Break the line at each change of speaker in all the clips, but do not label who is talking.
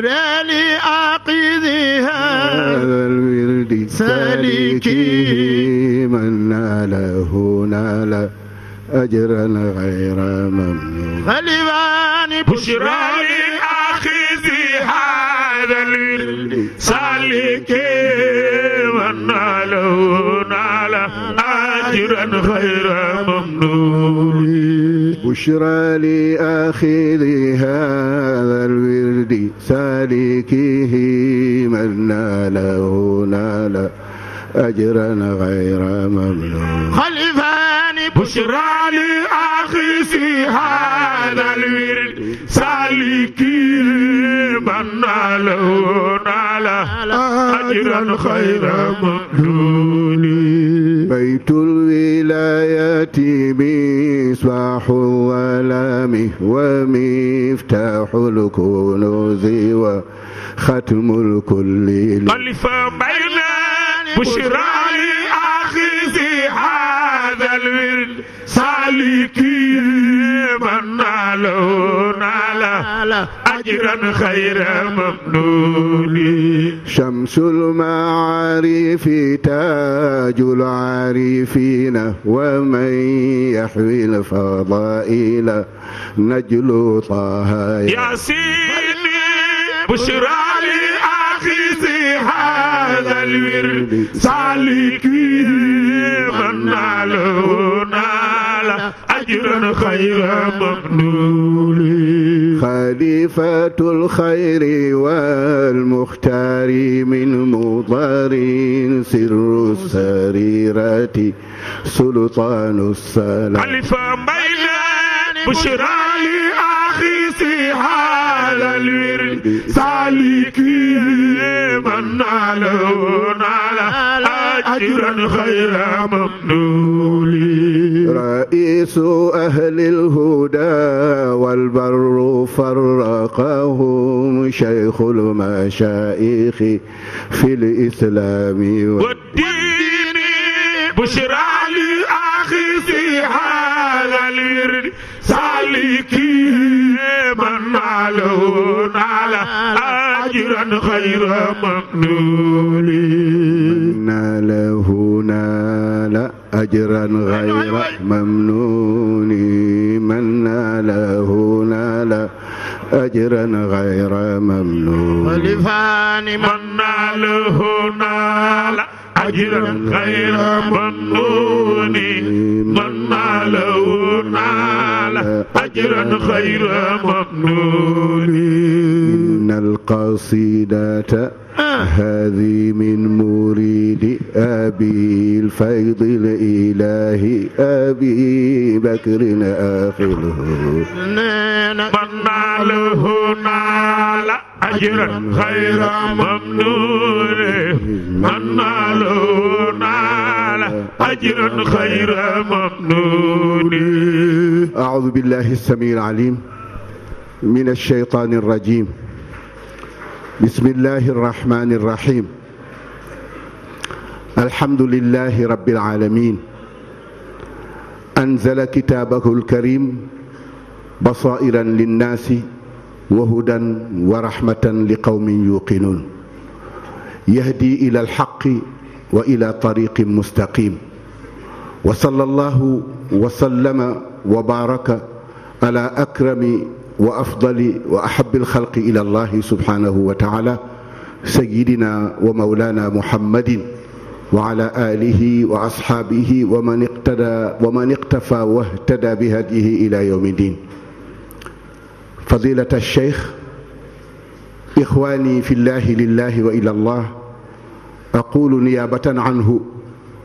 لآقذ هذا
الورد سالكيه من ناله نال أجرا
غير ممنون غلبان بشرى
بشرى لأخي ذي هذا الورد سالكيه من ناله نال أجرا
غير ممنون
خلفان بشرى لأخي ذي هذا الورد سالكيه من ناله نال أجرا غير ممنون
بيت الولاية مصباح ولامه ومفتاح الكنوز وختم الكل
ألف بين بشرى لآخذها هذا الورد سالكي من نالو نال أجرا خير
ممنون شمس المعارف تاج العارفين ومن يحوي الفضائل نجل طه
ياسين بشرى لأخي هذا الورد سالكي من ناله نال أجرا خير
مقدول خليفة الخير والمختار من مضر سر السريرة سلطان السلام خليفة
بشرى لي هذا الورد سالكي من ناله نال أجرا خير
ممنول رئيس أهل
الهدى والبر فرقهم شيخ المشايخ في الإسلام والدين
بشرى لأخي في هذا الورد سالكي من نالون على أجرا خير
مقلول ناله نال أجرا غير ممنون من ناله نال أجرا غير ممنون
ولفان من ناله نال أجرا غير ممنون من ناله نال أجرا غير
ممنون إن القصيدة هذه من مريد أبي الفيض الإله أبي بكر
آخره
من ناله نال أجرا غير ممنون من ناله نال أجرا غير ممنون
أعوذ بالله السميع العليم من الشيطان الرجيم bismillahi irrahmani irrahim alhamdulilahi rabbil alamin anzala kitaabahu alkarim basairan linnaasi wa hudan wa rahmatan li qawmin yuqinuun yahdi ila alxaqi wa ila tariqi mustaqim wa sallallahu wa sallama wa baaraka ala akrami wa afdali wa ahabil xalqi ila allahi subhanahu wa taala sayidina wa maulana muhammadin wa ala alihi wa ashaabihi wa man iqtada wa man iqtafa wahtada bi hadihi ila yawmi din fadilat alcheikh ixwani fi llahi lillahi wa ila allah aqulu niyabatan anhu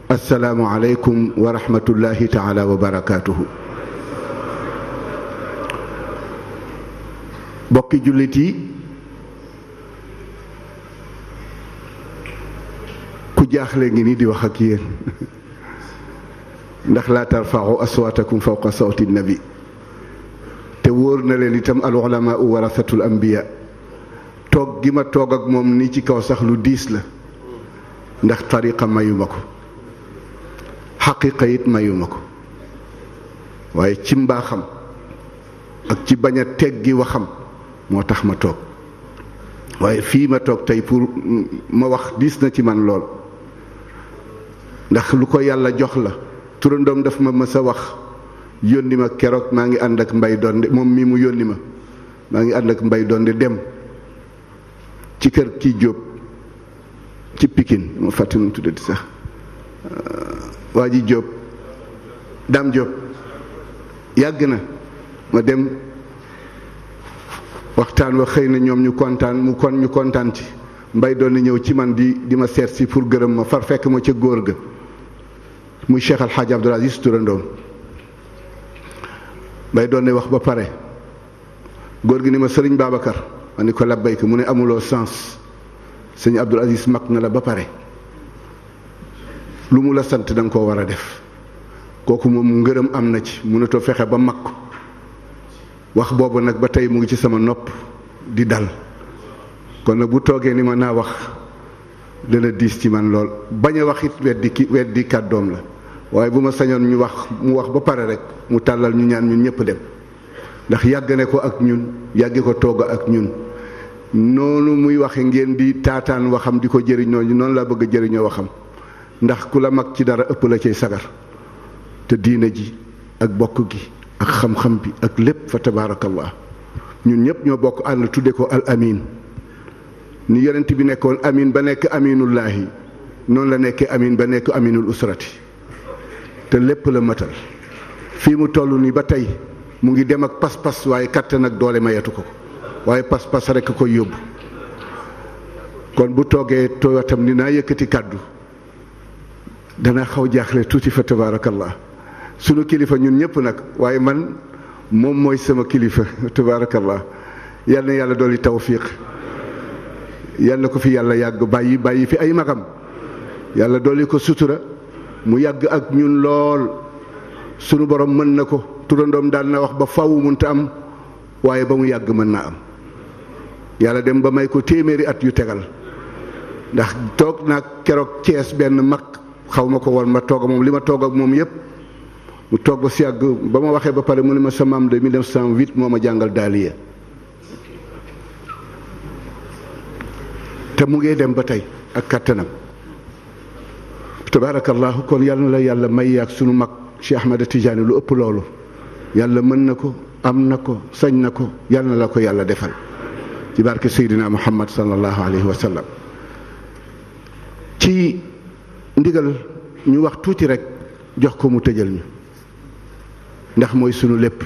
assalaamu aleykum wa rahmatullahi taala wa barakatuhu bokki jullit yi ku jaaxle ngi ni di wax ak yéen ndax laa tarfau aswaatakum fawqa sawti nabi te wóor na leen itam al ulamaa warasatul anbiya toog gi ma toog ak moom ni ci kaw sax lu diis la ndax tariqa mayuma ko xaqiqa it mayuma ko waaye ci mbaaxam ak ci bañ a teggi waxam moo tax ma toog waaye fii ma toog tey pour ma wax diis na ci man lool ndax lu ko yàlla jox la turandoom daf ma mës a wax yónni ma keroog maa ngi ànd ak mbay donde moom mii mu yónni ma maa ngi ànd ak mbay donde dem ci kër kii jóob ci pikin ma fàtte nu tuddati sax euh, waa ji jóob daam jóob yàgg na ma dem waxtaan wa xëy na ñoom ñu kontaan mu kon ñu kontaan ci mbay doon na ñëw ci man di di ma seet si pour gërëm ma far fekk ma ca góor ga muy Cheikh Al Hadj Abdoul Aziz mbay doon na wax ba pare góor gi ni ma sëriñ Babacar ma ni ko labbay ko mu ne amuloo sens sëñ Abdoul Aziz mag na la ba pare lu mu la sant danga ko war a def kooku moom ngërëm am na ci mënatoo fexe ba mag wax boobu nag ba tey mu ngi ci sama nopp di dal kon nag bu toogee ni ma naa wax dana diis ci man lool bañ a wax it weddi kàddoom la waaye bu ma sañoon ñu wax mu wax ba pare rek mu tàllal ñu ñaan ñun ñëpp dem ndax yàgg ne ko ak ñun yàgge ko toog ak ñun noonu muy waxe ngeen di taataan waxam di ko jëriñoo noonu laa bëgg a jëriñoo waxam ndax ku la mag ci dara ëpp la cay sagar te diina ji ak bokk gi ak xam-xam bi ak lépp fa tabaarakallah ñun ñëpp ñoo bokk ànd tudde ko al ni yonent bi nekkoon amin ba nekk aminullahi noonu la nekkee amin ba nekk aminul usrati te lépp la matal fii mu toll nii ba tey mu ngi dem ak pas-pas waaye kattan ak doole mayatu ko waaye pas-pas rek a koy yóbbu kon bu toogee tooyatam ni naa yëkkati kàddu dana xaw jaaxle tuuti fa tabaarakallah sunu kilifa ñun ñëpp nag waaye man moom mooy sama kilifa tabaarakallah yal na yàlla dolli tawfiq yal na ko fi yàlla yàgg bàyyi bàyyi fi ay magam yàlla dool yi ko sutura mu yàgg ak ñun lool sunu borom mën na ko turandoom daan na wax ba faaw munta am waaye ba mu yàgg mën naa am yàlla dem ba may ko téeméeri at yu tegal ndax toog na keroog Cees benn mag xaw ma ko woon ma toog moom li ma toog ak moom yépp mu toog ba si àgg ba ma waxee ba pare mu ne ma sa maam de 1908 moo ma jàngal daaliya te mu ngee dem ba tey ak kàttanam tabaarakallaahu kon yàlla la yàlla may ak sunu mag Cheikh Ahmed Tidiane lu ëpp loolu yàlla mën na ko am na ko sañ na ko yàlla la ko yàlla defal ci barke Seydina Muhammad sallallahu alayhi wa sallam ci ndigal ñu wax tuuti rek jox ko mu tëjal ñu ndax mooy sunu lépp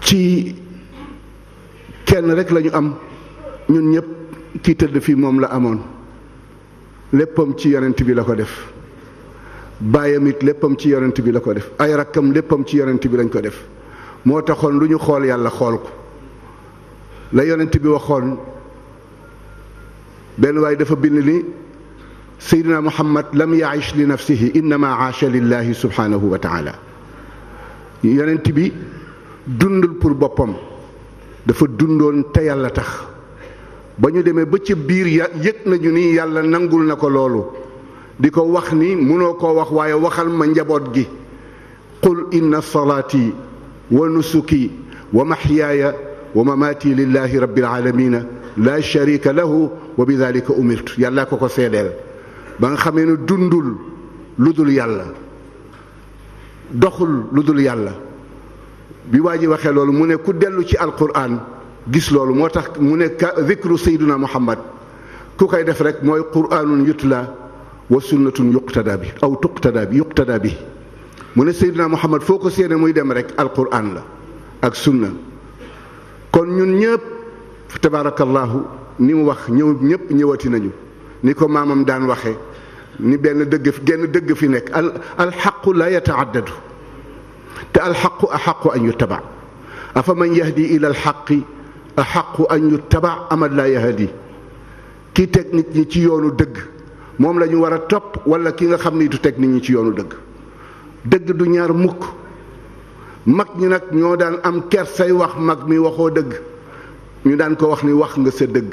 ci kenn rek lañu am ñun ñëpp kii tëdd fii moom la amoon léppam ci yonent bi la ko def baayam it léppam ci yonent bi la ko def ay rakkam léppam ci yonent bi lañ ko def moo taxoon lu ñu xool yàlla xool ko la yonent bi waxoon benn waay dafa bind ni sidna Muhammad lam yaish li nafsihi innama aasha lillahi subhanahu wa taala yonent bi dundul pour boppam dafa dundoon te yàlla tax ba ñu demee ba ca biir ya yëg nañu ni yàlla nangul na ko loolu di ko wax ni mënoo ko wax waaye waxal ma njaboot gi qul inna salaati wa nusuki wa maxyaaya wa mamaati lillahi rabbil alamina la sharika lahu wa bi dalika umirtu yàlla ko ko seedeel ba nga xamee ne dundul lu dul yàlla doxul lu dul yàlla bi waa ji waxee loolu mu ne ku dellu ci alquran gis loolu moo tax mu ne ka zikru sayduna muhammad ku koy def rek mooy quraanun yutla wa sunnatun yuqtada bi aw tuqtada bi yuqtada bi mu ne sayduna muhammad foo ko séene muy dem rek alquran la ak sunna kon ñun ñëpp tabarakallahu ni mu wax ñëw ñëpp ñëwati nañu ni ko maamam daan waxe ni benn dëgg genn dëgg fi nekk al alxaqu la yataaddadu te alxaqu axaqu an yuttaba afa man yahdi ila alxaqi axaqu an yuttaba amat laa yahdi ki teg nit ñi ci yoonu dëgg moom lañu ñu war a topp wala ki nga xam ni du teg nit ñi ci yoonu dëgg dëgg du ñaar mukk mag ñi nag ñoo daan am say wax mag mi waxoo dëgg ñu daan ko wax ni wax nga sa dëgg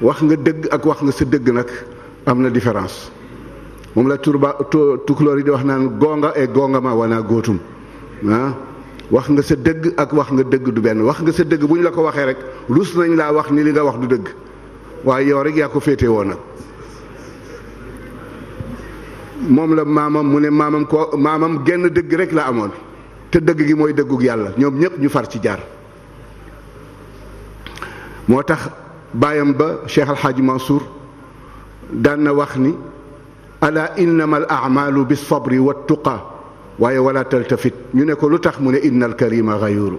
wax nga dëgg ak wax nga sa dëgg nag am na différence moom la turba tukulóor yi di wax naan gonga e gonga ma wana góotum ah wax nga sa dëgg ak wax nga dëgg du benn wax nga sa dëgg bu ñu la ko waxee rek rus nañ laa wax ni li nga wax du dëgg waaye yow rek yaa ko féete woon nag moom la maamam mu ne maamam ko maamam genn dëgg rek la amoon te dëgg gi mooy dëggug yàlla ñoom ñëpp ñu far ci jaar moo tax baayam ba Cheikh Al Hadj Mansour daan na wax ni ala innama al amalu bi sabri wa tuqa waaye wala taltafit ñu ne ko lu tax mu ne inna al karima gayuru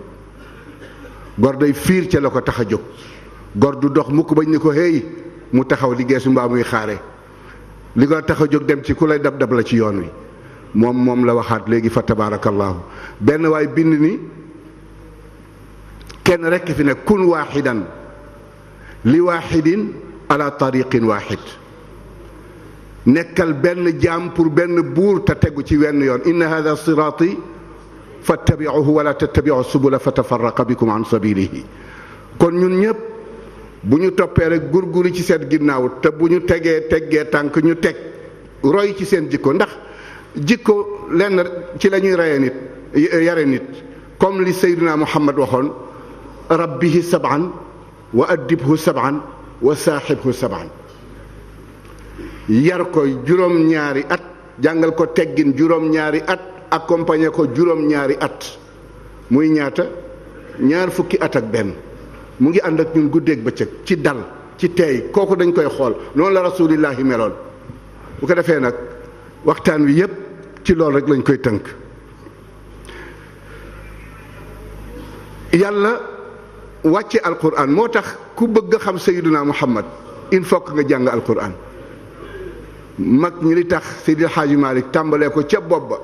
gor day fiir ca la ko tax a jóg gor du dox mukk bañ ni ko hey mu taxaw liggéey su mbaa muy xaare li ko tax a jóg dem ci ku lay dab dab la ci yoon wi moom moom la waxaat léegi fa tabaarakallaahu benn waay bind ni kenn rekk fi ne kun waaxidan li waaxidin ala tariqin waaxid nekkal benn jaam pour benn buur te tegu ci wenn yoon inna hada siraati fattabiuhu wala tattabiu subula fatafaraqa bikum an sabilihi kon ñun ñëpp bu ñu toppee rek gurguri ci seen ginnaaw te bu ñu tegee teggee tànk ñu teg roy ci seen jikko ndax jikko lenn ci lañuy ñuy reye nit yare nit comme li sayduna muhammad waxoon rabbihi saban wa addibhu saban wa saaxibhu saban yar ko juróom-ñaari at jàngal ko teggin juróom-ñaari at accompagné ko juróom-ñaari at muy ñaata ñaar fukki at ak benn mu ngi ànd ak ñun guddeeg bëccëg ci dal ci teey kooku dañ koy xool noonu la rasulillahi meloon bu ko defee nag waxtaan wi yépp ci loolu rek lañ koy tënk yàlla wàcce alquran moo tax ku bëgg a xam sayyiduna muhammad il faut que nga jàng alquran mag ñi li tax Seydil Hadji Malick tàmbalee ko ca bopp ba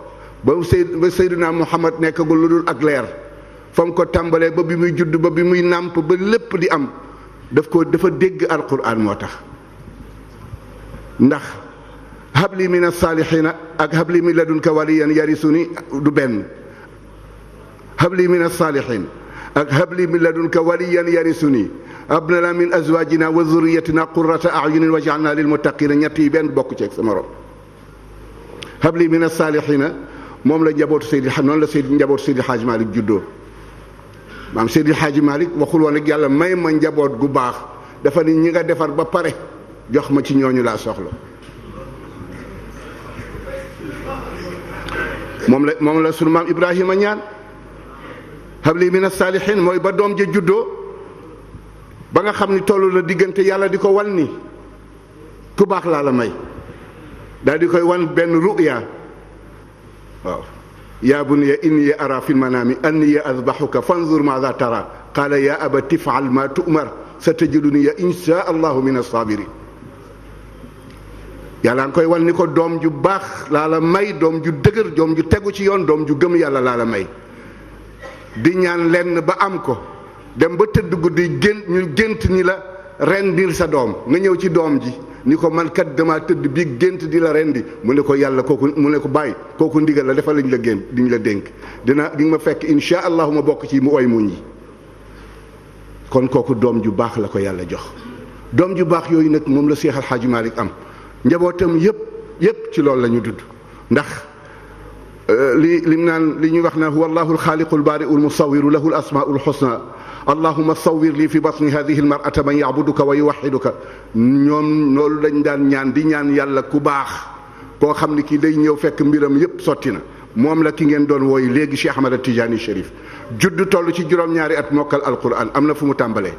ba Seyd ba Seydina Muhammad nekkagul lu dul ak leer fa mu ko tàmbalee ba bi muy judd ba bi muy nàmp ba lépp di am daf ko dafa dégg alquran moo tax ndax habli min as-saalihiina ak habli min ladunka waliyan yarisu ni du benn habli min as-saalihiin ak habli min ladunka waliyan yarisuni abna la min azwajina wa zurriyatina qurrata ayunin waj'alna lil muttaqina ñett yi benn bokk ceeg sa morom habli min as-salihina moom la njabootu Seydi noonu la Seydi njabootu Seydi Hadj Malick juddoo maam di Hadj Malick waxul woon rek yàlla may ma njaboot gu baax dafa ni ñi nga defar ba pare jox ma ci ñooñu laa soxla moom la moom la sunu maam Ibrahima ñaan. habli mina saalihin mooy ba doom ja juddoo ba nga xam ni toll na diggante yàlla di ko wan ni ku baax laa la may daal di koy wan benn ruya waaw yaa bunayya inni araa fil manaami anni azbahuka fanzur maazaa taraa qaala yaa abati if'al maa tu'mar satajidunii inshaa allahu mina saabiriin yàlla nga koy wan ni ko doom ju baax laa la may doom ju dëgër doom ju tegu ci yoon doom ju gëm yàlla laa la may di ñaan lenn ba am ko dem ba tëdd guddi gént ñu gént ni la rendil sa doom nga ñëw ci doom ji ni ko man kat dama tëdd bi gént di la rendi mu ne ko yàlla kooku mu ne ko bàyyi kooku ndigal la defal lañ la génn diñ la dénk dina di ma fekk insha allahu ma bokk ci mu oy muñ yi kon kooku doom ju baax la ko yàlla jox doom ju baax yooyu nag moom la Seex Al am njabootam yëpp yëpp ci loolu la ñu dudd ndax li lim naan li ñuy wax naan huwa allahu alxaaliqu albaariu almusawiru lahu alasmaau alxusna allahuma sawir lii fi batni hadihi almarata man yacbuduka wa yuwaxiduka ñoom loolu dañ daan ñaan di ñaan yàlla ku baax koo xam ne kii day ñëw fekk mbiram yépp sotti na moom la ki ngeen doon woy léegi Cheikh Ahmad Tijaani Chérif judd toll ci juróom-ñaari at mokkal alquran am na fu mu tàmbalee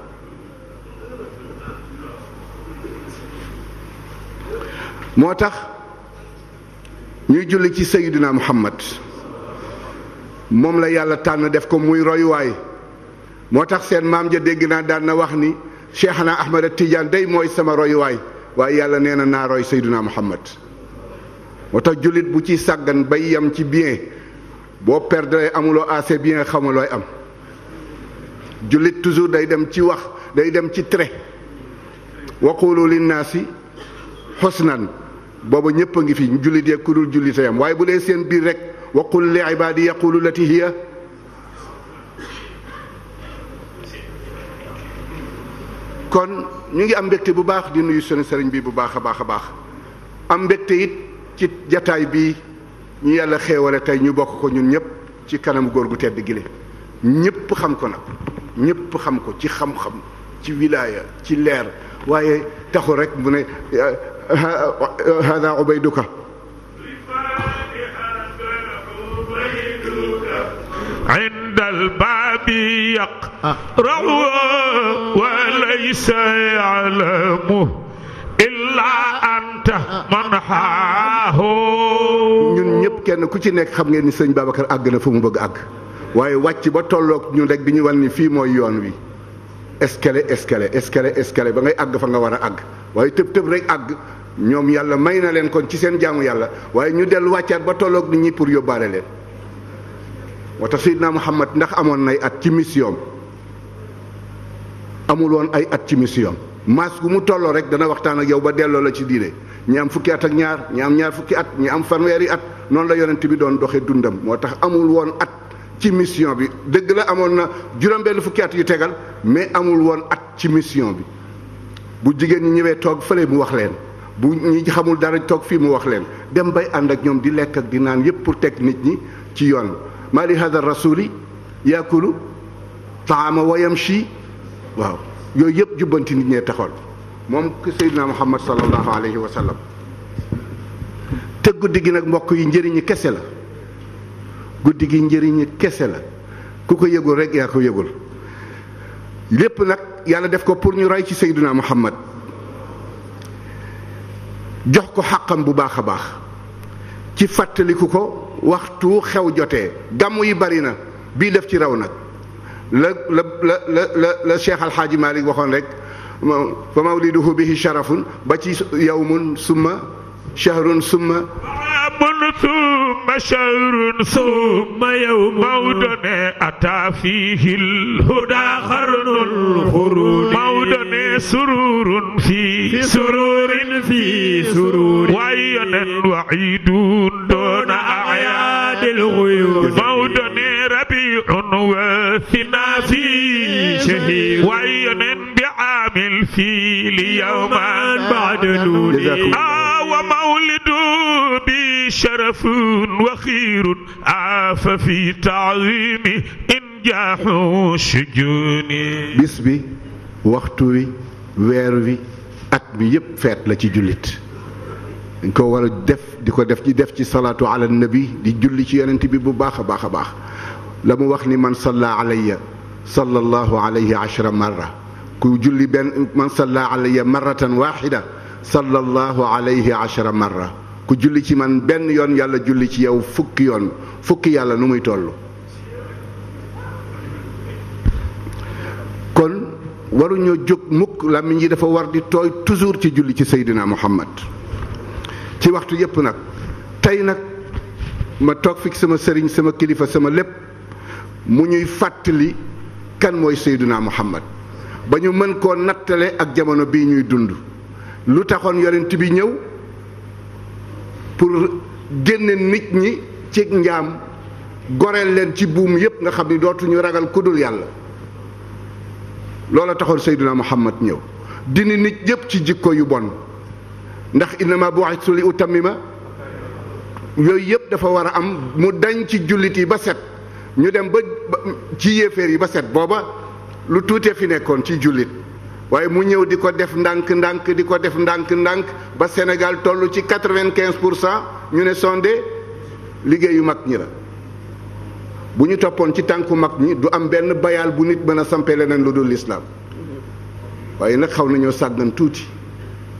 moo tax ñuy julli ci sayyidina muhammad moom la yàlla tànn def ko muy royuwaay moo tax seen maam ja dégg naa daan na wax ni Cheikhna Ahmad Tidiane day mooy sama royuwaay waaye yàlla nee na naarooy roy sayyidina muhammad moo tax jullit bu ci sàggan bay yam ci bien boo perdre amuloo assez bien xamulooy am jullit toujours day dem ci wax day dem ci trait waqulu linnaasi xusnan booba ñëpp a ngi fi jullit yeeg ku dul jullitayam waaye bu dee seen biir rek waqul li ibaadi yaqulu lati hiya kon ñu ngi am mbégte bu baax di nuyu sunu sëriñ bi bu baax a baax a baax am mbégte it ci jataay bi ñu yàlla xéewale tey ñu bokk ko ñun ñëpp ci kanam góor gu tedd gile ñëpp xam ko nag ñépp xam ko ci xam-xam ci wilaaya ci leer waaye taxu rek mu ne هذا عبيدك
عند الباب يقرأ وليس يعلمه إلا
أنت من حاه ñun ñëpp kenn ku ci nekk xam ngeen ni sëñ Babacar àgg na fu mu bëgg àgg waaye wàcc ba tolloog ñun rek bi ñu wan ni fii mooy yoon wi escalier escalier escalier escalier ba ngay àgg fa nga war a àgg waaye tëb tëb rek àgg ñoom yàlla may na leen kon ci seen jaamu yàlla waaye ñu dellu wàccaat ba tolloog nit ñi pour yóbbaale leen moo tax Seydina Muhammad ndax amoon nay at ci mission amul woon ay at ci mission maas gu mu tolloo rek dana waxtaan ak yow ba delloo la ci diine ñi am ñaar ñi ñaar fukki at ñi am fanweeri at noonu la yonent bi doon doxee dundam moo tax amul woon at ci mission bi dëgg la amoon na juróom benn yu tegal mais amul woon at ci mission bi bu jigéen ñi ñëwee toog fële mu wax leen bu ñi xamul dara toog fii mu wax leen dem bay ànd ak ñoom di lekk ak di naan yépp pour teg nit ñi ci yoon maa li hada rasuli yaakulu taama wa yamshi waaw yooyu yëpp jubbanti nit ñee taxoon moom Seydina Muhammad sallallahu alayhi wa sallam te guddi gi nag mbokk yi njëriñi kese la guddi gi njëriñi kese la ku ko yëgul rek yaa ko yëgul lépp nag yàlla def ko pour ñu rey ci sayduna muhammad jox ko xàqam bu baax a baax ci fàttaliku ko waxtu xew jotee gàmmu yi bari na bii def ci raw nag la la la la la la cheikh alxaaji malik waxoon rek fa mawliduhu bihi sharafun ba ci yawmun
summa شهر ثم عام ثم شهر ثم يوم مودا أتى فيه الهدى قرن الخروج مودا سرور في سرور في سرور وعينا وعيد دون أعياد الغيوب مودا ربيع وثنا في شهير وعينا بعام الفيل يوما بعد نور ولدوا بي شرف وخير عاف في تعظيمي انجاح شجوني bis
bi waxtu wi weer wi at bi yépp feet la ci jullit dañ ko war a def di ko def ci def ci salaatu ala nabi di julli ci yonent bi bu baax a baax a baax la mu wax ni man salla alayya sallallahu alayhi ashra marra ku julli benn man salla alayya marratan waxida sallallahu alayhi ashara marra ku julli ci man benn yoon yàlla julli ci yow fukki yoon fukki yàlla nu muy toll kon waruñoo jóg mukk làmmiñ yi dafa war di tooy toujours ci julli ci Seydina Muhammad ci waxtu yépp nag tey nag ma toog fi sama sëriñ sama kilifa sama lépp mu ñuy fàttali kan mooy Seydina Muhammad ba ñu mën koo nattale ak jamono bii ñuy dund lu taxoon yonent bi ñëw pour génne nit ñi ci njaam goreel leen ci buum yépp nga xam ni dootuñu ragal kudul yàlla loola taxoon Seydina Muhammad ñëw dini nit yépp ci jikko yu bon ndax innama bu'istu li ma yooyu yépp dafa war a am mu dañ ci jullit yi ba set ñu dem ba ci yéeféer yi ba set booba lu tuutee fi nekkoon ci jullit waaye mu ñëw di ko def ndànk ndànk di ko def ndànk ndànk ba Sénégal toll ci quatre-vingt-quinze pour cent ñu ne sonde liggéeyu mag ñi la bu ñu toppoon ci tànku mag ñi du am benn bayaal bu nit mën a sampee leneen lu dul lislaam waaye nag xaw nañoo sàggan tuuti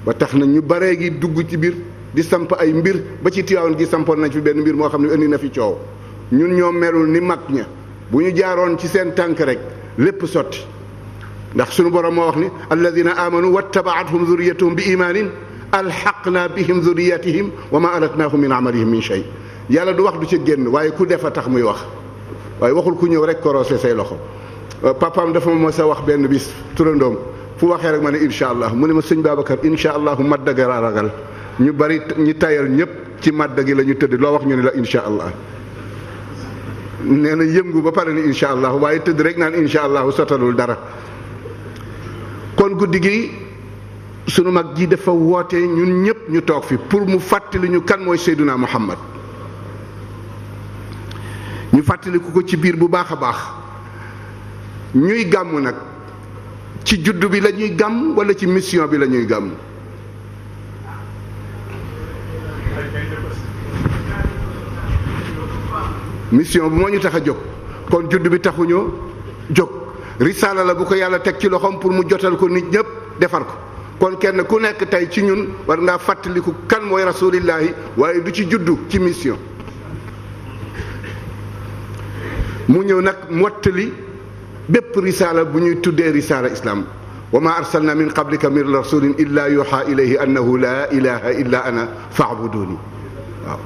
ba tax na ñu baree gi dugg ci biir di samp ay mbir ba ci Tiwaawan gi sampoon nañ fi benn mbir moo xam ne indi na fi coow ñun ñoo melul ni mag ña bu ñu jaaroon ci seen tànk rek lépp sotti ndax sunu borom moo wax ni alladina amanu wattabaathum zurriyatuhum bi imaanin alxaqna bihim zurriyatihim wa ma alatnahum min amalihim min shay yàlla du wax du ci génn waaye ku def a tax muy wax waaye waxul ku ñëw rek korose say loxo euh, papaam dafa ma sa wax benn bis turandoom fu waxee rek ma ne incha allah mu ne ma sëñ Babacar incha allah madda ga ñu bari ñi tayal ñëpp ci madda gi la ñu tëdd loo wax ñu ne la incha allah nee na yëngu ba pare ni incha allah waaye tëdd rek naan incha allah sotalul dara kon guddi gi sunu mag ji dafa woote ñun ñëpp ñu toog fi pour mu fàttali ñu kan mooy Seyduna Muhammad ñu fàttaliku ko ci biir bu baax a baax ñuy gàmmu nag ci juddu bi lañuy gàmm wala ci mission bi lañuy gàmm mission bi moo ñu tax a jóg kon juddu bi taxuñoo jóg risaala la bu ko yàlla teg ci loxoom pour mu jotal ko nit ñëpp defar ko kon kenn ku nekk tey ci ñun war ngaa fàttaliku kan mooy rasulillahi waaye du ci juddu ci mission mu ñëw nag mottali bépp risaala bu ñuy tuddee risaala islam wa ma arsalna min qablika min rasulin illa yuha ilayhi annahu la ilaha illa ana faabuduni waaw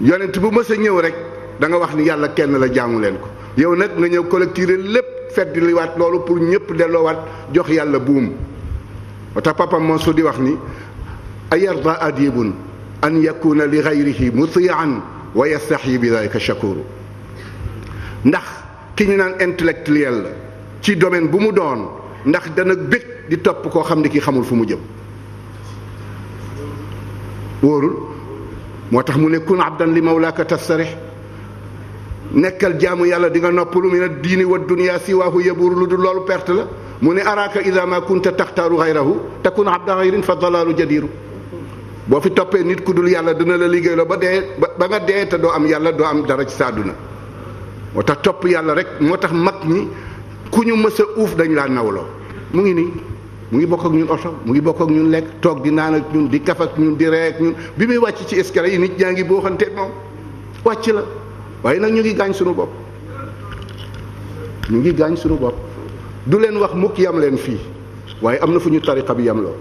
yonent bu mës ñëw rek da wax ni yàlla kenn la jaamu leen ko yow nag nga ñëw collecter lépp feddliwaat loolu pour ñëpp delloowaat jox yàlla buum moo tax papam Mansour di wax ni ayarda adibun an yakuna li gayrihi mutian wa yastaxyi bi dalika shakuru ndax ki ñu naan intellectuel la ci domaine bu mu doon ndax dana bëgg di topp koo xam ne ki xamul fu mu jëm wóorul moo tax mu ne kun abdan li mawlaaka tastarix nekkal jaamu yàlla di nga noppalu mina diini wa dunia siwaahu yabuuru lu du loolu perte la mu ne araaka ida ma kunta taxtaaru xayrahu takun abda xayrin fa dalaalu jadiiru boo fi toppee nit ku dul yàlla dina la liggéey la ba dee ba nga dee te doo am yàlla doo am dara ci saaduna moo tax topp yàlla rek moo tax mag ñi ku ñu mës uuf dañ laa nawloo mu ngi nii mu ngi bokk ak ñun oto mu ngi bokk ak ñun lekk toog di naan ak ñun di kafak ak ñun di bi muy wàcc ci escalier yi nit ñaa ngi boo xante moom wàcc la waaye nag ñu ngi gaañ suñu bopp ñu ngi gaañ suñu bopp du leen wax mukk yam leen fii waaye am na fu ñu tariqa bi yamloo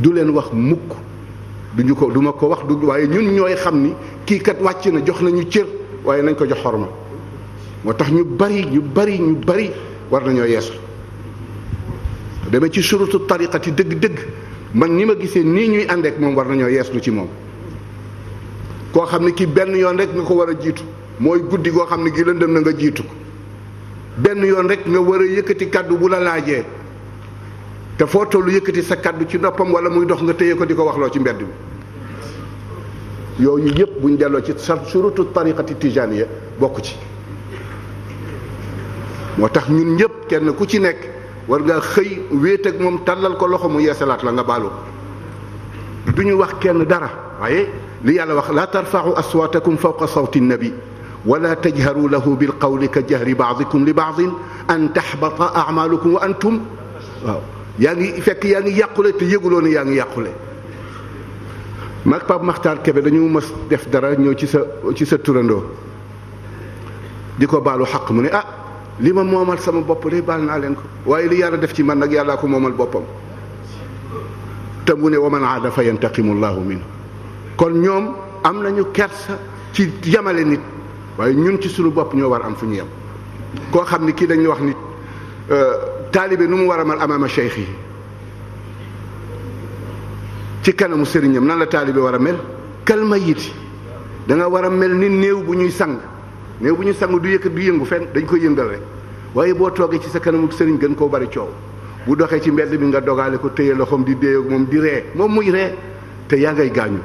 du leen wax mukk duñu ko duma ko wax du waaye ñun ñooy xam ni kii kat wàcc na jox nañu cër waaye nañ ko jox xorma moo tax ñu bari ñu bari ñu bari war nañoo yeesu demee ci surutu tariqati dëgg-dëgg man ni ma gisee nii ñuy àndeek moom war nañoo yeeslu ci moom koo xam ne kii benn yoon rek nga ko war a jiitu mooy guddi goo xam ne gi lëndëm na nga jiitu ko benn yoon rek nga war a yëkkati kàddu bu la laajee te foo tollu yëkkati sa kàddu ci noppam wala muy dox nga téye ko di ko waxloo ci mbedd bi yooyu yëpp buñ delloo ci sa surutu tariqati tijaniya bokk ci moo tax ñun ñëpp kenn ku ci nekk war nga xëy wéet ak moom tàllal ko loxo mu yeesalaat la nga baalu du ñu wax kenn dara waaye li yàlla wax laa tarfau aswaatakum fawqa sawti nabi wala tajharu lahu bil qawli ka jahri baadikum li baadin an taxbata amalukum wa antum waaw yaa ngi fekk yaa ngi yàqule te yëguloo ne yaa ngi yàqule mag Pape Makhtar Kébé dañu mas def dara ñëw ci sa ci sa turandoo di ko baalu xaq mu ne ah li ma moomal sama bopp de baal naa leen ko waaye li yàlla def ci man nag yàllaa ko moomal boppam te mu ne wa man aada fa yantaqimu llahu minhu kon ñoom am nañu kersa ci jamale nit waaye ñun ci suñu bopp ñoo war am fu ñu yam koo xam ni kii dañuy wax nit euh, taalibe nu mu war a mel amaama cheikh yi ci kanamu sëriñam nan la taalibe war a mel kalma yiti danga war a mel ni néew bu ñuy sang néew bu ñuy sang du yëkkat du yëngu fenn dañ koy yëngale waaye boo toogee ci sa kanamu sëriñ gën koo bari coow bu doxee ci mbedd bi nga dogaale ko téye loxoom di déy moom di ree moom muy ree te yaa ngay gaañu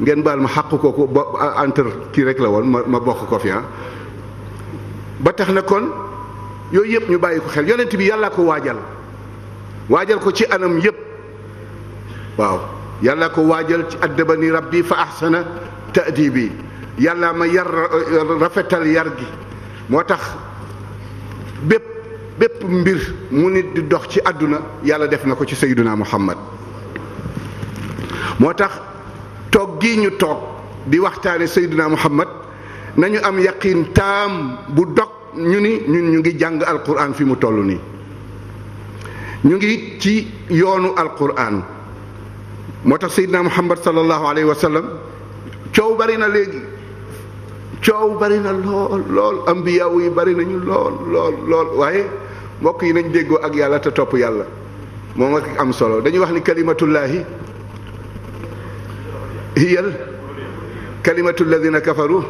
ngeen baal ma xàq kooku ba entre kii rek la woon ma ma bokk ko fi ah. ba tax na kon yooyu yëpp ñu bàyyi ko xel yonent bi yàllaa ko waajal waajal ko ci anam yëpp waaw yàllaa ko waajal ci rab rabbi fa ahsana ta'dibi yàllaa ma yar rafetal yar gi moo tax bépp bépp mbir mu nit di dox ci àdduna yàlla def na ko ci sayyiduna muhammad moo tax toog gii ñu toog di waxtaane sayduna muhammad nañu am yaqin taam bu dog ñu ni ñun ñu ngi jàng al alquran fi mu toll nii ñu ngi ci yoonu alquran moo tax sayduna muhammad sallallahu alayhi wa sallam coow bari na léegi coow bari na lool lool ambiyaaw yi bari nañu lool lool lool waaye mbokk yi nañ déggoo ak yàlla te topp yàlla moom ak am solo dañuy wax ni kalimatullahi hiya al kalimatu alladina kafaru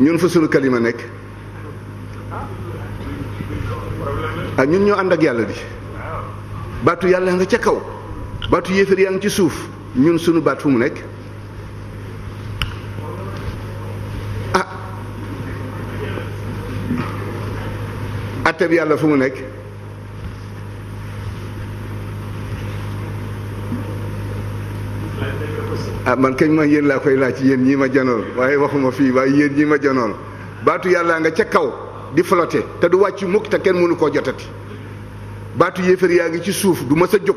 ñun fa sunu kalima nekk ak ah, ñun ñoo ànd ak yàlla bi baatu yàlla nga ca kaw baatu yéefar yaa ngi ci suuf ñun sunu baat fu mu nekk ah atte bi yàlla fu mu nekk ah man kañ man yéen laa koy laaj ci yéen ñii ma janoon waaye waxuma fii waaye yéen ñii ma janoon baatu yàllaa nga ca kaw di flotte te du wàcc mukk te kenn mënu koo jotati baatu yéefar yaa ngi ci suuf du mës a jóg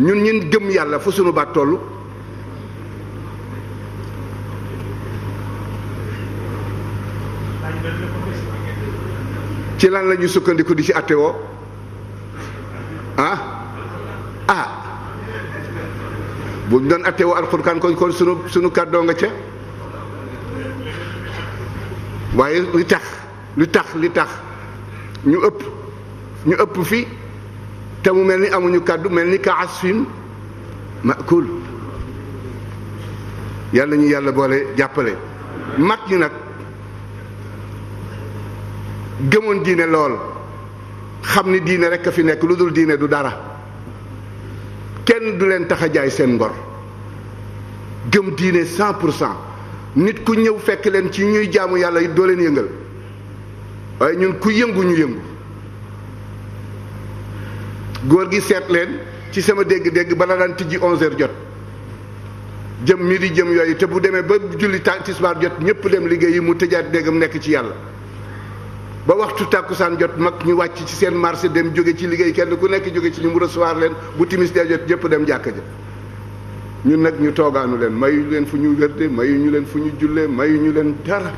ñun ñun gëm yàlla fu sunu baat toll ci lan la ñu sukkandiku di ci àtte woo ah ah buñ doon attewoo alxuraan kon kon sunu sunu kàddoo nga ca waaye li tax li tax li tax ñu ëpp ñu ëpp fii te mu mel ni amuñu kàddu mel ni ka asfin makul yàlla ñu yàlla boole jàppale mag ñi nag gëmoon diine lool xam ni diine rekk a fi nekk lu dul diine du dara kenn du leen tax a jaay seen ngor gëm diine cent pour cent nit ku ñëw fekk leen ci ñuy jaamu yàlla it doo leen yëngal waaye ñun ku yëngu ñu yëngu góor gi seet leen ci sama dégg-dégg bala daan tijji onze heures jot jëm di jëm yooyu te bu demee ba julli ta tisbaar jot ñëpp dem liggéey yi mu tëjaat déggam nekk ci yàlla ba waxtu tàkkusaan jot mag ñu wàcc ci seen marché dem jóge ci liggéey kenn ku nekk jóge ci ñu mu recevoir leen bu timis dee jot jëpp dem jàkka ja ñun nag ñu toogaanu leen mayu leen fu ñu wérde mayu ñu leen fu ñu jullee mayu ñu leen dara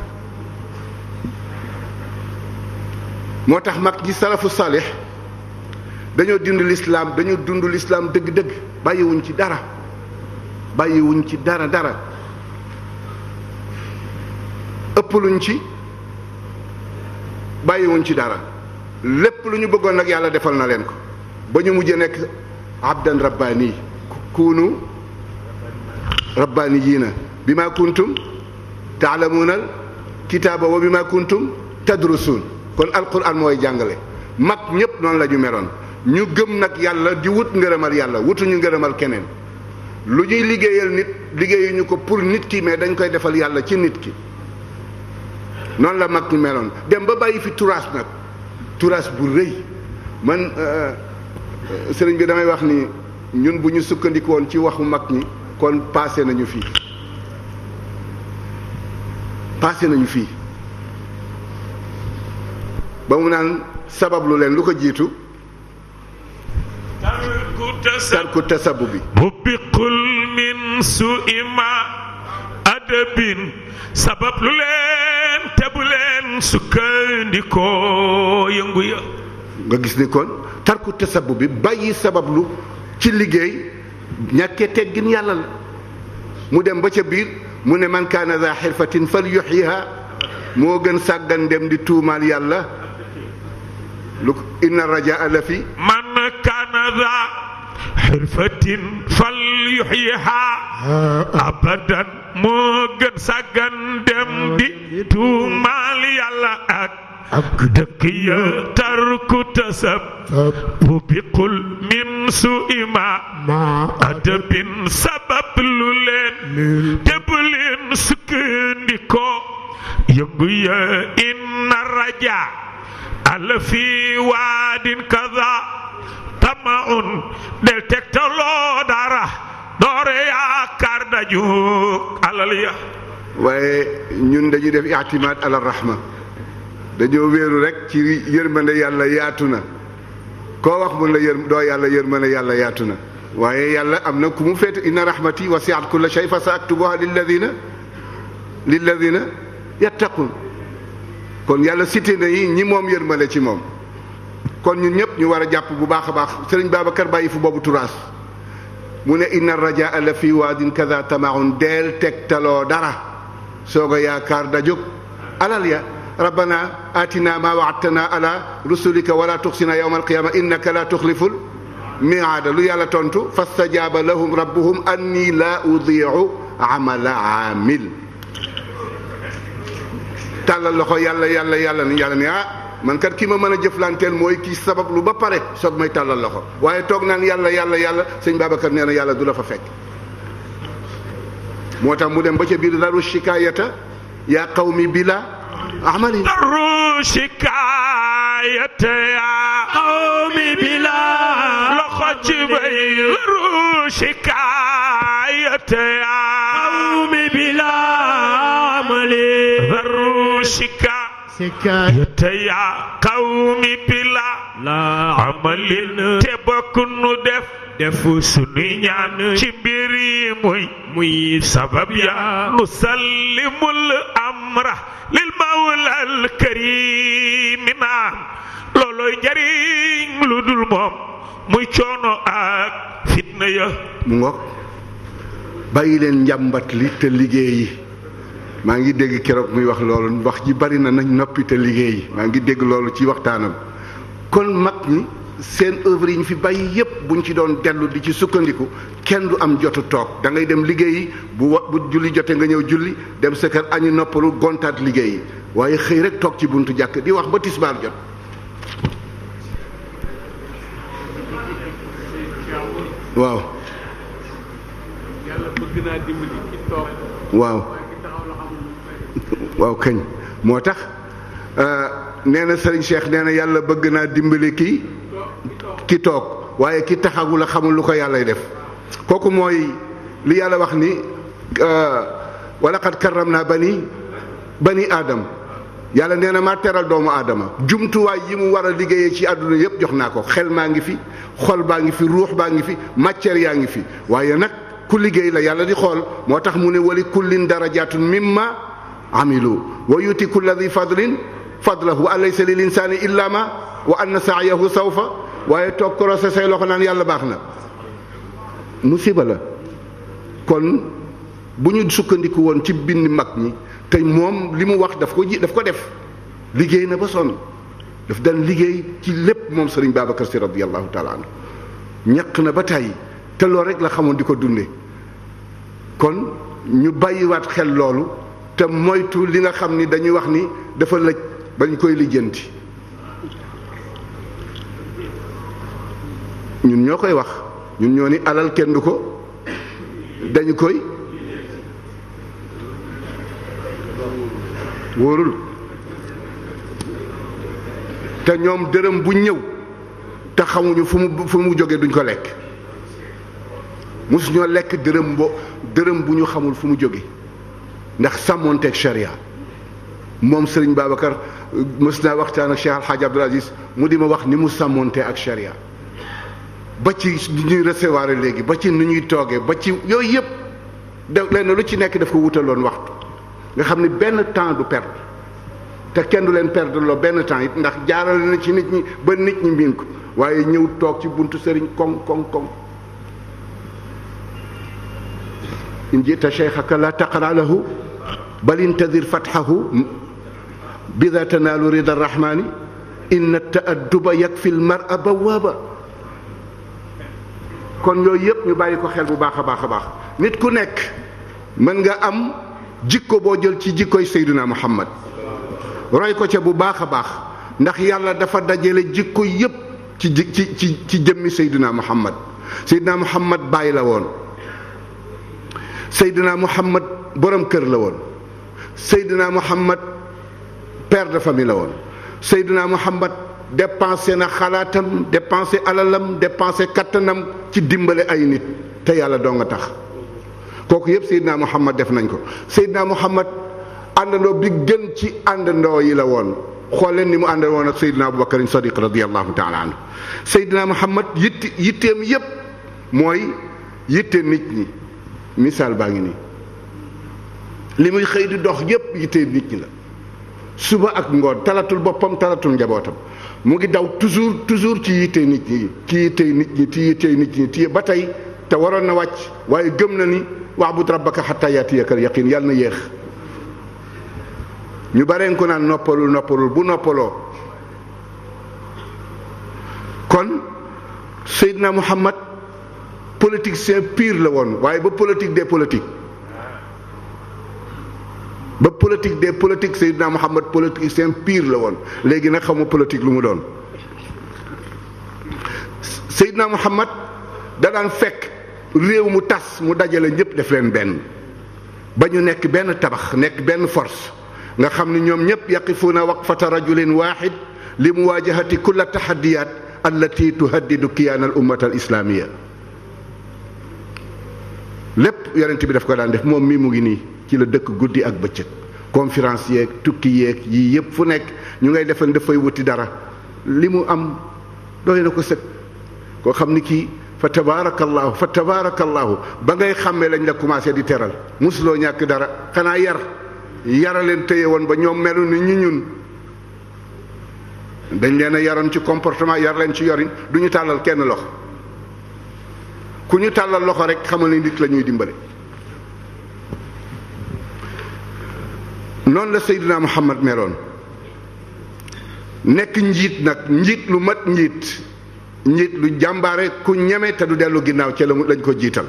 moo tax mag ñi salafu salih dañoo dund lislaam dañu dund lislaam dëgg-dëgg bàyyiwuñ ci dara bàyyiwuñ ci dara dara ëpp luñ ci bàyyiwuñ ci dara lépp lu ñu bëggoon nag yàlla defal na leen ko ba ñu mujj nekk abdan rabbani kuunu rabbaaniyiina bi maa kuntum taalamuunal kitaaba wa bi maa kuntum tadrusuun kon alquran mooy jàngale mag ñépp noonu la ñu meloon ñu gëm nag yàlla di wut ngërëmal yàlla wutuñu ngërëmal keneen lu ñuy liggéeyal nit liggéeyuñu ko pour nit ki mais dañ koy defal yàlla ci nit ki noonu la mag ñu meloon dem ba bàyyi fi turas nag turas bu rëy man euh, euh, sëriñ bi damay wax ni ñun bu ñu sukkandikoon ci waxu mag ñi kon passé nañu fii passé nañu fii ba mu naan sabablu leen lu ko jiitu
tarku tasabu bi mubiqul min su ima dëbbin sabab lu leen te bu leen nga gis
ni kon tarku tasabbu bi bàyyi sabab lu ci liggéey ñàkkee teggin yàlla la mu dem ba ca biir mu ne man kaana xirfatin fal yuxiha moo gën sàggan dem di tuumaal yàlla lu inna
rajaa la fi man kaana xirfatin fal yuxyiha ah, ah. abadan moo gën sàggan dem ah, di tuumaal yàlla ak ak dëkk ya tarku tasab bu biqul min su ima adabin sabab lu leen dëbb leen sukkandikoo yëngu ya inna raja ala fi waadin kaza tama un del tegtaloo dara doore yaakaar daju alal ya
waaye ñun dañuy def ictimaad ala rahma dañoo wéeru rek ci yërmande yàlla yaatu na koo wax mun la yër doo yàlla yërmande yàlla yaatu na waaye yàlla am na ku mu féete inna rahmati wasiat kulla shay fa sa aktubuha lilladina lilladina yattaqun kon yàlla cité yi ñi moom yërmande ci moom kon ñun ñëpp ñu war a jàpp bu baax a baax sëriñ Babacar bàyyi fu boobu turaas mu ne inna rajaa la fi waadin kaza tamaun deel tegtaloo dara soog a yaakaar da jóg alal ya rabbana atina ma waadtana ala rusulika wala tuxsina yawma alqiyama innaka la tuxliful miaada lu yàlla tontu fastajaaba lahum rabbuhum anni la udiu amala aamil tàllal loxo yàlla yàlla yàlla ni ah man kat ki ma mën a jëflanteel mooy kii sabab lu ba pare soog may tàllal loxo waaye toog naan yàlla yàlla yàlla sëñ Babacar nee na yàlla du la fa fekk. moo tax mu dem ba ca biir daru shikaayata yaa qawmi bila
loxo ci bay daru shikaayata yaa qawmi bila amali te yaa qawmi bila amalin te bokk nu def defu sunuy ñaan ci mbir yi muy muy sabab ya nusallimul amra lil mawla al karim loolooy jariñ lu dul moom muy coono ak fitna ya mu ngoog
bàyyi leen njàmbat li te liggéeyi maa ngi dégg keroog muy wax loolu wax ji bari na nañ noppi te liggéey maa ngi dégg loolu ci waxtaanam kon mag ñi seen œuvre yi ñu fi bàyyi yépp bu ñu ci doon dellu di ci sukkandiku kenn du am jotu toog dangay ngay dem liggéeyi bu wa bu julli jotee nga ñëw julli dem sa kër añu noppalu gontaat liggéeyi waaye xëy rek toog ci buntu jàkk di wax ba tisbaar jot. waaw. waaw. waaw kañ moo tax euh, nee na Serigne Cheikh nee yàlla bëgg naa dimbali kii ki toog waaye ki taxagu la xamul lu ko yàllay def kooku mooy li yàlla wax ni euh, wala xat karram naa ba ba bani aadam yàlla nee na maa teral doomu aadama jumtuwaay yi mu war a liggéeyee ci àdduna yëpp jox naa ko xel maa ngi fi xol baa ngi fi ruux baa ngi fi matière yaa ngi fi waaye nag ku liggéey la yàlla di xool moo tax mu ne wali kullin darajaatun mimma amilu wa yuti kulla di fadlin fadlahu wa an laysa lil insaani illa ma wa anna saayahu sawfa waaye toog korose say loxo naan yàlla baax na musiba la kon bu ñu sukkandiku woon ci bind mag ñi te moom li mu wax daf ko ji daf ko def liggéey na ba sonn daf daan liggéey ci lépp moom sëriñ Babacar si radiallahu taala anhu ñaq na ba tàyyi te loolu rek la xamoon di ko dunde kon ñu bàyyiwaat xel loolu te moytu li nga xam ni dañuy wax ni dafa lëj bañ koy lijjanti ñun ñoo koy wax ñun ñoo ni alal kenn ko dañu koy wóorul te ñoom dërëm bu ñëw te xamuñu fu mu fu mu jógee duñ ko lekk mosuñoo lekk dërëm bo dërëm bu ñu xamul fu mu jóge ndax sàmmoonteeg sharia moom sëriñ Babacar mës naa waxtaan ak Cheikh Alhaji Abdoul Aziz mu di ma wax ni mu sàmmoonte ak sharia ba ci di ñuy recevoir léegi ba ci ni ñuy toogee ba ci yooyu yëpp da lenn lu ci nekk daf ko wutaloon waxtu nga xam ni benn temps du perdre te kenn du leen perdre loo benn temps it ndax jaaral na ci nit ñi ba nit ñi miin waaye ñëw toog ci buntu sëriñ koŋ koŋ koŋ in jita cheikhaka la taqara bal intadir fatxahu bida tanaalu rida rahmaani inna taadduba yakfi lmara bawaaba kon yooyu yëpp ñu bàyyi ko xel bu baax a baax a baax nit ku nekk mën nga am jikko boo jël ci jikkoy Seydina Muhammad roy ko ca bu baax a baax ndax yàlla dafa dajale jikko yëpp ci ci ci ci jëmmi Seydina Muhammad Seydina Muhammad bàyyi la woon Seydina Muhammad boroom kër la woon. Seydina Muhammad père de famille la woon Seydina Muhammad dépensé na xalaatam dépensé alalam dépensé kattanam ci dimbale ay nit te yàlla doo nga tax kooku yëpp Seydina Muhammad def nañ ko Seydina Muhammad àndandoo bi gën ci àndandoo yi la woon xool leen ni mu àndal woon ak Seydina Aboubacarin Sadiq radiallahu taala anhu Seydina Muhammad yitti yitteem yëpp mooy yitte nit ñi misaal baa ngi nii li muy xëy di dox yépp yittee nit ñi la suba ak ngoon talatul boppam talatul njabootam mu ngi daw toujours toujours ci yittee nit ñi ci yittee nit ñi ci yittee nit ñi ba tey te waroon na wàcc waaye gëm na ni wax bu wa'bud rabbaka hattaa kër yaqiin yàlla na yéex ñu bareen ko naan noppalul noppalul bu noppaloo kon Seydina Muhammad politicien piir la woon waaye ba politique des politiques ba politique des politiques Seydina Mouhamed seen piir la woon léegi nag xamu politique lu mu doon Seydina Mouhamed da daan fekk réew mu tas mu dajale ñëpp def leen benn ba ñu nekk benn tabax nekk benn force nga xam ni ñoom ñëpp yaqifuuna waqfata rajulin waaxid li mu muwaajahati kulla taxaddiyaat allati tuhaddidu kiyaanal ummata al islaamiya lépp yonent bi daf ko daan def moom mii mu ngi nii ci la dëkk guddi ak bëccëg conférence yeeg tukki yeeg yii yëpp fu nekk ñu ngay defan dafay wuti dara li mu am doy na ko sëg koo xam ni kii fa tabaarakallaahu fa tabaarakallaahu ba ngay xàmmee lañ la commencé di teral musuloo ñàkk dara xanaa yar yara leen téye woon ba ñoom melu ni ñu ñun dañ leen a yaroon ci comportement yar leen ci yorin du ñu tàllal kenn loxo ku ñu tàllal loxo rek xamal ni nit la ñuy dimbale noonu la Seydina Muhammad meloon nekk njiit nag njiit lu mat njiit njiit lu jàmbaare ku ñeme te du dellu ginnaaw ca la lañ ko jiital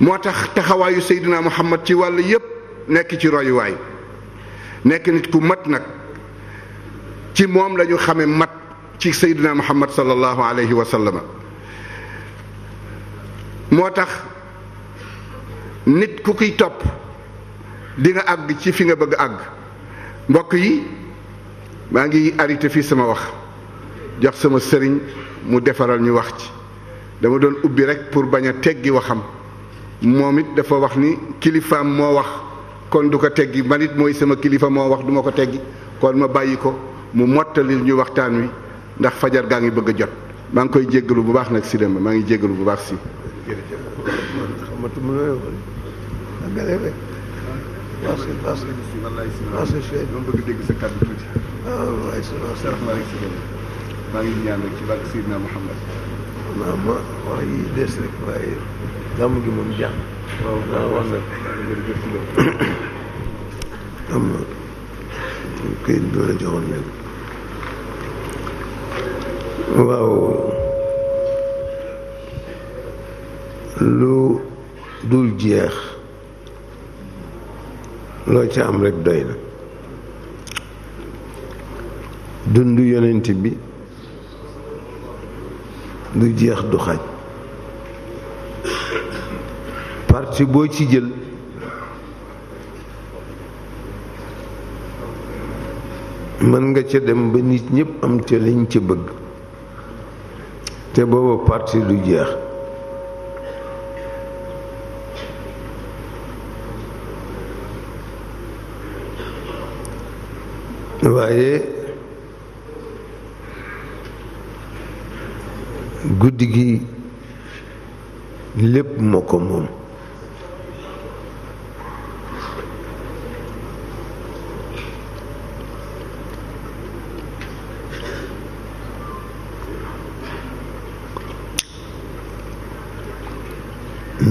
moo tax taxawaayu Seydina Muhammad ci wàll yépp nekk ci royuwaay nekk nit ku mat nag ci moom lañu xame mat ci Seydina Muhammad sallallahu alayhi wa sallam moo tax nit ku kiy topp di nga àgg ci fi nga bëgg àgg mbokk yi maa ngi arrêté fii sama wax jox sama sëriñ mu defaral ñu wax ci dama doon ubbi rek pour bañ a teggi waxam moom it dafa wax ni kilifaam moo wax kon du ko teggi man it mooy sama kilifa moo wax duma ko teggi kon ma bàyyi ko mu mottalil ñu waxtaan wi ndax fajar gaa ngi bëgg a jot maa ngi koy jéggalu bu baax nag si dem maa ngi jéggalu bu baax si.
merci merci. merci Cheikh. gi moom jàmm. waaw waaw wax na jërëjëf ci loolu. am lu dul jeex. loo ca am rek doy na dund yonent bi du jeex du xaj parti boo ci jël mën nga ca dem ba nit ñëpp am ca liñ ca bëgg te booba parti du jeex waaye guddi gi lépp moo ko moom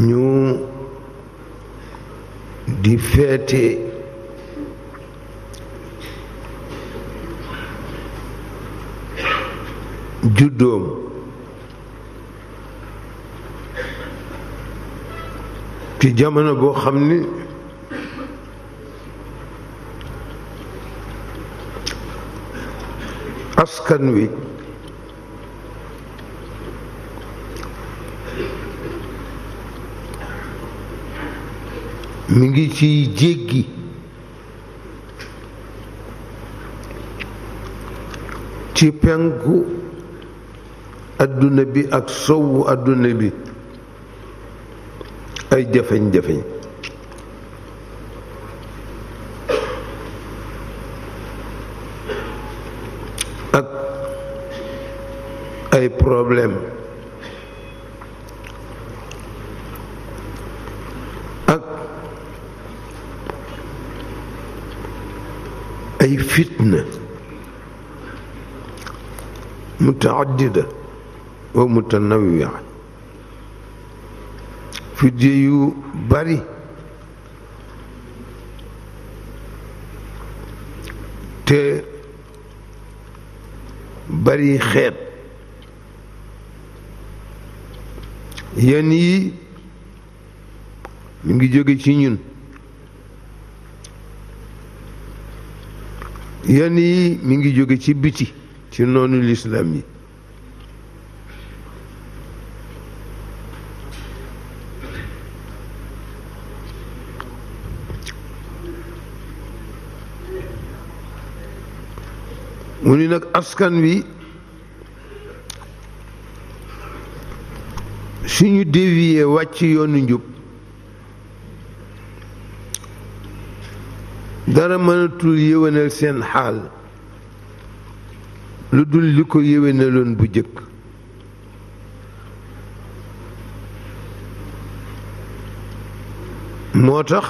ñu di feete juddoom ci jamono boo xam ni askan wi mu ngi ci jéggi ci penku adduna bi ak sowu adduna bi ay jafeñ-jafeñ ak ay problème ak ay fitna mutaaddida ومتنوعة fidye yu bari te bari xeet yenn yi mu ngi jóge ci ñun yenn yi mi ngi jóge ci biti ci noonu lislaam yi mu ni nag askan wi suñu dévier wàcc yoonu njub dara mënatul yéwénal seen xaal lu dul li ko yéwénaloon bu jëkk moo tax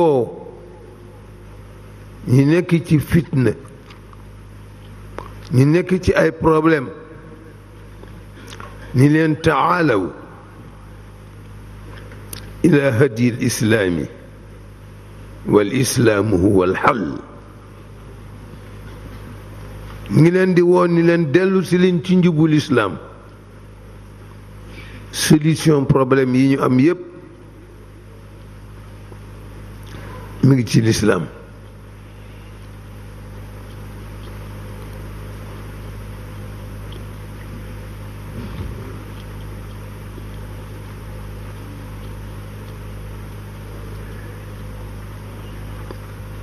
woo ñi nekk ci fitna ñi nekk ci ay problème ñi leen taalaw ila hadi al islaami wal islaamu huwa al ñi leen di woon ni leen dellusi leen ci njubul islaam solution problème yi ñu am yépp mi ngi ci lislaam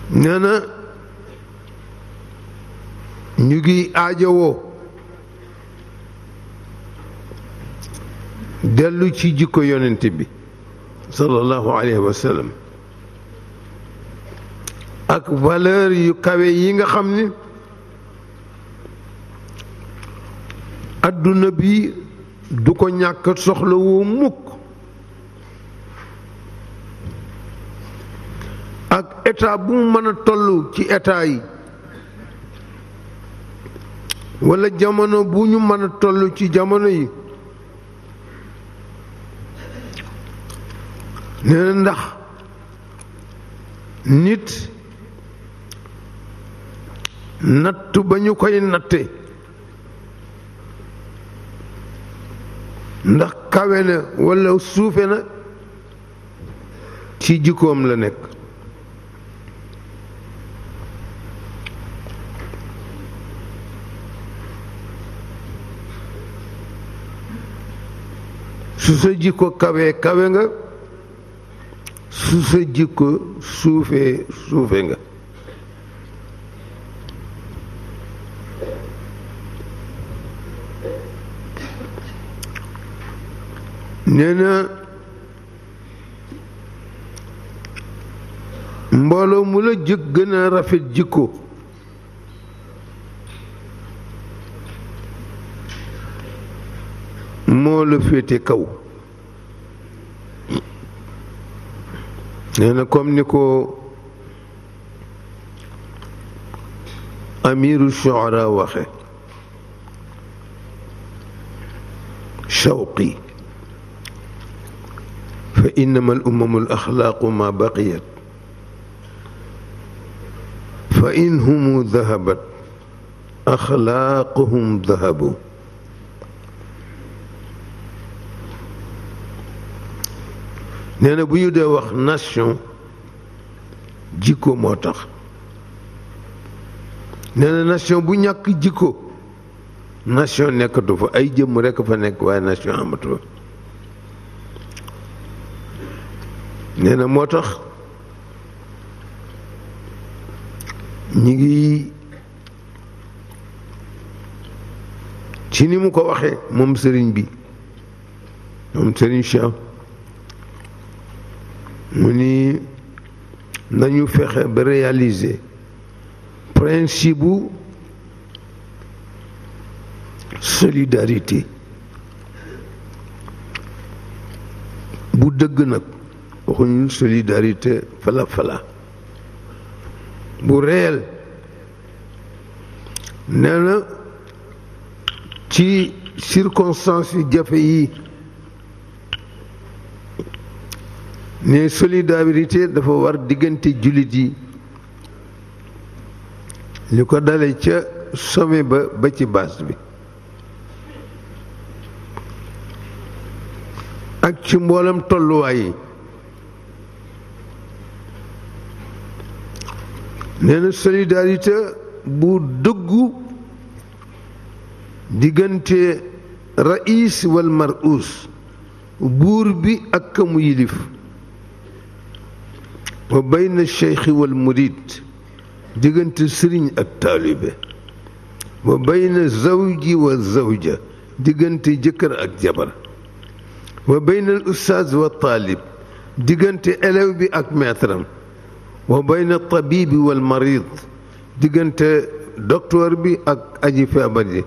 nee na ñu ngi aajowoo dellu ci jikko yonent bi sallallahu alayhi wa sallam ak valeur yu kawe yi nga xam ni adduna bi du ko ñàkk soxla woo mukk ak état bu mu mën a ci état yi walla jamono bu ñu mën a toll ci jamono yi nee ndax nit nattu ba ñu koy natte ndax kawe na walla suufe na ci jikkoom la nekk su sa jikko kawe kawe nga su sa jikko suufe suufe nga nee mbooloo mu la jëkk gën a rafet jikko moo la féete kaw nee na comme ni ko amiru shuara waxe Shawqi fa innama al umamu al axlaaqu ma baqiyat fa in humu dahabat axlaaquhum dahabu nee na bu ñu dee wax nation jikko moo tax nee na nation bu ñàkk jikko nation nekkatu fa ay jëmm rekk fa nekk waaye nation amatu fa neena moo tax ñi ngi ci ni mu ko waxee moom sëriñ bi moom sëriñ Cheikh mu ni nañu fexe ba réaliser principe bu solidarité bu dëgg nag waxuñu solidarité fala bu réel nee na ci circonstances yu jafe yi ne solidarité dafa war diggante jullit yi li ko dale ca sommet ba ba ci base bi ak ci mboolam tolluwaay yi nee na solidarité bu dëggu diggante raïs wal mar'uus buur bi ak ka mu yilif wa bayna cheikhi wal murid diggante sëriñ ak taalibe wa bayna zawji wa zawja diggante jëkkër ak jabar wa bayna al ustaaz wa taalib diggante élève bi ak maître wa bayna tabibi wal marid diggante docteur bi ak aji feebar ji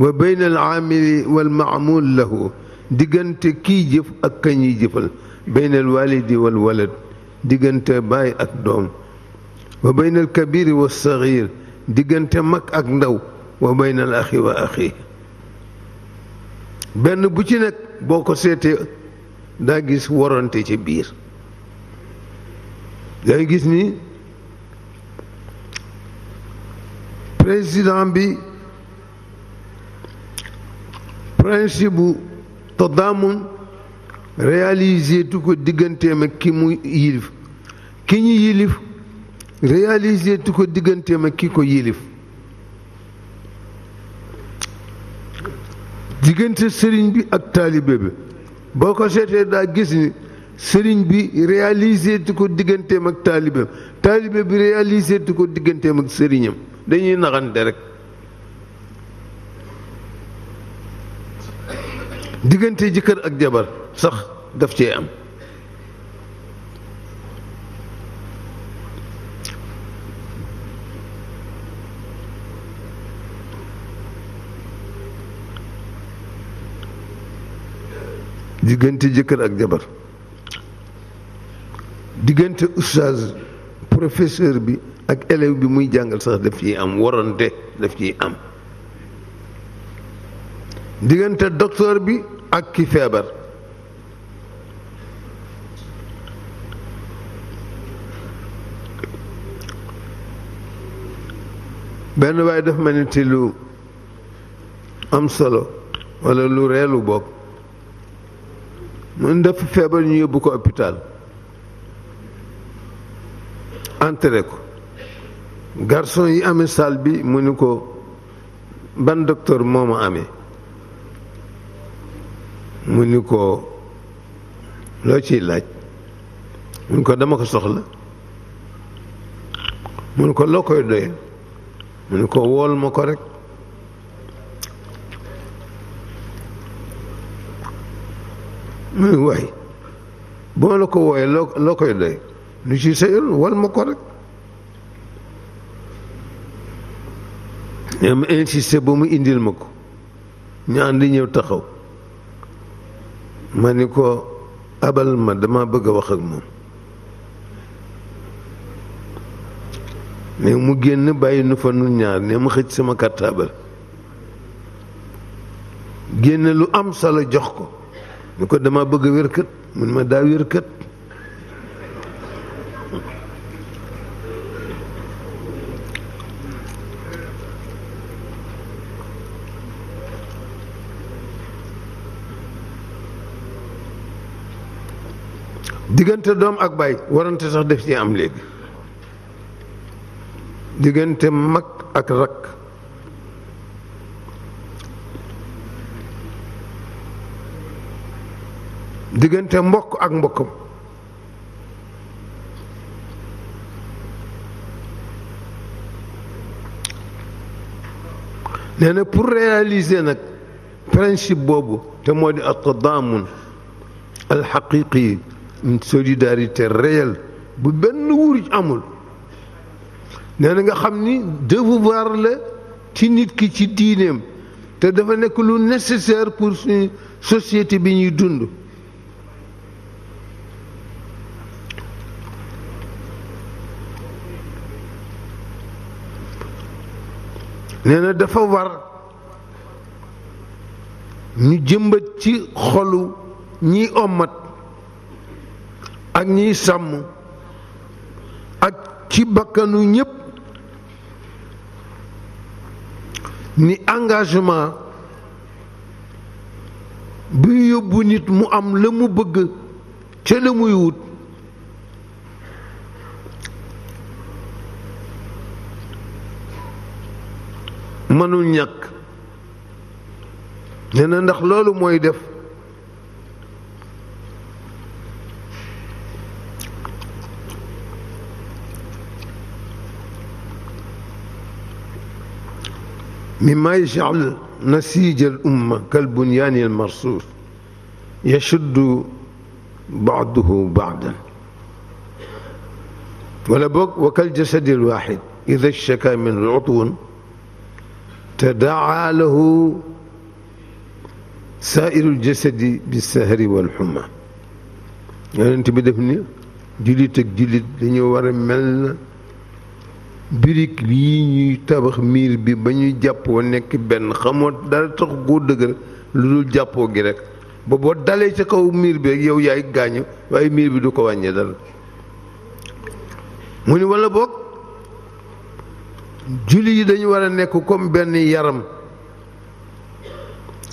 wa bayna al aamili wal maamul lahu diggante kii jëf ak kañuy jëfal bayna al walidi wal walad diggante baay ak doom wa bayna al kabiri wa saxiir diggante mag ak ndaw wa bayna al axi wa axi benn bu ci nekk boo ko seetee daa gis warante ci biir dañu gis ni président bi principe bu tadaamun réalisé tu ko digganteem ak ki mu yilif ki ñu yilif réalisé ko digganteem ak ki ko yilif diggante sëriñ bi ak taalibe bi boo ko seetee daa gis ni sëriñ bi réalisé ko digganteem ak taalibeem taalibe bi réalisé tu ko digganteem ak sëriñam dañuy naxante rek diggante jëkkër ak jabar sax daf cee am diggante jëkkër ak jabar diggante oustaz professeur bi ak élève bi muy jàngal sax daf yi am waronte daf ciy am diggante docteur bi ak ki feebar benn waaye daf ma nit lu am solo walla lu reelu bokk mun def feebar ñu yóbbu ko hôpital enterré ko garçon yi ame salle bi mu ni ko ban docteur moo ma amee mu ni ko loo ciy laaj mu ni ko dama ko soxla mu ni ko loo koy doyee mu ni ko wool ma ko rek mu ni waay bu ma la ko wooyee loo loo koy doyee lu ci sa yoon wan ma ko rek ñoom insisté ba mu indil ma ko ñu ànd ñëw taxaw ma ni ko abal ma dama bëgg a wax ak moom ne mu génn bàyyi nu fa nun ñaar ne ma xëcc sama kàttaabal génn lu am solo jox ko ni ko dama bëgg wér kët mun ma daa wér diggante doom ak baay warante sax def ci am léegi diggante mag ak rak diggante mbokk ak mbokkam nee na pour réaliser nag principe boobu te moo di at tadaamun al xaqiqi une solidarité réelle bu benn wuruj amul nee na nga xam ni war la ci nit ki ci diineem te dafa nekk lu nécessaire pour suñu bi ñuy dund nee na dafa war ñu jëmbat ci xolu ñiy ommat ak ñiy sàmm ak ci bakkanu ñépp ni engagement buy yóbbu nit mu am la mu bëgg ca la muy wut mënul ñàkk nee ndax loolu mooy def مما يجعل نسيج الأمة كالبنيان المرصوص يشد بعضه بعضا wala boog wa kaljasadil waaxid ida shaka min utwun tadaaa lahu saairul jasadi bi sahari wal xuma yonent bi def ni jullit ak jullit dañoo war a mel na birig yi ñuy tabax miir bi ba ñu jàppoo nekk benn xamoo dara tax koo dëgër lu dul jàppoo gi rekk ba dalee ci kaw miir bi rek yow yaay gaañu waaye miir bi du ko wàññee dara mu ni walla boog julli yi dañu war a nekk comme benn yaram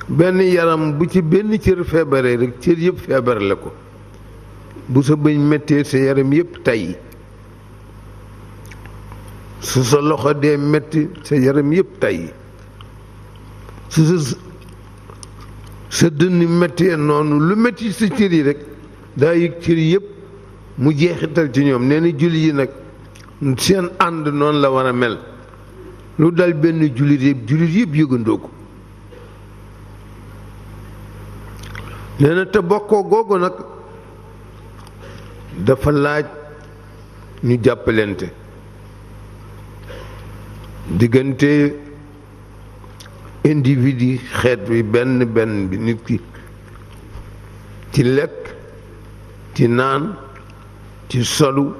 benn yaram bu ci benn cër feebaree rek cër yëpp feebar la ko bu sa bëñ mettee sa yaram yépp tey su sa loxo dee metti sa yaram yëpp tey su sa sa dënn mettee noonu lu metti sa cër yi rek daa yëg cër yëpp mu jeexital ci ñoom nee na jullit yi nag seen ànd noonu la war a mel lu dal benn jullit yëpp jullit yëpp yëgandoo ko nee na te bokkoo googu nag dafa laaj ñu jàppalente diggante individu xeet bi benn benn bi nit ki ci lekk ci naan ci solu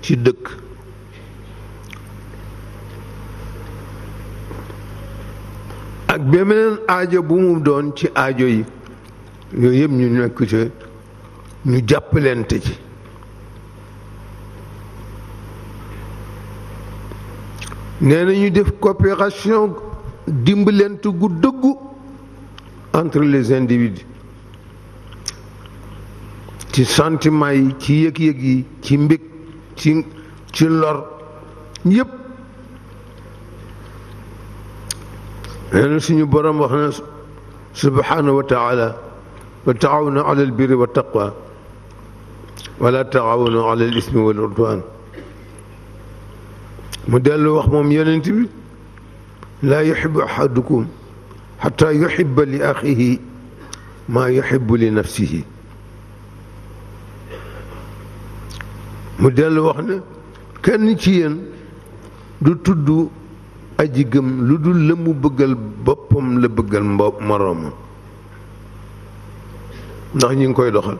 ci dëkk ak beneen aajo bu mu doon ci aajo yi yooyu yëpp ñu nekk ci ñu jàppalente ci nee na ñu def coopération dimbalante gu dëggu entre les individus ci sentiment yi ci yëg-yëg yi ci mbég ci ci lor yépp nee na suñu borom wax na subhanahu wa taala wa taawanu ala albirri wa taqwa wala taawanu ala al ismi wal udwan mu dellu wax moom yonent bi laa yuhibbu ahadukum xataa yuhibba li axihi maa yuhibbu li nafsihi mu dellu wax ne kenn ci yéen du tudd aji gëm lu dul la mu bëggal boppam la bëggal moroomam ndax ñi ngi koy doxal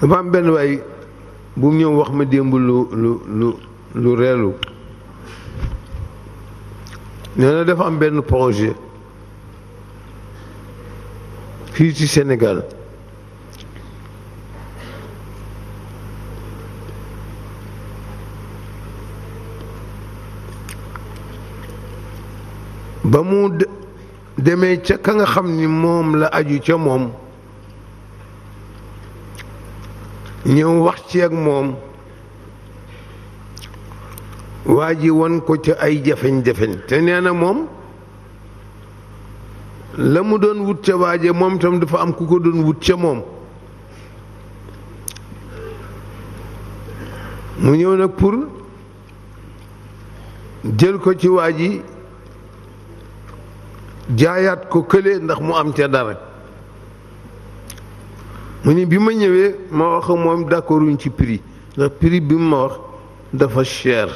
dafa am benn waay bu ñëw wax ma démb lu lu lu lu reelu nee na dafa am benn projet fii ci Sénégal ba mu demee ca ka nga xam ni moom la aju ca moom ñëw wax ci ak moom waa ji won ko ca ay jafeñ-jafeñ te nee na moom la mu doon wut ca waaje moom tam dafa am ku ko doon wut ca moom mu ñëw nag pour jël ko ci waa ji jaayaat ko kële ndax mu am ca dara mu ni bi ma ñëwee ma wax moom d'accord wuñ ci prix ndax prix bi mu ma wax dafa cher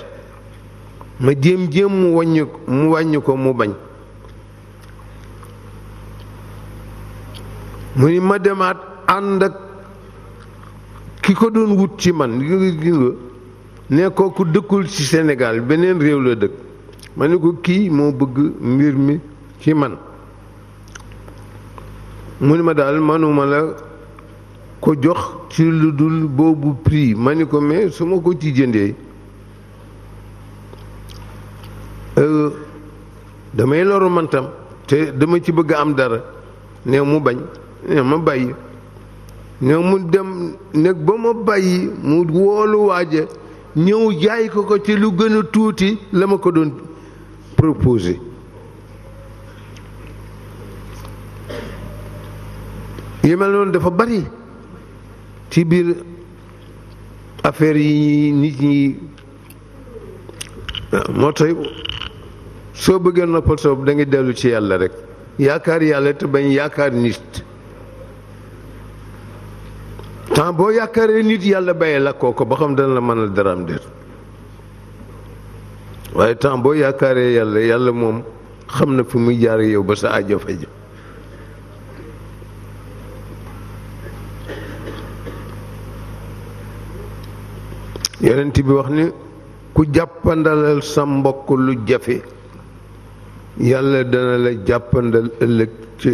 ma jéem jéem mu wàññi mu wàññi mu bañ mu ni ma demaat ànd ak ki ko doon wut ci man gis nga ne kooku dëkkul ci Sénégal beneen réew la dëkk ma ne ko kii moo bëgg mbir mi ci man mu ni ma daal manuma la ko jox ci lu dul boobu prix ma ni ko mais su ma ko ci jëndee euh, damay loru mantam te dama ci bëgg am dara neew mu bañ neew ma bàyyi neew mu dem neg ba ma bàyyi mu woolu waaja ñëw jaay ko ko ci lu gën a tuuti la ma ko doon proposé yi mel noonu dafa bari ci biir affaire yi nit ñi moo tax soo bëggee noppal sa bopp dellu ci yàlla rek yaakaar yàlla te bañ yaakaar nit temps boo yaakaaree nit yàlla bàyyi la ko ba xam dana la mën a daraam déet waaye temps boo yaakaaree yàlla yàlla moom xam na fi muy jaar yow ba sa aajo faj yonent bi wax ni ku jàppandalal sa mbokk lu jafe yàlla dana la jàppandal ëllëg ci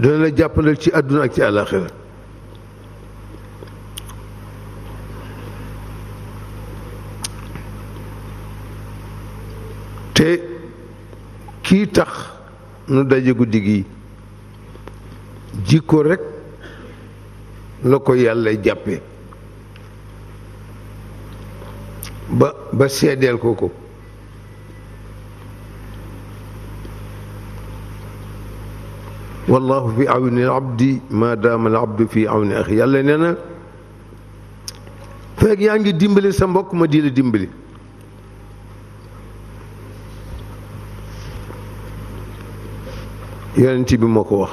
dana la jàppandal ci àdduna ak ci àllaaxira te kii tax nu daje guddi gi jikko rekk la ko yàlla jàppe ba ba seedeel ko ko wallahu fi awni abdi ma daama al abdu fi awni axi yàlla nee na fekk yaa ngi dimbali sa mbokk ma di la dimbali yonent bi moo ko wax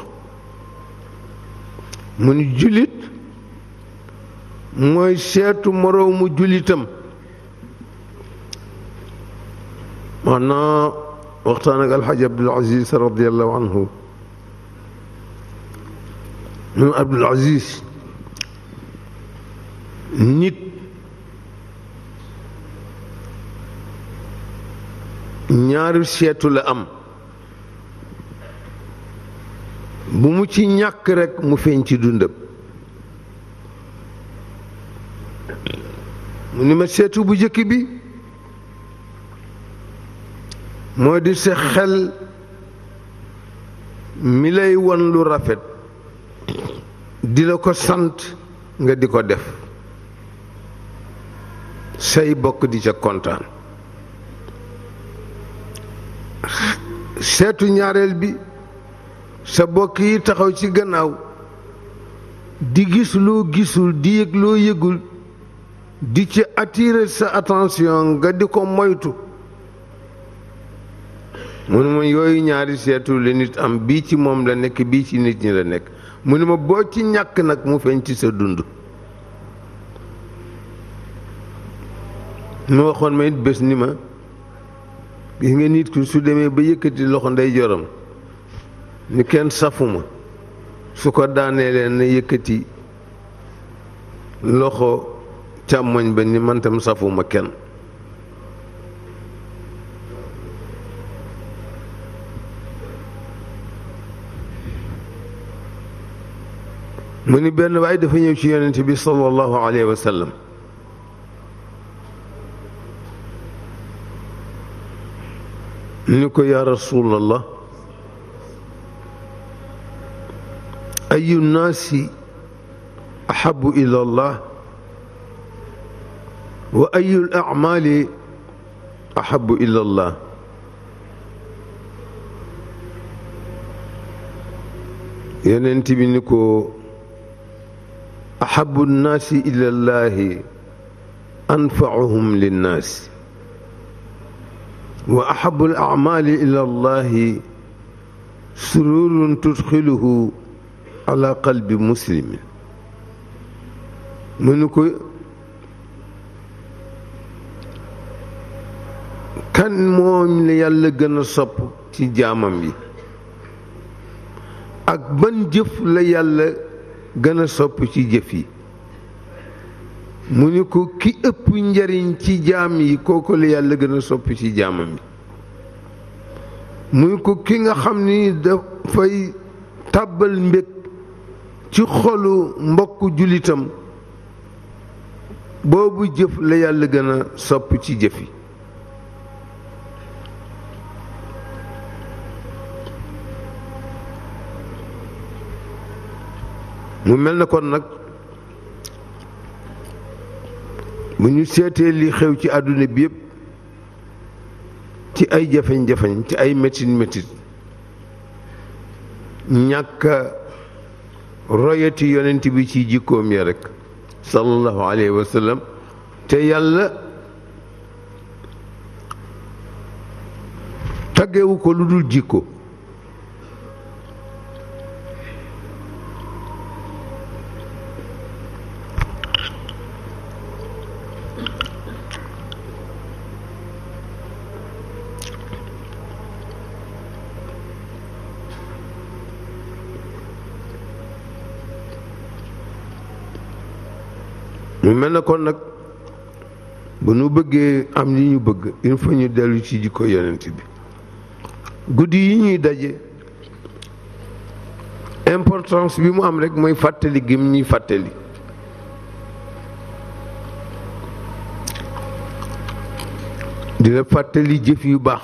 mu ni jullit mooy seetu moroomu jullitam man naa waxtaan ak alxaaj abdul aziz radiallahu anhu moom abdul aziz nit ñaari seetu la am bu mu ci ñàkk rekk mu feeñ ci dundam mu ni ma seetu bu jëkk bi moo di sa xel mi lay won lu rafet di la ko sant nga di ko def say bokk di ca kontaan seetu ñaareel bi sa bokk yi taxaw ci gannaaw di gis gisul di yëg loo yëgul di ci attirer sa attention nga di ko moytu mu ne ma yooyu ñaari seetu la nit am bii ci moom la nekk bii ci nit ñi la nekk mu ne ma boo ci ñàkk nag mu feeñ ci sa dund mu waxoon ma it bés ni ma gis nga nit ku su demee ba yëkkati loxo ndey joram ni kenn safuma su ko daanee leen na loxo càmmoñ ba ni man safu ma kenn mu ni benn waay dafa ñëw ci yonent bi sallallahu alayhi wa sallam ko yaa rasulallah ayu naasi ahabu ila allah wa ayu lacmaali ahabu allah yonent bi ni ko ahabu nnaasi ila llaahi anfauhum linnaasi wa ahabu al acmaali ila llaahi sururun tudxiluhu ala qalbi muslimin mu ni ko kan moom la yàlla gën a sopp ci jaamam yi ak ban jëf la yàlla gën a sopp ci jëf yi mu ni ko ki ëpp njariñ ci jaam yi kooku la yàlla gën a sopp ci jaamam yi mu ni ko ki nga xam ni dafay tàbbal mbég ci xolu mbokk jullitam boobu jëf la yàlla gën a sopp ci jëf yi mu mel na kon nag bu ñu seetee li xew ci àdduna bi yëpp ci ay jafeñ-jafeñ ci ay métit métit ñàkk royati yonent bi ci jikkoom ya rek sallallahu alayhi wa te yàlla taggewu ko lu dul jikko mu mel na kon nag bu ñu bëggee am li ñu bëgg il faut ñu dellu ci jikko yonent bi guddi yi ñuy daje importance bi mu am rek mooy fàttali gim ñuy fàttali di fàttali jëf yu baax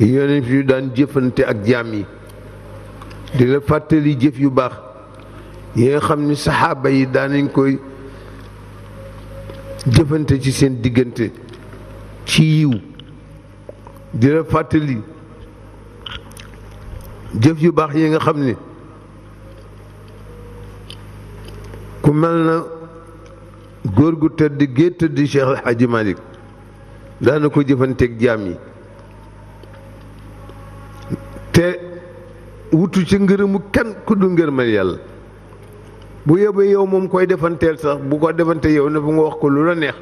yi yonent yu daan jëfante ak jaam yi di la fàttali jëf yu baax yi nga xam ni saxaaba yi daanañ koy jëfante ci seen diggante ci yiw di la fàttali jëf yu baax yi nga xam ni ku mel na góor gu tëdd gee tëdd Cheikh El Hadji Malick daana ko jëfanteeg jaam yi te wutu ci ngërëmu kenn ku du ngërmal yàlla bu yóbbee yow moom koy defanteel sax bu ko defante yow ne bu nga wax ko lu la neex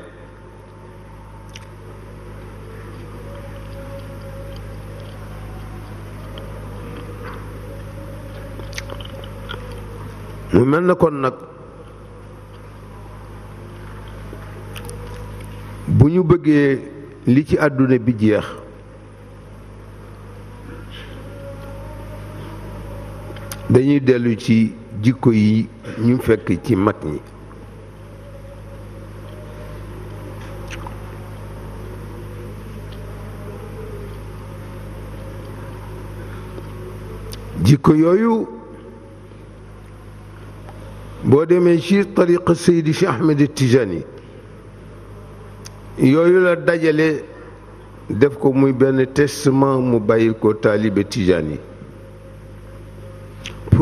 mu mel na kon nag bu ñu bëggee li ci àdduna bi jeex dañuy dellu ci jikko yi ñu fekk ci mag ñi jikko yooyu boo demee ci tariqa Seydi Cheikh Ahmed Tijani yooyu la dajale def ko muy benn testement mu bàyyi ko taalibe Tijani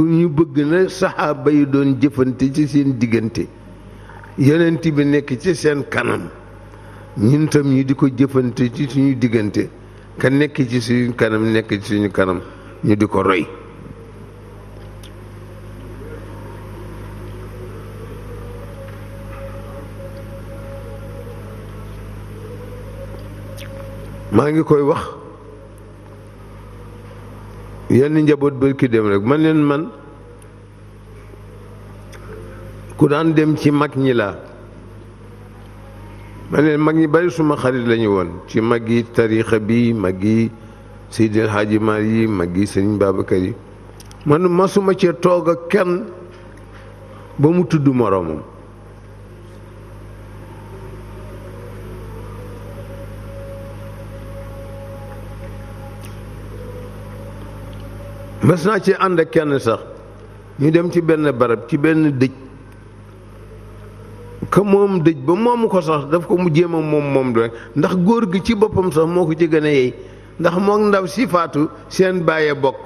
fu ñu bëgg na saxaaba bay doon jëfante ci seen diggante yonent bi nekk ci seen kanam ñun tam di ko jëfante ci suñu diggante ka nekk ci suñu kanam nekk ci suñu kanam ñu di ko roy ngi koy wax yenn njaboot bërki dem rek man leen man ku daan dem ci mag ñi laa man leen mag ñi bari suma xarit lañu woon ci mag yi tariixa bi mag yi Seydi El yi mag yi Sëriñ Babacar yi man suma cee toog ak kenn ba mu tudd moroomam mas naa ci ànd ak kenn sax ñu dem ci benn barab ci benn dëj ka moom dëj ba moomu ko sax daf ko mu jéem a moom moom rek ndax góor gi ci boppam sax moo ko ci gën a yey ndax moo ndaw si faatu seen bàyyee bokk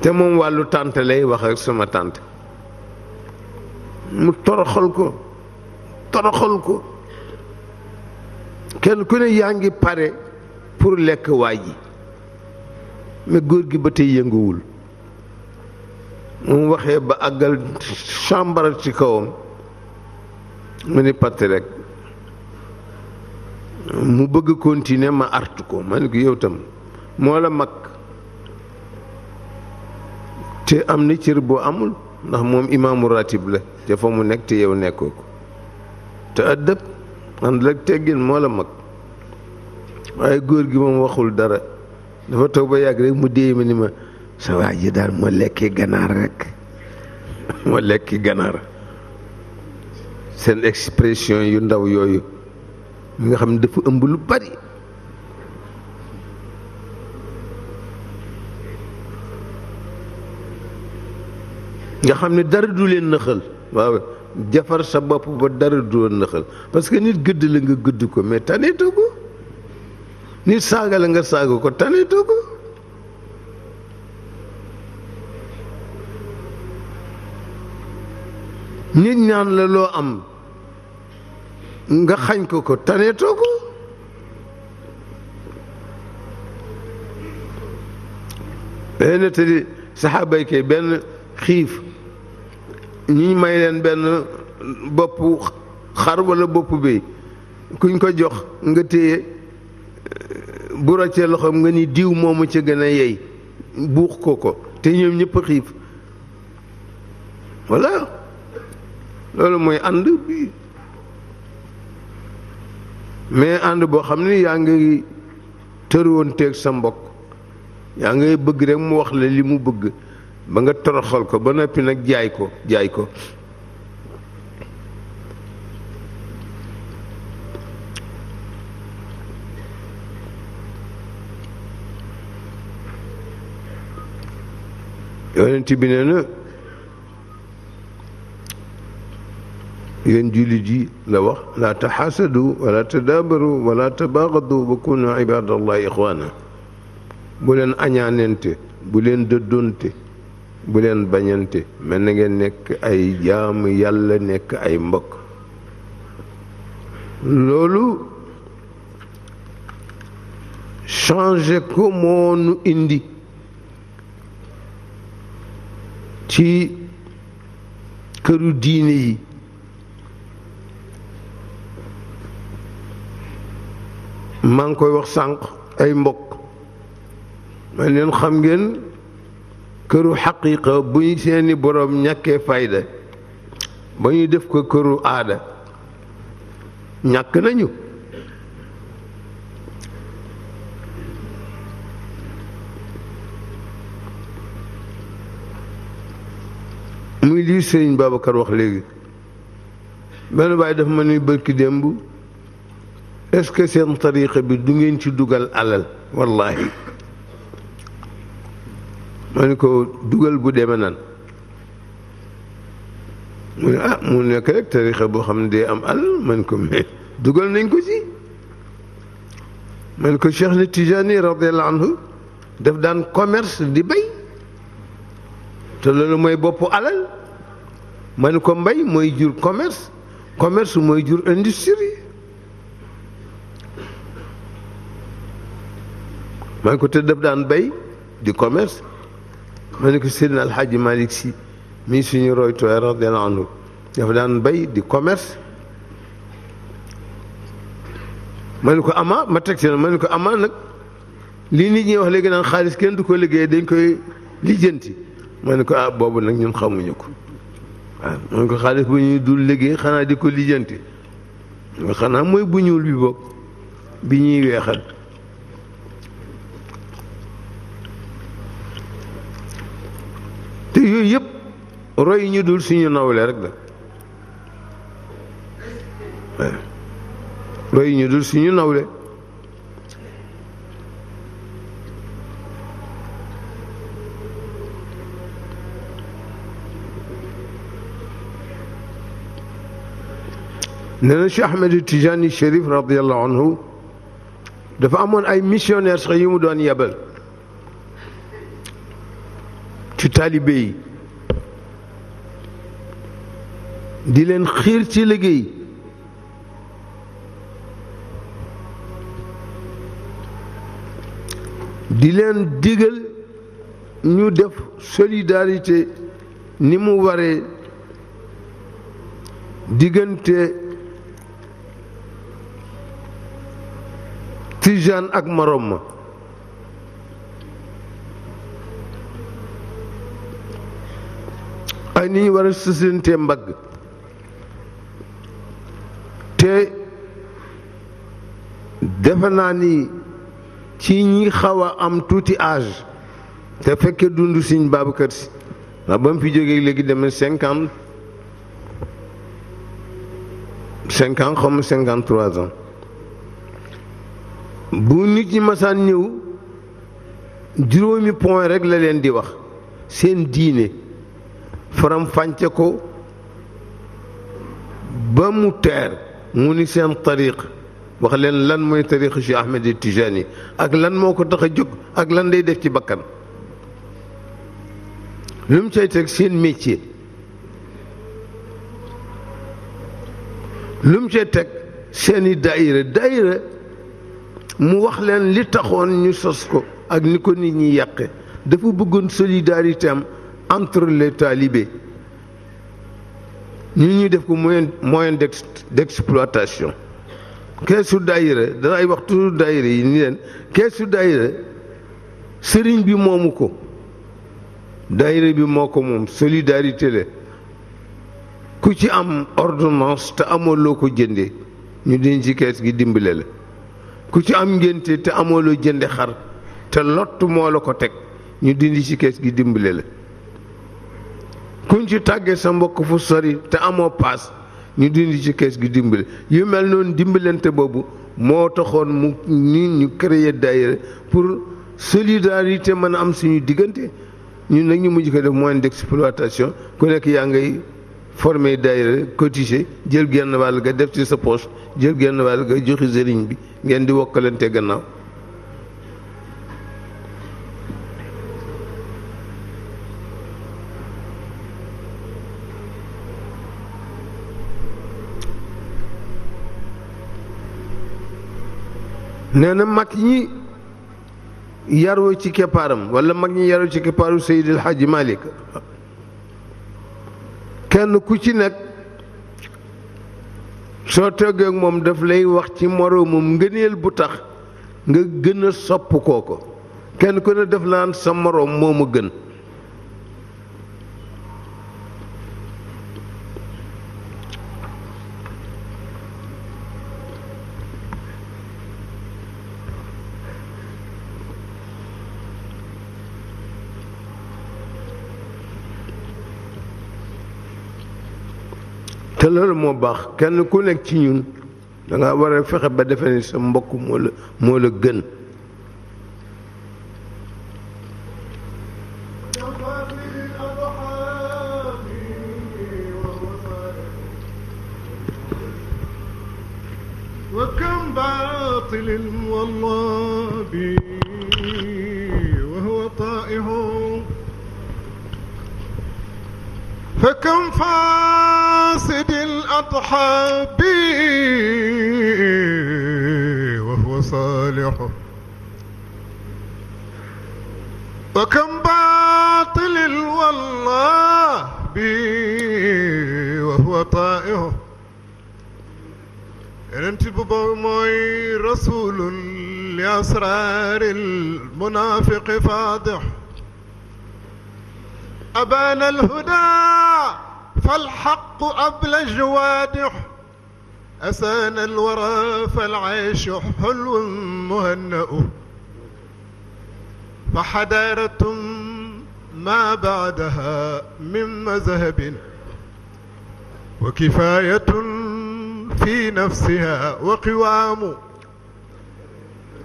te moom wàllu tànt lay wax ak sama tànt mu toroxal ko toroxal ko kenn ku ne yaa ngi pare pour lekk waa ji mais góor gi ba te yënguwul mu waxee ba àggal chambre ci kawam mu ni patti rek mu bëgg continuer ma artu ko ma ne ko yow tam moo la mag te am na cër boo amul ndax moom imaamu ratib la te fa mu nekk te yow nekkoo ko te ëddëb ànd ak teggin moo la mag waaye góor gi moom waxul dara dafa toog ba yàgg rek mu dee ma ni ma sa waa ji daal moo lekki ganaar rek moo lekki ganaar seen expression yu ndaw yooyu mi nga xam ne dafa ëmb lu bari nga xam ne dara du leen nëxal waaw jafar sa bopp ba dara du leen nëxal parce que nit gëdd la nga gëdd ko mais tane ko nit saaga la nga saaga ko taneetoo ko nit ñaan la loo am nga xañ ko ko taneetoo ko day nettali saxaaba yi benn xiif ñi may leen benn bopp xar wala bopp béy kuñ ko jox nga téye bu roccee loxoom nga ni diw moomu ca gën a yey buux ko ko te ñoom ñëpp xiif voilà loolu mooy ànd mais ànd boo xam ne yaa ngi tëroon teeg sa mbokk yaa ngay bëgg rek mu wax la li mu bëgg ba nga toroxal ko ba noppi nag jaay ko jaay ko yonent bi nee na yéen jullit yi la wax laa taxaasadu wala tadaabaru wala tabaagadu wa kunu ibadallahi ixwaana bu leen añaanente bu leen dëddoonte bu leen bañante mel na ngeen nekk ay jaamu yàlla nekk ay mbokk loolu changé ko indi ci këru diine yi maa ngi koy wax sànq ay mbokk man leen xam ngeen këru xaqiqa bu ñu seeni boroom ñàkkee fayda ba ñuy def ko këru aada ñàkk nañu muy lii sëriñ Babacar wax léegi benn baay dafa ma ni bërki démb est-ce que seen tariqa bi du ngeen ci dugal alal wallaahi ma ni ko dugal bu deme nan mu ne ah mu nekk rek tariqa boo xam ne day am alal man ko dugal nañ ko ci man ko Cheikh na Tijani radiyallahu anhu daf daan commerce di bay te loolu mooy boppu alal ma ne ko mbay mooy jur commerce commerce mooy jur industrie ma ne ko te def daan bay di commerce ma ne ko Seydina Alxaaji malik Si mii suñu roytooy radiyallaahu anhu dafa daan bay di commerce ma ne ko ama ma teg seen ma ne ko ama nag lii nit ñi wax léegi naan xaalis kenn du ko liggéey dañ koy lijjanti ma ne ko ah boobu nag ñun xamuñu ko waaw ah, ma ne ko xaalis bu ñuy dul liggéey xanaa di ko lijjanti xanaa mooy bu ñuul bi bopp bi ñuy weexal te yooyu yëpp roy ñu dul suñu nawle rek la waaw eh, roy ñu dul suñu nawle nee na Cheikh Ahmed Tijani Chérif radiallahu anhu dafa amoon ay missionnaire sax yu mu doon yebal ci taalibe yi di leen xiir ci liggéey di leen digal ñu def solidarité ni mu waree diggante Tijaan ak moroom ma ay nit ñi war a mbagg te defe naa ni ci ñi xaw a am tuuti âge te fekke dund Sëñ Babacar Si ndax ba mu fi jógee léegi demee cinquante cinquante xaw ma cinquante trois ans bu nit ñi masaan ñëw juróomi point rekk la leen di wax seen diine faram ko ba mu teer mu ni seen tariq wax leen lan mooy tariq Cheikh Ahmed Tijani ak lan moo ko tax a jóg ak lan day def ci bakkan lu mu teg seen métier lu mu cay teg seeni dayre dayre mu wax leen li taxoon ñu sos ko ak ni ko nit ñi yàqe dafa bëggoon solidarité am entre les talibés ñu ñuy def ko moyen moyen d'exploitation keesu daayira danay wax toujours dayre yi ni leen keesu daayira sëriñ bi moomu ko dayre bi moo ko moom solidarité la ku ci am ordonnance te amoo ko jënde ñu din ci kees gi dimbale la ku ci am ngénte te amoo loo jënde xar te lott moo la ko teg ñu dindi ci kees gi dimbale la kuñ ci tàggee sa mbokk fu sori te amoo paas ñu dindi ci kees gi dimbale yu mel noonu dimbalante boobu moo taxoon mu ni ñu créer daayira pour solidarité mën a am suñu diggante ñun nag ñu mujj ko def moyen d'exploitation ku nekk yaa ngay formé daayira cotisé jël genn wàll ga def ci sa poche jël genn wàll ga joxi sëriñ bi ngeen di wokkalante gannaaw nee na mag ñi yaroo ci keppaaram wala mag ñi yaroo ci keppaaru Seydil Hadji Malick kenn ku ci nekk soo toggee moom daf lay wax ci moroomum ngëneel bu tax nga gën a ko ko kenn ku ne def naan sa moroom moo ma gën te loolu moo baax kenn ku nekk ci ñun da nga war a fexe ba defe ni sa mbokk moo la moo la gën
والله وهو طائه فكم فاسد الأضحى بي وهو صالح وكم باطل والله بي وهو طائع انت ببومي رسول لأسرار المنافق فاضح أبان الهدى فالحق أبلج وادح أسان الورى فالعيش حلو مهنأ فحدارة ما بعدها من مذهب وكفاية في نفسها وقوام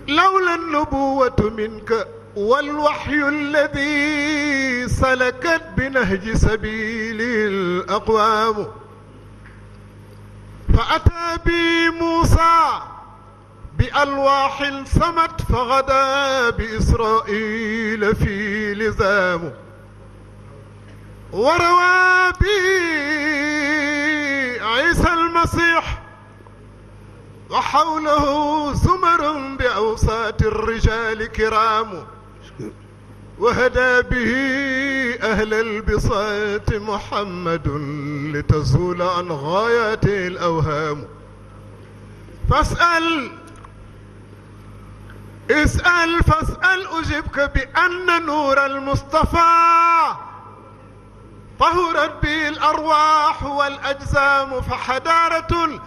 لولا النبوة منك والوحي الذي سلكت بنهج سبيل الأقوام فأتى بي موسى بألواح سمت فغدا بإسرائيل في لزام وروى بي عيسى المسيح وحوله زمر بأوساط الرجال كرام وهدى به أهل البساط محمد لتزول عن غاياته الأوهام فاسأل اسأل فاسأل أجبك بأن نور المصطفى طهرت به الأرواح والأجسام فحدارة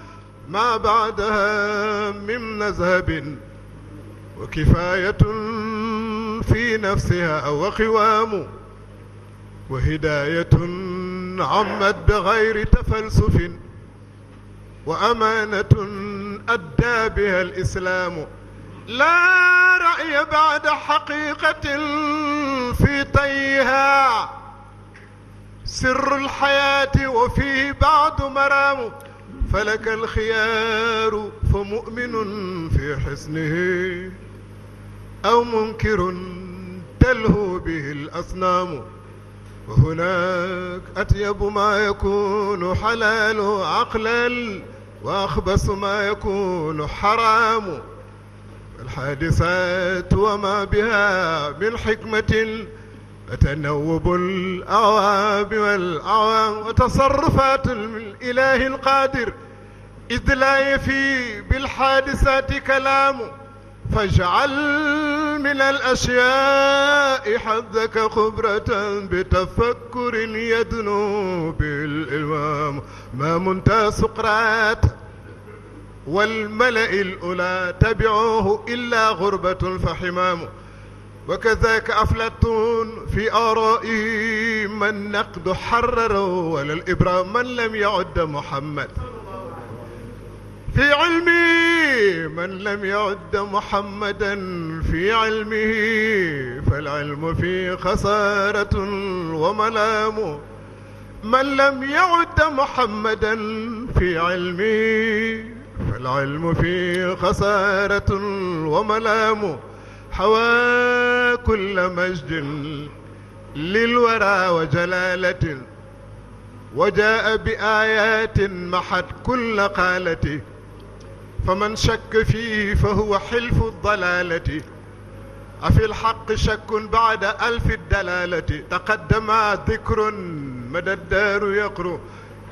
ما بعدها من نزهب وكفاية في نفسها وقوام وهداية عمت بغير تفلسف وأمانة أدى بها الإسلام لا رأي بعد حقيقة في طيها سر الحياة وفيه بعض مرام فلك الخيار فمؤمن في حسنه أو منكر تلهو به الأصنام وهناك أطيب ما يكون حلال عقلا وأخبث ما يكون حرام الحادثات وما بها من حكمة وتنوب الأواب والأعوام وتصرفات الإله القادر إذ لا يفي بالحادثات كلامه فاجعل من الأشياء حظك خبرة بتفكر يدنو بالإمام ما منت سقراط والملأ الأولى تبعوه إلا غربة فحمامه وكذاك أفلتون في آرائه من نقد حرره ولا الإبرام من لم يعد محمد في علمي من لم يعد محمدا في علمه فالعلم في خسارة وملام من لم يعد محمدا في علمه فالعلم في خسارة وملام حوى كل مجد للورى وجلالة وجاء بآيات محت كل قالته فمن شك فيه فهو حلف الضلالة أفي الحق شك بعد ألف الدلالة تقدم ذكر مدى الدار يقر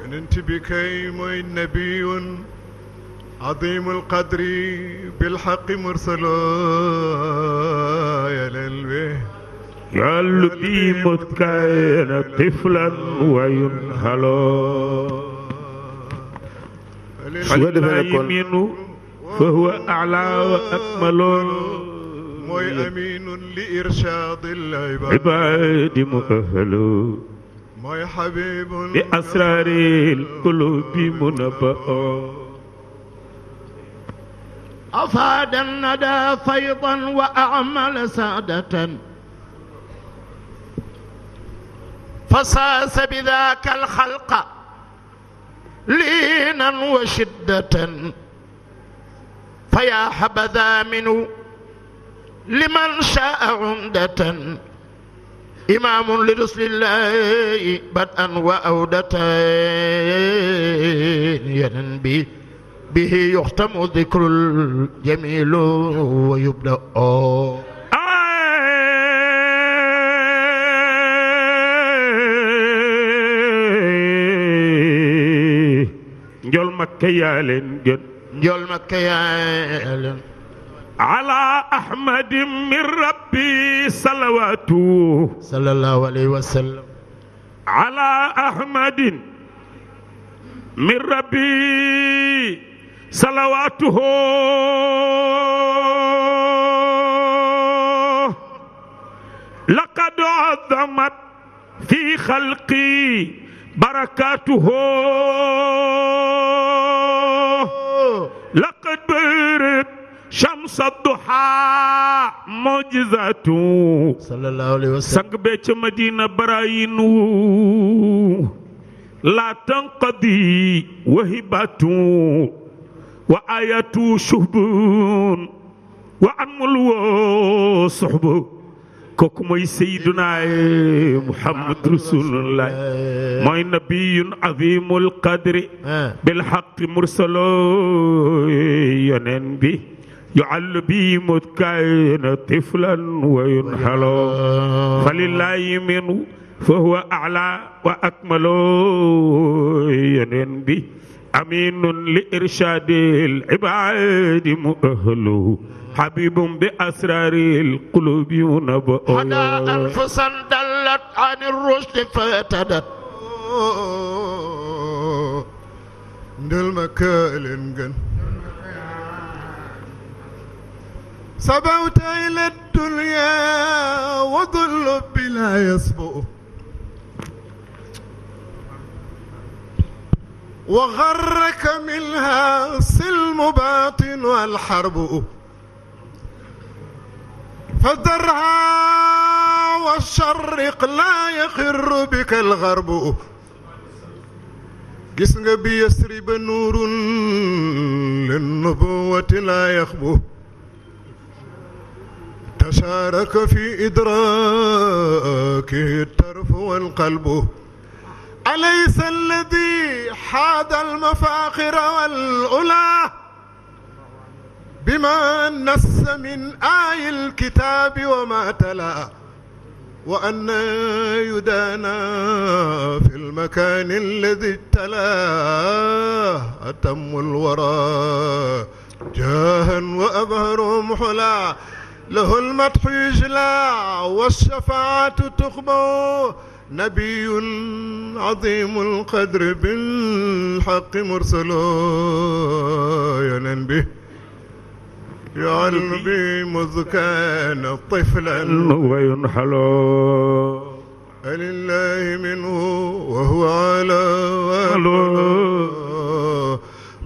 إن أنت بكيم نبي
عظيم القدر
بالحق مرسل
يا للبه قال بي مذكر طفلا وينهلو
su ko defee nag kon
fa huwa ala wa akmaloon
mooy aminun li irshadil
ibaadi mu ahalo
mooy xabibun
bi asraaril qulubi munabbaon
أفاد الندى فيضا وأعمل سعدة فصاص بذاك الخلق liinan wa shiddatan fa yaa habada minu liman shaa umdatan imaamun li rusulillahi bad'an wa awdatan yenen bi bihi yuxtamu dikrul jamilu wa yubda'u
makka yaa leen gën njool makka yaa leen ala ahmadi min rabbi salawaatu sallallahu alayhi wa sallam ala ahmadin min rabbi salawaatuhu laqad azamat fi xalqi barakaatuhu sadduha mojizatu sallallahu alayhi wa sallam sang bee ca madina barayinu la tanqadi wahibatu wa ayatu shuhbun wa anmul wo suhbu kooku mooy sayyiduna Muhammad rasulullah mooy nabiyun azimul qadri ah. bil haqqi mursalo yonen bi يعل بي متكاين طفلا وينحل فلله منه فهو أعلى وأكمل ينين به أمين لإرشاد العباد مؤهل حبيب بأسرار القلوب منبأ هدى أنفسا دلت عن الرشد فاتدت
دل مكال جن سبوت إلى الدنيا وظل بلا يصبؤ وغرك منها سلم باطن والحرب فالدرها والشرق لا يخر بك الغرب جسم بيسرب نور للنبوة لا يخبو تشارك في إدراكه الترف والقلب أليس الذي حاد المفاخر والأولى بما نس من آي الكتاب وما تلا وأن يدانا في المكان الذي ابتلاه أتم الورى جاها وأبهرهم حلا له المدح يجلى والشفاعة تخبى نبي عظيم القدر بالحق مرسل ينن به يعلم به مذ كان طفلا
وينحل
لله منه وهو على وهو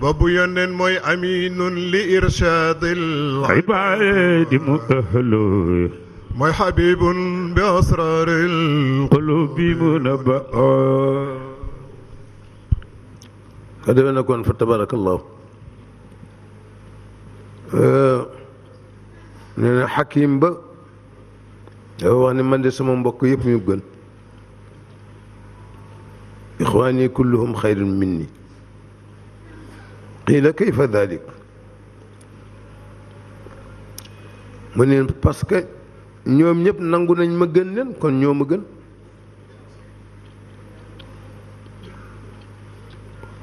babu yónneen mooy aminun li irshadil ibaadi
mu ahlu
mooy xabibun bi asraril qulubi munaba
ka demee na kon fa tabarakallahu nee na xakim ba dafa wax ne man de sama mbokk yëpp ñu gën ixwaani kulluhum xayrun minni qiila kayfa dalik mu ne parce que ñoom ñëpp nangu nañ ma gën leen ñoo ma gën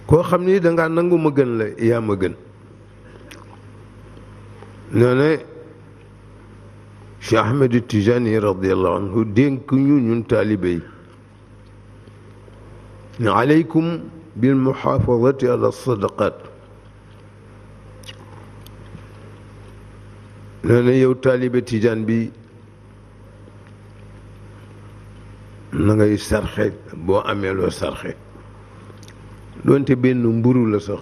koo xam ni dangaa nangu ma gën la yaa ma gën nee na Cheikh Ahmed Tijani radiallahu anhu dénk ñu ñun taalibe yi ne aleykum bil muhaafadati ala sadaqat nee yow taalibe tijaan bi na ngay sarxe boo amee loo sarxe doonte benn mburu la sax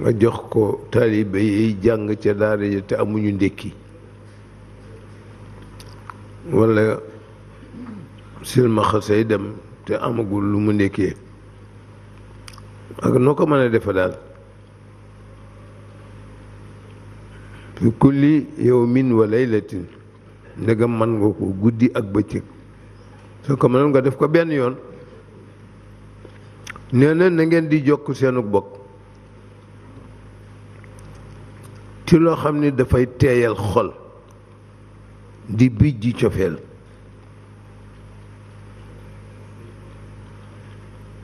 nga jox ko taalibe yi jàng ca daa ja te amuñu ndékki wala silmaxa say dem te amagul lu mu ndekkee ak noo ko mën a defe daal fi kulli yawmin wa laylatin ndegam man nga ko guddi ak bëccëg soo ko mënoon nga def ko benn yoon nee na di jokk seenu bokk ci loo xam ni dafay teeyal xol di bij ji cofeel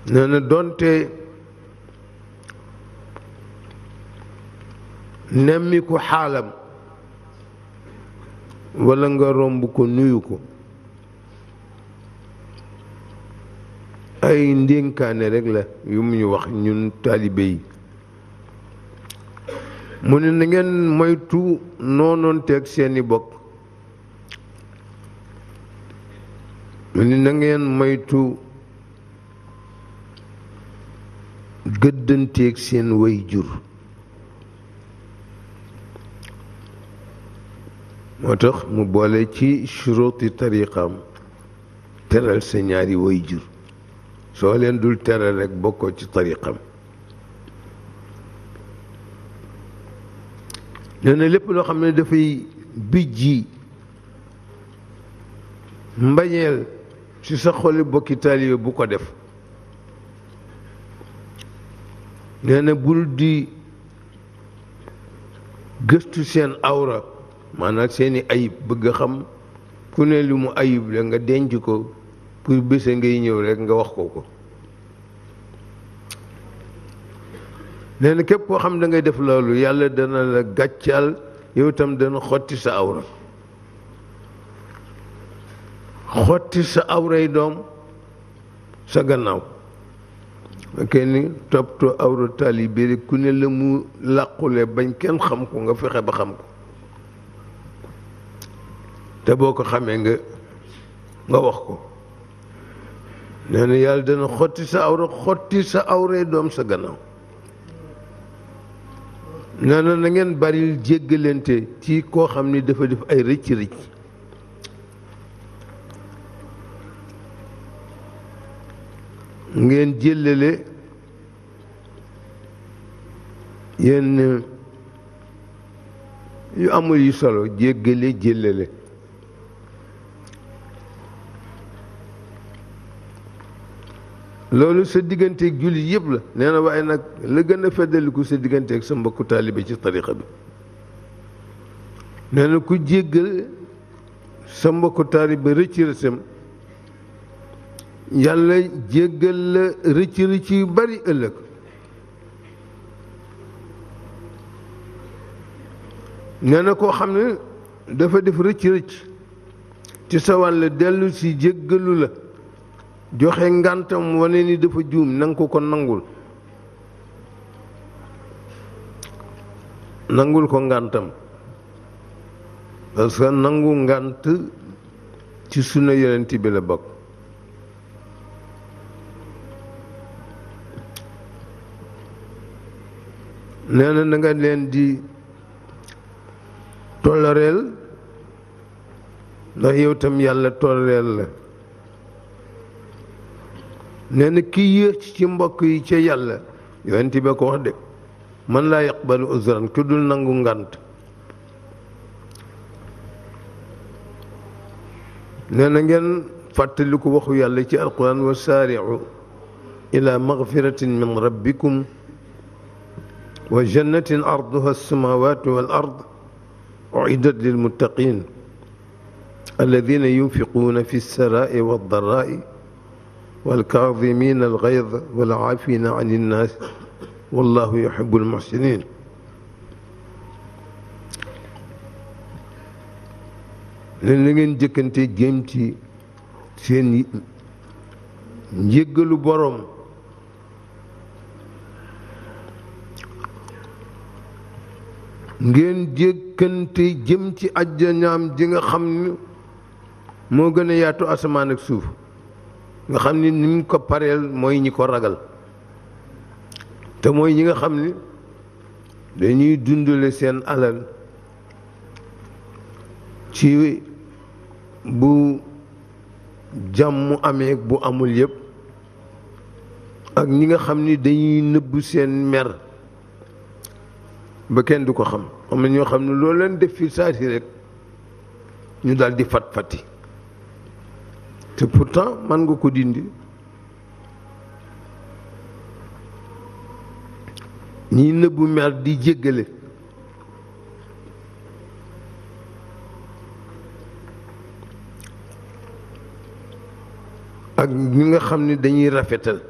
nee na nemmiku xaalam walla nga romb ko nuyu ko ay ndénkaane rekk la yu mu wax ñun taalibe yi mu ne na moytu noonoonteeg seeni bokk mu ne na moytu gëddanteeg seen way jur moo tax mu boole ci churuti tariqaam teral sa ñaari way jur soo leen dul teral rek bokkoo ci tariqam nee na lépp loo xam ne dafay bijji mbañeel ci sa xoli bokki taalibe bu ko def nee bul di gëstu seen awra maanaam seeni ayib bëgg a xam ku ne lu mu ayib la nga denc ko pour bése ngay ñëw rekk nga wax ko ko nee képp koo xam da ngay def loolu yàlla dana la gàccal yow tam dana xotti sa awra xotti sa awray doom sa gannaaw kenn toppatoo awra taalibe ku ne la mu làqule bañ kenn xam ko nga fexe ba xam ko te boo ko xamee nga nga wax ko nee na yàlla dana xotti sa awra xotti sa awra doom sa gannaaw nee nangeen na ngeen baril jéggalante ci koo xam ni dafa def ay rëcc rëcc ngeen jëllale yenn yu amul yu solo jéggale jëllale loolu sa digganteeg jullit yëpp la nee na waaye nag la gën a feddaliku sa digganteek sa mbokku taalibe ci tariqa bi nee na ku jéggal sa mbokku taalibe rëcc rëccam yàlla jéggal rëcc yu bari ëllëg nee na koo xam ne dafa def rëcc rëcc ci sa wàll dellu si jéggalu la joxe ngàntam wane ni dafa juum nanga ko nangul nangul ko ngàntam parce nangu ngànt ci sunna yonent bi la bokk nee na na leen di toloreel ndax yow tam yàlla toloreel la nee na kii yées ci mbokk yi ca yàlla yonent ba ko wax de man laa yaqbalu uzran ku dul nangu ngant nee na ngeen fàttaliku waxu yàlla ci alquran wa saariu ila magfiratin min rabbikum wa jannatin arduha alsamawatu wal ard uiddat lilmuttaqin alladina yunfiquuna fi lsarai wa والكاظمين الغيظ والعافين عن الناس والله يحب المحسنين leen na ngeen jëkkante jéem ci seen njéggalu boroom ngeen jëkkante jëm ci àjjanaam ji nga xam ni moo gën a yaatu asamaan ak suuf nga xam ni ni mu ko pareel mooy ñi ko ragal te mooy ñi nga xam ni dañuy dundule seen alal ci bu jàmm amee bu amul yépp ak ñi nga xam ni dañuy nëbbu seen mer ba kenn du ko xam am na ñoo xam ne loolu leen def fi saati rek ñu daldi fatfati te pourtant man nga ko dindi ñi nëbbu mer di jéggale ak ñi nga xam ni dañuy rafetal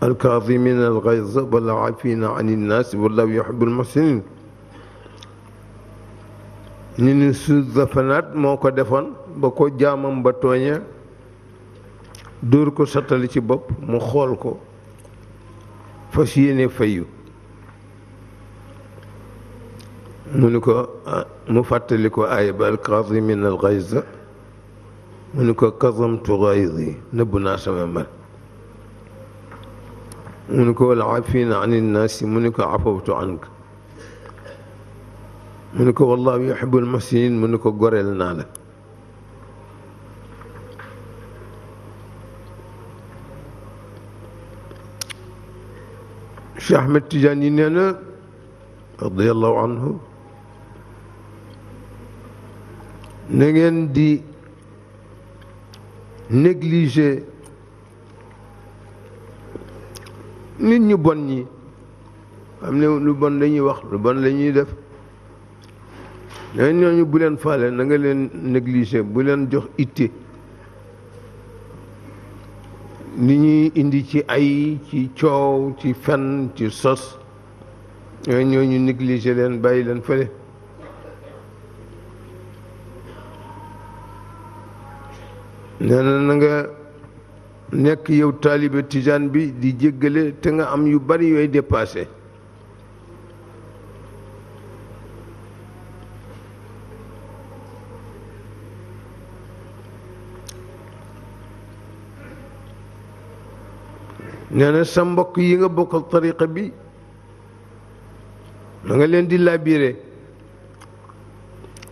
alkaazimiin alxayza wal aafiina an innaas wallaahu yuhibbul muhsiniin ñu ni su zafanaat moo ko defoon ba ko jaamam ba tooña dóor ko satali ci bopp mu xool ko fas yéene fayu mu ni ko ah, mu fàttali ko aaya ba alkaasimin alxayza mu ni ko kasamtu xayzi nëbb naa sama mar mu ni ko wal aafina an innaasi mu ni ko afawtu anka mu ni ko wallahu yuhibbul muhsinin mu ni ko goreel naa la Cheikh Ahmed Tidiane yi nee na radiallahu anhu na ngeen di négliger nit ñu bon ñi xam ne lu bon la ñuy wax lu bon la ñuy def ñooñu bu leen faale na nga leen négliger bu leen jox itte li ñuy indi ci ay ci coow ci fen ci sos yooyu ñu négligé leen bàyyi leen fële nee na nga nekk yow taalibe tijaan bi di jéggale te nga am yu bari yooyu dépassé nee na sa mbokk yi nga bokkal tariqa bi da nga leen di labiré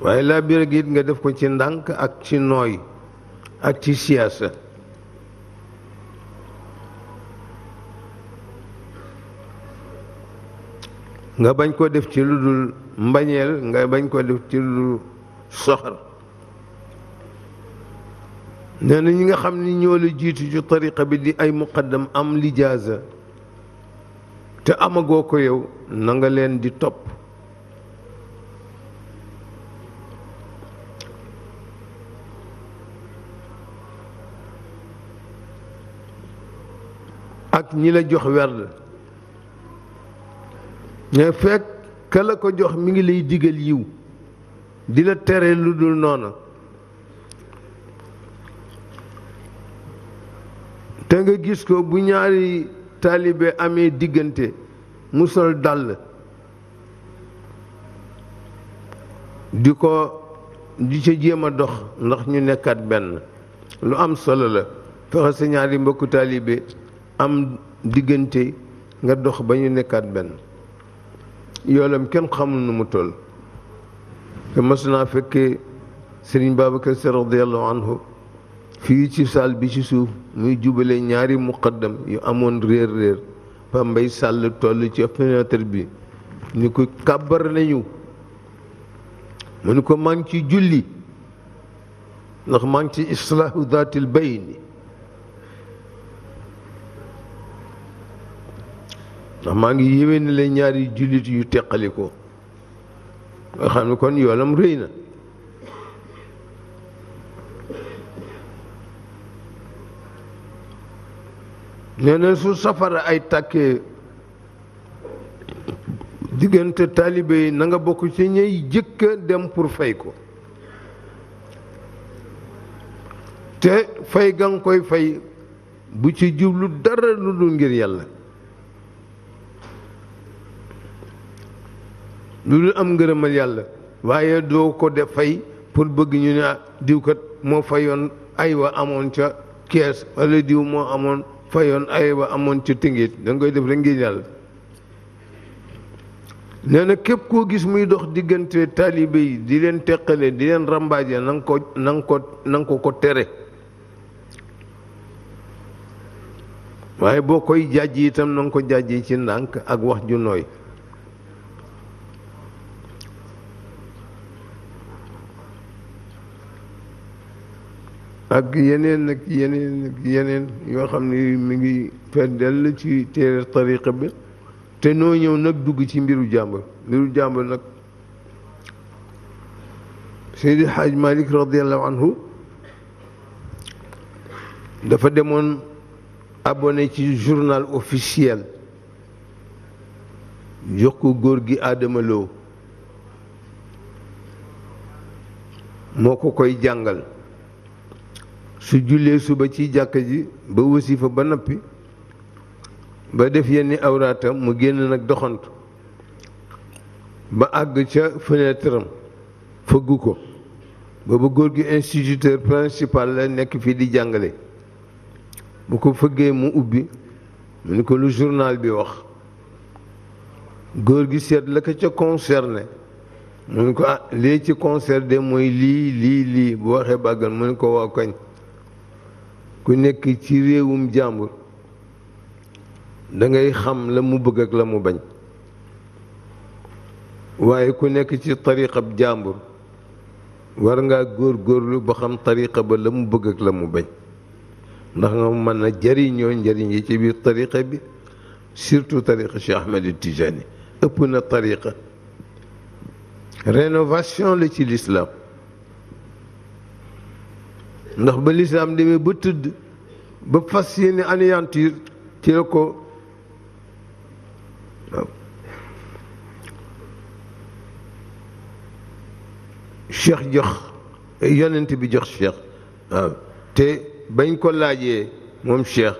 waaye labiré gi it nga def ko ci ndànk ak ci nooy ak ci siyaasa nga bañ koo def ci lu dul mbañeel nga bañ koo def ci lu dul soxor nee na ñi nga xam ni ñoo la jiitu ci tariqa bi di ay muqaddam am lijaaza te amagoo ko yow nanga leen di topp ak ñila jox werd ña fekk ka la ko jox mi ngi lay digal yiw di la tere lu dul noona te nga gis ko bu ñaari taalibe amee diggante mu sol dàll di ko di ca jéem a dox ndax ñu nekkaat benn lu am solo la fexe sa ñaari mbokku taalibe am diggante nga dox ba ñu nekkaat benn yoolam kenn xamul nu mu toll te mas naa fekkee sëriñ Babacar Si radiyallahu anhu fii ci saal bi ci suuf muy jubale ñaari muqaddam yu amoon réer réer Pa Mbay Sàll toll ci fenêtre bi ni ko kàbbar nañu mu ni ko maa ngi ci julli ndax maa ci islaahu daatil bayni ndax maa ngi yéwénale ñaari jullit yu teqali ko nga xam ne kon yoolam réy na nee na su safara ay tàkkee diggante taalibe yi nanga nga bokk ci ñey jëkka dem pour fay ko te fay ga koy fay bu ci jublu dara lu dul ngir yàlla lu dul am ngërëmal yàlla waaye doo ko def fay pour bëgg ñu ne diw moo fayoon ay wa amoon ca kees wala diw moo amoon fayoon ay ba amoon ci tingit da koy def rek ngir yàlla nee na képp koo gis muy dox diggante taalibe yi di leen teqale di leen rambaaje na nga ko na ko na ko ko tere waaye boo koy jàjj itam na nga ko jàjj ci ndànk ak wax ju nooy ak yeneen ak yeneen ak yeneen yoo xam ni mu ngi feddal ci téere tariqa bi te noo ñëw nag dugg ci mbiru jàmbur mbiru jàmbur nag Seydi Xaaj Malik radiallahu anhu dafa demoon abonné ci journal officiel jox ko góor gi aadamaloo moo ko koy jàngal su jullee suba ci jàkka ji ba wasifa ba noppi ba def yenni awraatam mu génn nag doxantu ba àgg ca fenêtre am fëggu ko boobu góor gi instituteur principal la nekk fii di jàngale bu ko fëggee mu ubbi mu ni ko lu journal bi wax góor gi seet la ko ca concerné mu ni ko ah lii ci concert de mooy lii lii lii bu waxee bàggal mu ni ko waa kañ ku nekk ci réewum jàmbur da ngay xam la mu bëgg ak la mu bañ waaye ku nekk ci tariqab jàmbur war ngaa góor góorlu ba xam tariqa ba la mu bëgg ak la mu bañ ndax nga mën na jariñoo njariñ yi ci biir tariqa bi surtout tariqa ci Ahmed Tijani ëpp na tariqa rénovation la ci lislaam ndax ba lislaam demee ba tëdd ba fas yéene anéantir ci la ko waaw cheikh jox yonent bi jox cheikh waaw te bañ ko laajee moom cheikh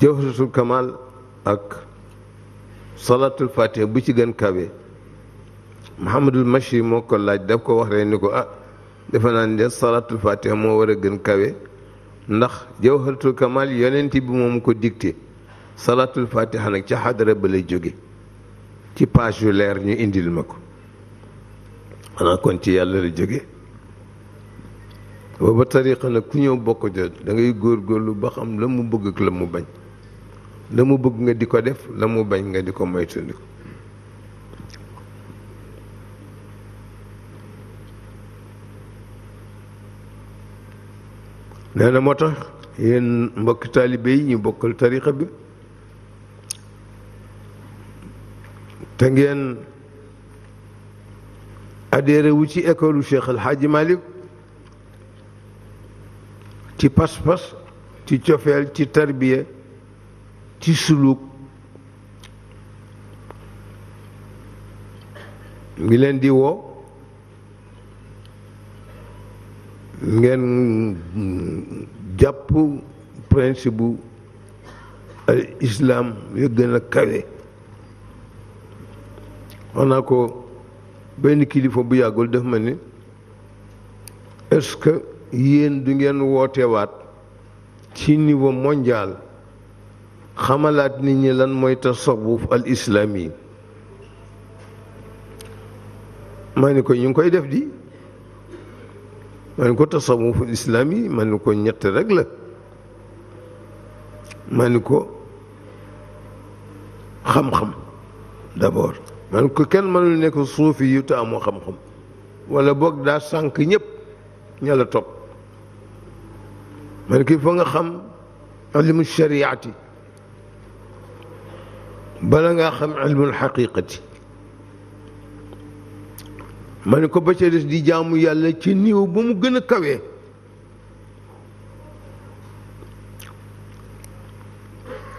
jawharatul kamal ak salatul fatiha bu ci gën kawe Mouhamadul Machi moo ko laaj daf ko wax rek ko ah defe naa ni salaatul fatiha moo war a gën kawe ndax jawharatul kamal yonent bi moom ko dicté salaatul fatiha nag ca xadara ba lay jóge ci page yu leer ñu indil ma ko xanaa kon ci yàlla la jóge booba tariqa nag ku ñëw bokk jot dangay góor góorgóorlu ba xam la mu bëgg ak la mu bañ la mu bëgg nga di ko def la mu bañ nga di ko moytandiku nee moo tax yéen mbokk taalibe yi ñu bokkal tarixa bi te ngeen adhéré wu ci école Cheikh El Hadj ci pas-pas ci cofeel ci tarbiya ci suluk ngi leen di woo ngeen jàpp principe bu al islam yu gën a kawe wax naa ko benn kilifa bu yàggul def ma ni est-ce du ngeen wootewaat ci niveau mondial xamalaat nit ñi lan mooy tasawuf al islaam yi ma ni ko ñu ngi koy def di ma ne ko tasawuful islaam yi ma ne ko ñett rek la ma ne ko xam-xam d'abord ma ne ko kenn mënul nekk suufi yu te amoo xam-xam wala boog daa sànq ñëpp ña la topp ma ne ko fa nga xam ilmu shariati bala ngaa xam ilmul xaqiqati ma ne ko ba ca des di jaamu yàlla ci niiw ba mu gën a kawee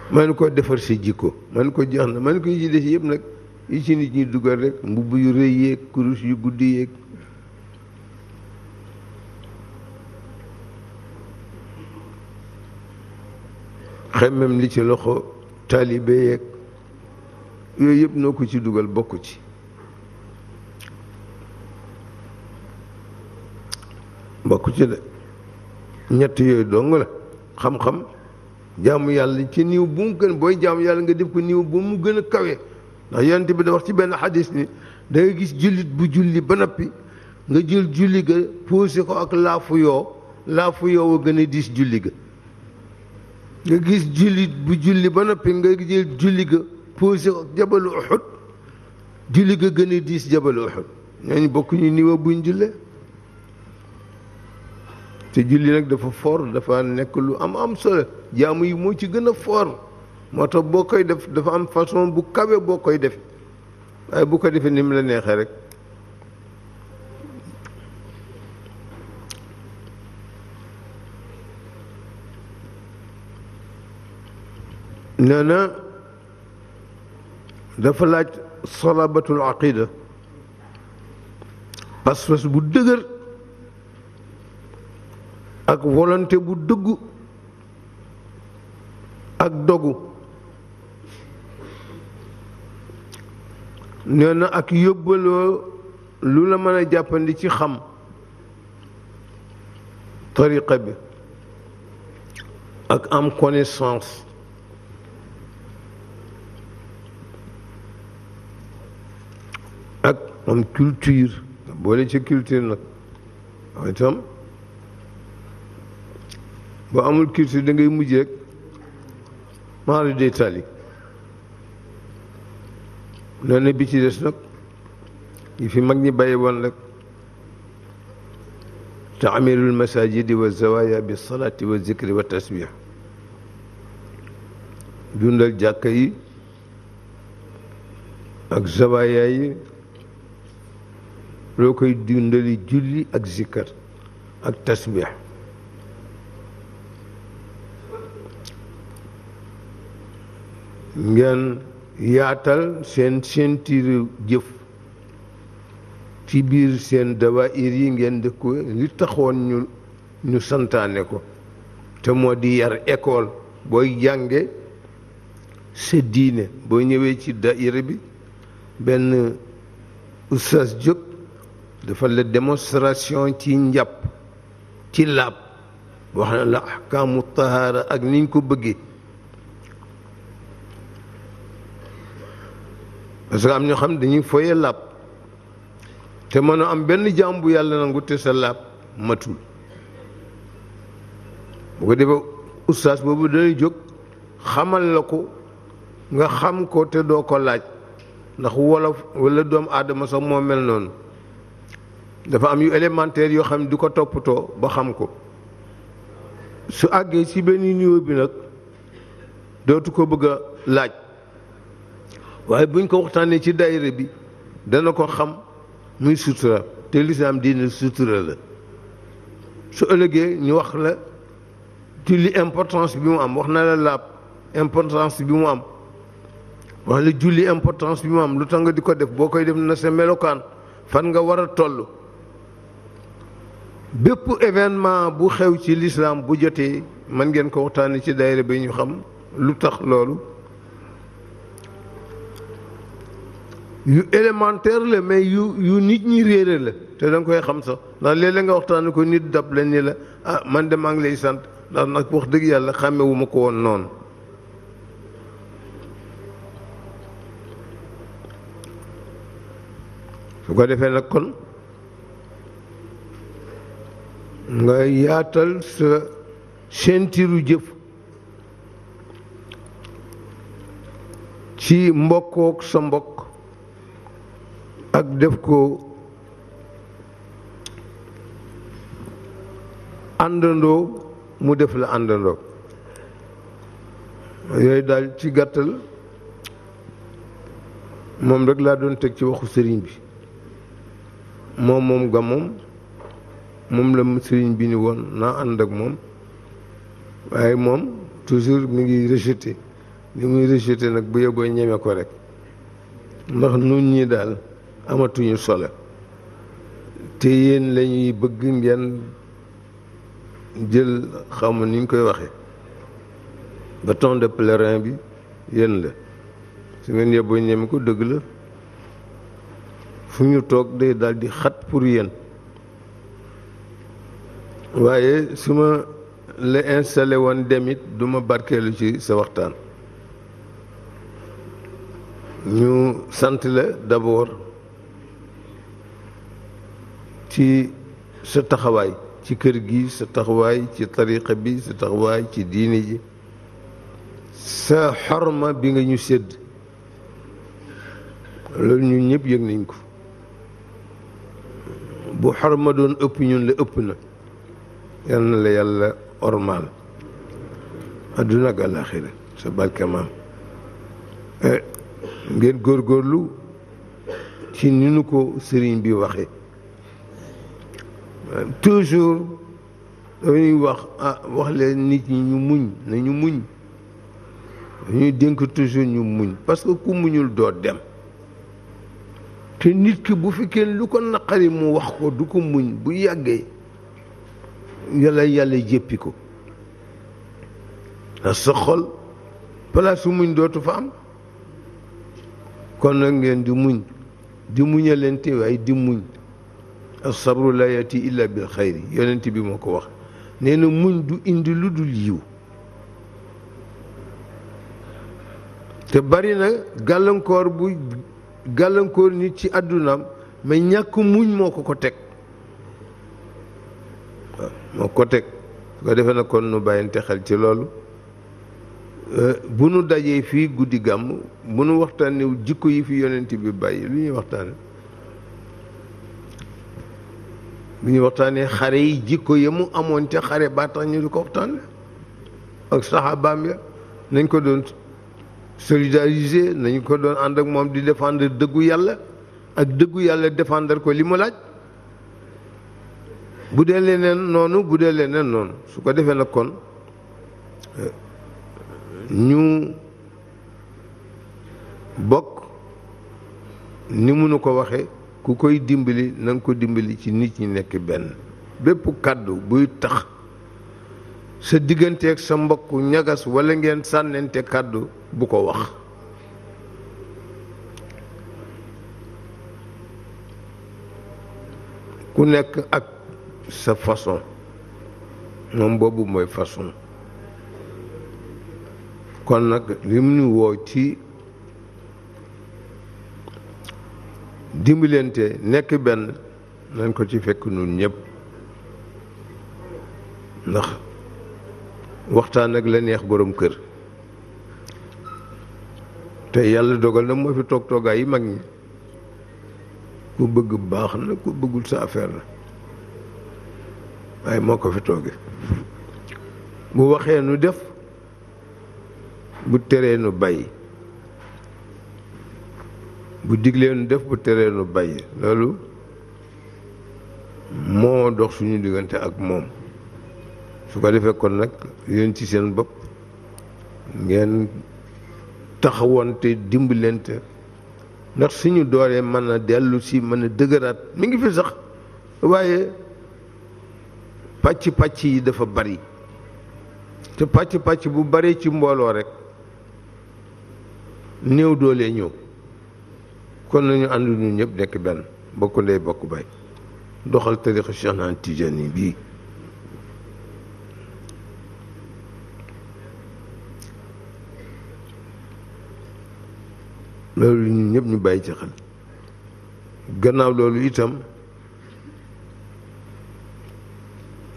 ma ne ko defar sa jikko ma ne ko jeex na ma ne ko yi ci des yëpp nag yi ci nit ñi dugal rek mbubb yu rëy yeeg kurus yu guddi yeeg xemmem li ci loxo taalibe yeeg yooyu yëpp noo ko ci dugal bokk ci mbokk ci de ñett yooyu dong la xam-xam jaamu yàlla ci niw bu mu gën booy jaamu yàlla nga def ko niw bu mu gën a kawe ndax yonent bi da ci benn xadis ni da gis jullit bu julli ba noppi nga jël julli ko ak laafu yoo gën a gis jullit bu julli ba noppi nga jël julli ga posé ko ak jabalu uxut julli ga gën a diis jabalu uxut ñooñu bokk ñu niwa buñ jullee te julli nag dafa for dafa nekk lu am am solo jaamu yi moo ci gën a for moo tax boo koy def dafa am façon bu kawe boo koy def waaye bu ko defee ni mu la neexee rek nee na dafa laaj salabatul aqida pas bu dëgër ak volonté bu dëggu ak dogu nee na ak yóbbaloo lu la mën a jàppandi ci xam tariqa bi ak am connaissance ak am culture boole ci culture nag boo amul culture da ngay mujj rek maanaam day tali loolu ne bi ci des nag yi fi mag ñi bàyyi woon rek taamirul masajidi wa zawaya bi salaati wa zikri wa tasbih dundal yi ak zawaya yi loo dundali julli ak zikkar ak tasbih ngeen yaatal seen seentiiru jëf ci biir seen dawaayir yi ngeen dëkk li taxoon ñu ñu santaane ko te moo di yar école booy jànge sa diine boo ñëwee ci daayira bi benn ustaas jóg dafa la démonstration ci njàpp ci laab wax na la ahkaamu tahaara ak niñ ko bëggee parce que am ñoo xam dañuy foye làpp te mën a am benn jaam bu yàlla nangu te sa làpp matul bu ko defee ustaas boobu dañuy jóg xamal la ko nga xam ko te doo ko laaj ndax wolof walla doomu aadama sax moo mel noonu dafa am yu élémentaire yoo xam ne du ko toppatoo ba xam ko su àggee ci benn niveau bi nag dootu ko bëgg a laaj waaye buñ ko waxtaanee ci daayira bi dana ko xam muy sutura te lislaam diine sutura la su ëllëgee ñu wax la ci importance bi mu am wax na la laab importance bi mu am wax la julli importance bi mu am lu tax nga di ko def boo koy def na sa melokaan fan nga war a toll bépp événement bu xew ci lislaam bu jotee man ngeen ko waxtaanee ci daayira bi ñu xam lu tax loolu yu élémentaire la mais yu yu nit ñi réere la te danga koy xam sax ndax léeg-léeg nga waxtaan ko nit dab la ni la ah man de maa ngi lay sant ndax nag wax dëgg yàlla xàmmewu ma ko woon noonu su ko defee nag kon nga yaatal sa sentiru jëf ci mbokkook sa mbokk ak def ko àndandoo mu def la àndandoo yooyu daal ci gàttal moom rek laa doon teg ci waxu sëriñ bi moom moom gàmmoom moom la sëriñ bi ni woon naa ànd ak moom waaye moom toujours mi ngi rejeté li muy rejeté nag bu yeboo ñeme ko rek ndax nun ñi daal amatuñu solo te yéen lañuy bëgg ngeen jël xamu ni ñu koy waxee bâton de pèlerin bi yéen la su ngeen yeboo ñem ko dëgg la fu ñu toog day daldi di xat pour yéen waaye su ma la installé woon demit du ma barkeelu ci sa waxtaan ñu sant la d'abord ci sa taxawaay ci kër gi sa taxawaay ci tariqa bi sa taxawaay ci diine ji sa xorma bi nga ñu sedd loolu ñun ñëpp yëg nañ ko bu xorma doon ëpp ñun la ëpp na yal yàlla ormaal adduna ak sa barke maam eh, ngeen góorgóorlu ci ni nu ko sëriñ bi waxe toujours dañuy wax ah wax leen nit ñi ñu muñ nañu muñ dañuy dénk toujours ñu muñ parce que ku muñul doo dem te nit ki bu fekkee lu ko naqari mu wax ko du ko muñ bu yàggee yàlla yàlla jéppi ko a sa xol su muñ dootu fa am kon nag ngeen di muñ di muñalante ay di muñ asabru la yati illa bil xayri yonent bi moo ko wax nee na muñ du indi lu dul yiw te bari na gàllankoor bu gàllankoor nit ci àddunaam ma ñàkk muñ moo ko ko teg moo ko teg su ko defee na kon nu bàyyante xel ci loolu eh, bu nu dajee fii guddi gàmm bu nu waxtaan waxtaanee jikko yi fi yonent bi bàyyi lu ñuy waxtaane bu ñu waxtaanee xare yi jikko ya mu amoon ca xare ba tax ñu di ko waxtaane ak saxaabaam ya nañ ko doon solidariser nañ ko doon ànd ak moom di défendre dëggu yàlla ak dëggu yàlla défendre ko li mu laaj bu dee leneen noonu bu dee leneen noonu su ko defee na kon euh, ñu bokk ni munu ko waxee ku koy dimbali nanga ko dimbali ci nit ñi nekk benn bépp kàddu buy tax sa digganteek sa mbokk ñagas walla ngeen sànnente kàddu bu ko wax ku nekk ak sa façon moom boobu mooy façon kon nag lim ñu woo ci dimbalante nekk benn nañ ko ci fekk nun ñëpp ndax waxtaan ak la neex boroom kër te yàlla dogal na moo fi toog toogaay yi mag ñi ku bëgg baax na ku bëggul sa affaire la waaye moo ko fi tooge bu waxee nu def bu teree nu bàyyi bu digleen def bu teree nu bàyyi loolu moo dox suñu diggante ak moom su ko defee kon nag yéen ci seen bopp ngeen taxawante dimbalante ndax suñu doolee mën a dellu si mën a dëgëraat mi ngi fi sax waaye pàcc pàcc yi dafa bari te pàcc pàcc bu bari ci mbooloo rek néew doolee ñëw kon nañu ànd ñu ñëpp nekk benn bokk ndey bokk bay doxal tarixa Cheikh naan Tijaani bii loolu ñun ñëpp ñu bàyyi ci xel gannaaw loolu itam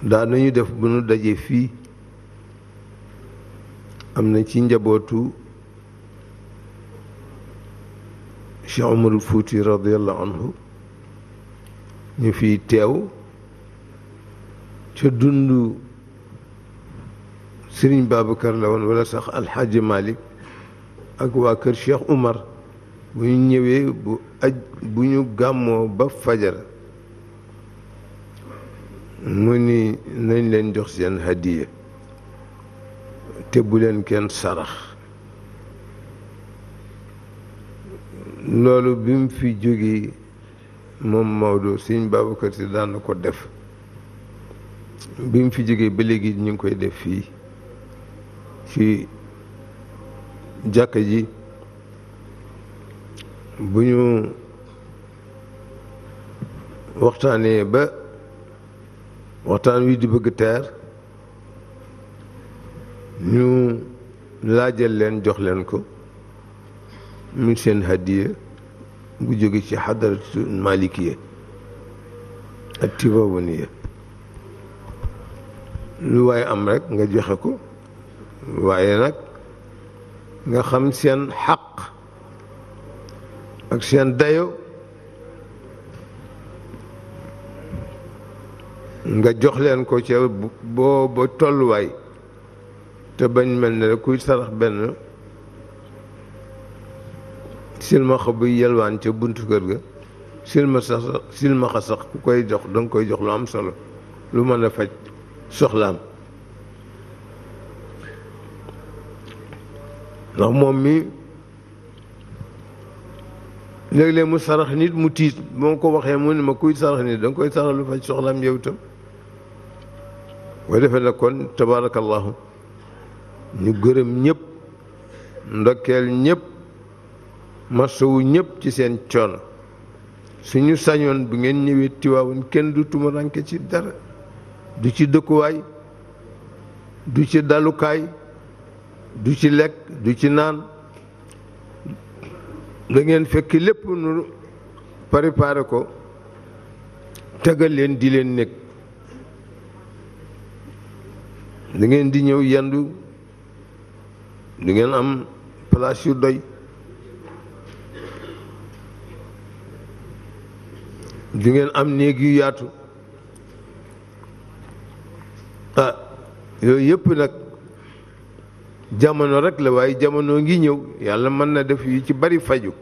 daa nañu def bu daje fii am na ci njabootu Cheikh Omarul Fuuti radiyallahu anhu ñu fiy teew ca dundu Sëriñ Babacar la woon wala sax Alxaaji Malik ak waa kër Cheikh bu ñu ñëwee bu ñu gàmmoo ba fajar mu ni nañ leen jox seen hadiya te buleen leen sarax loolu bi mu fi jógee moom Maodo sëñ kër Si daan ko def bi mu fi jógee ba léegi ñu ngi koy def fii ci jàkka ji bu ñu waxtaanee ba waxtaan wi di bëgg teer ñu laajal leen jox leen ko muy seen hadiya bu jóge ci xadaratu malikiya ak tivaouane lu waaye am rek nga joxe ko waaye nag nga xam seen xaq ak seen dayo nga jox leen ko ca boo ba tolluwaay te bañ mel na rek kuy sarax benn silmaxa bu yelwaan ca buntu kër ga silma silmaxa sax ku koy jox danga koy jox lu am solo lu mën a faj soxlaam ndax moom mi léeg-léeg mu sarax nit mu tiit ba ko waxee mu ne ma kuy sarax nit danga koy sarax lu faj soxlaam yow itam boo defee nag kon tabaarakallahu ñu gërëm ñépp ndokkeel ñëpp masawu ñëpp ci seen su ñu sañoon bu ngeen ñëwee Tiwaawan kenn du tumuranke ci dara du ci dëkkuwaay du ci dalukaay du ci lekk du ci naan da ngeen fekk lépp nu préparé ko tegal leen di leen nekk da ngeen di ñëw yendu du ngeen am place yu doy ju ngeen am néeg yu yaatu ah yooyu yëpp nag jamono rek la waaye jamono ngi ñëw yàlla mën na def yu ci bari faju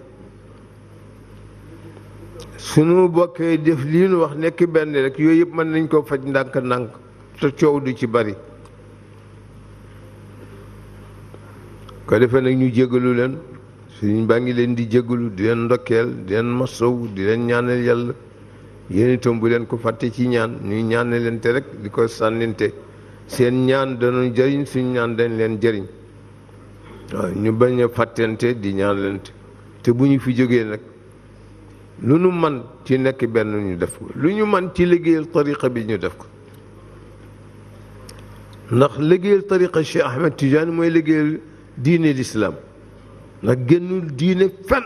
su mu bokkee def lii nu wax nekk benn rek yooyu yëpp mën nañ koo faj ndànk-ndànk te coow du ci bari ko defee nag ñu jégalu leen suñu baa ngi leen di jégalu di leen ndokkeel di leen masow di leen ñaanal yàlla yéen itam bu leen ko fàtte ci ñaan ñu ñaane rek di ko sànninte seen ñaan danañ jëriñ suñ ñaan dañ leen jariñ waaw ñu bañ a fàttente di ñaan te bu ñu fi jógee nag lu ñu man ci nekk benn ñu def ko lu ñu man ci liggéeyal tariqa bi ñu def ko ndax liggéeyal tariqa Cheikh Ahmed Tidiane mooy liggéeyal diine l'islam ndax génnul diine fen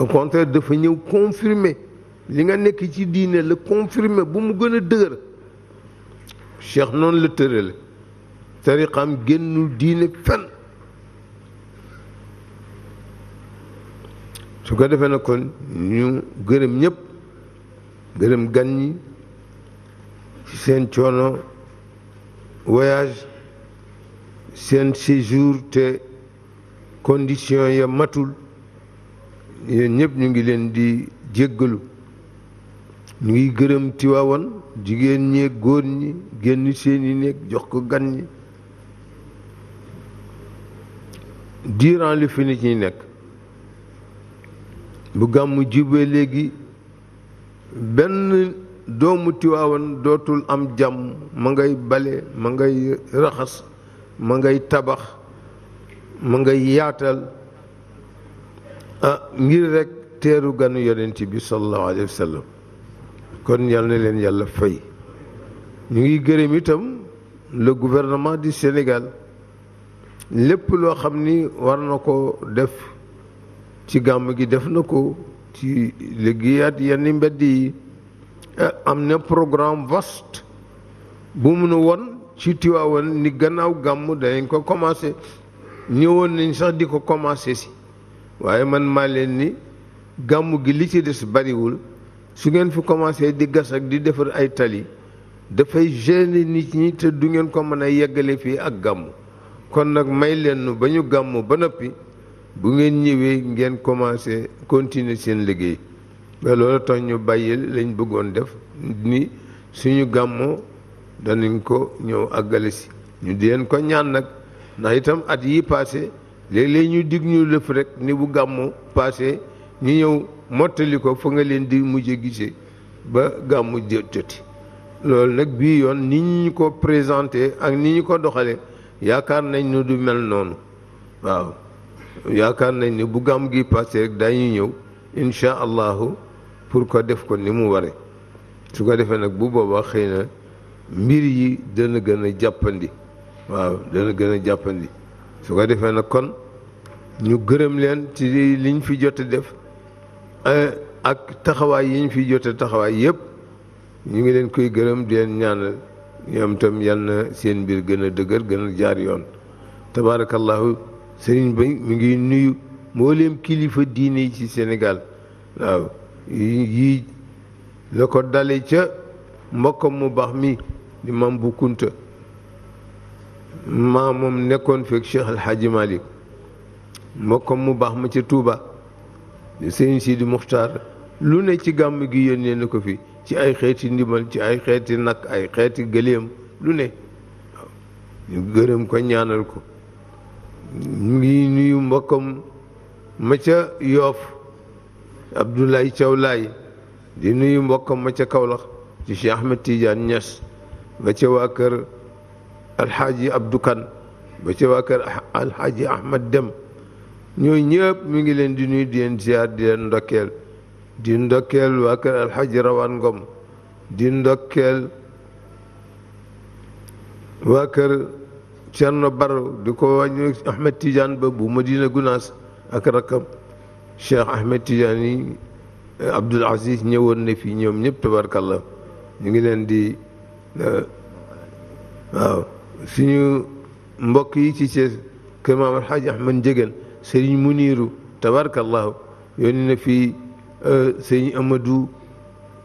au dafa ñëw confirmer li nga nekk ci diine la confirmer bu mu gën a dëgër cheikh noonu la tërale tariqaam génnul diine fen su ko defee na kon ñu gërëm ñëpp gërëm gan ñi ci seen coono voyage seen séjour te condition ya matul ñépp ñu ngi leen di jéggalu ñu ngi gërëm Tiwaawan jigéen ñeeg góor ñi génn seeni néeg jox ko gan ñi diiran fi nit ñi nekk bu gàmm jubee léegi benn doomu Tiwaawan dootul am jàmm mu ngay bale ma ngay raxas mu ngay tabax mu ngay yaatal ah ngir rek teeru ganu yonent bi sallallahu alayhi wa sallam kon yal na leen yàlla fay ñu ngi gërëm itam la gouvernement di Sénégal lépp loo xam ni war na ko def ci gàmm gi def na ko ci liggéeyaat yenn mbedd yi eh, am na programme vaste bu mun a won ci Tiwaawan ni gannaaw gàmm danañ ko commencé ñëwoon nañ sax di ko commencé si waaye man maa leen ni gàmmu gi li ci des bariwul su ngeen fi commencé di gas ak di defar ay tali dafay gêner nit ñi te du ngeen ko mën a yeggale fii ak gàmmu kon nag may leen nu ba ñu gàmmu ba noppi bu ngeen ñëwee ngeen commencé continuer seen liggéey mais loolu tax ñu bàyyil lañ bëggoon def ni suñu gàmmoo danañ ko ñëw àggale si ñu di leen ko ñaan nag ndax itam at yi passé léeg-léeg ñu dig ñu lëf rek ni bu gàmmu passé ñu ñëw mottali ko fa nga leen di mujje gisee ba gàmmu joti loolu nag bii yoon ni ñu ko présenté ak ni ñu ko doxale yaakaar nañ ne du mel noonu waaw yaakaar nañ ni bu gàmm gi passé rek dañuy ñëw incha allahu pour ko def ko ni mu ware su ko defee nag bu boobaa xëy na mbir yi dana gën a jàppandi waaw dana gën a jàppandi su ko defee na kon ñu gërëm leen ci liñ fi jot def eh, ak taxawaay yiñ fi jote taxawaay yépp ñu ngi leen koy gërëm di leen ñaanal ñoom itam yal na seen mbir gën a dëgër gën a jaar yoon tabaarakallahu sëriñ bi mu ngi nuyu mboolem kilifa diine yi ci senegal waaw yii la ko dale ca mbokkam mu baax mi di Maam Bu maa moom nekkoon feeg Cheikh El Hadj Malick mbokkam mu baax ma ca Touba sëñ Sidi Muxtaar lu ne ci gàmm gi yónnee na ko fi ci ay xeeti ndimal ci ay xeeti nag ay xeeti gëléem lu ne ñu gërëm ko ñaanal ko mu ngi nuyu mbokkam ma ca Yoof Abdoulaye Thiaw Laye di nuyu mbokkam ma ca Kaolack ci Cheikh Ahmed Tidiane Niass ba ca waa kër alxaaji Abdou Kane ba ci waa kër alxaaji Ahmad Dem ñooy ñëpp mu ngi leen di nuyu di leen ziar di leen ndokkeel di ndokkeel waa kër alxaaji Rawaan Ngom di ndokkeel waa kër Cerno Baro di ko wàññi Ahmed Tidiane ba bu Madina Gunaas ak rakkam Cheikh Ahmed Tidiane yi Abdoul Aziz ñëwoon na fii ñoom ñëpp tabarkalla ñu ngi leen di eh, waaw suñu mbokk yi ci Thiès kër maam alxaaji ahmad njëgéen sëriñ muniiru tabarakallahu yónni na fii euh, sëriñ amadu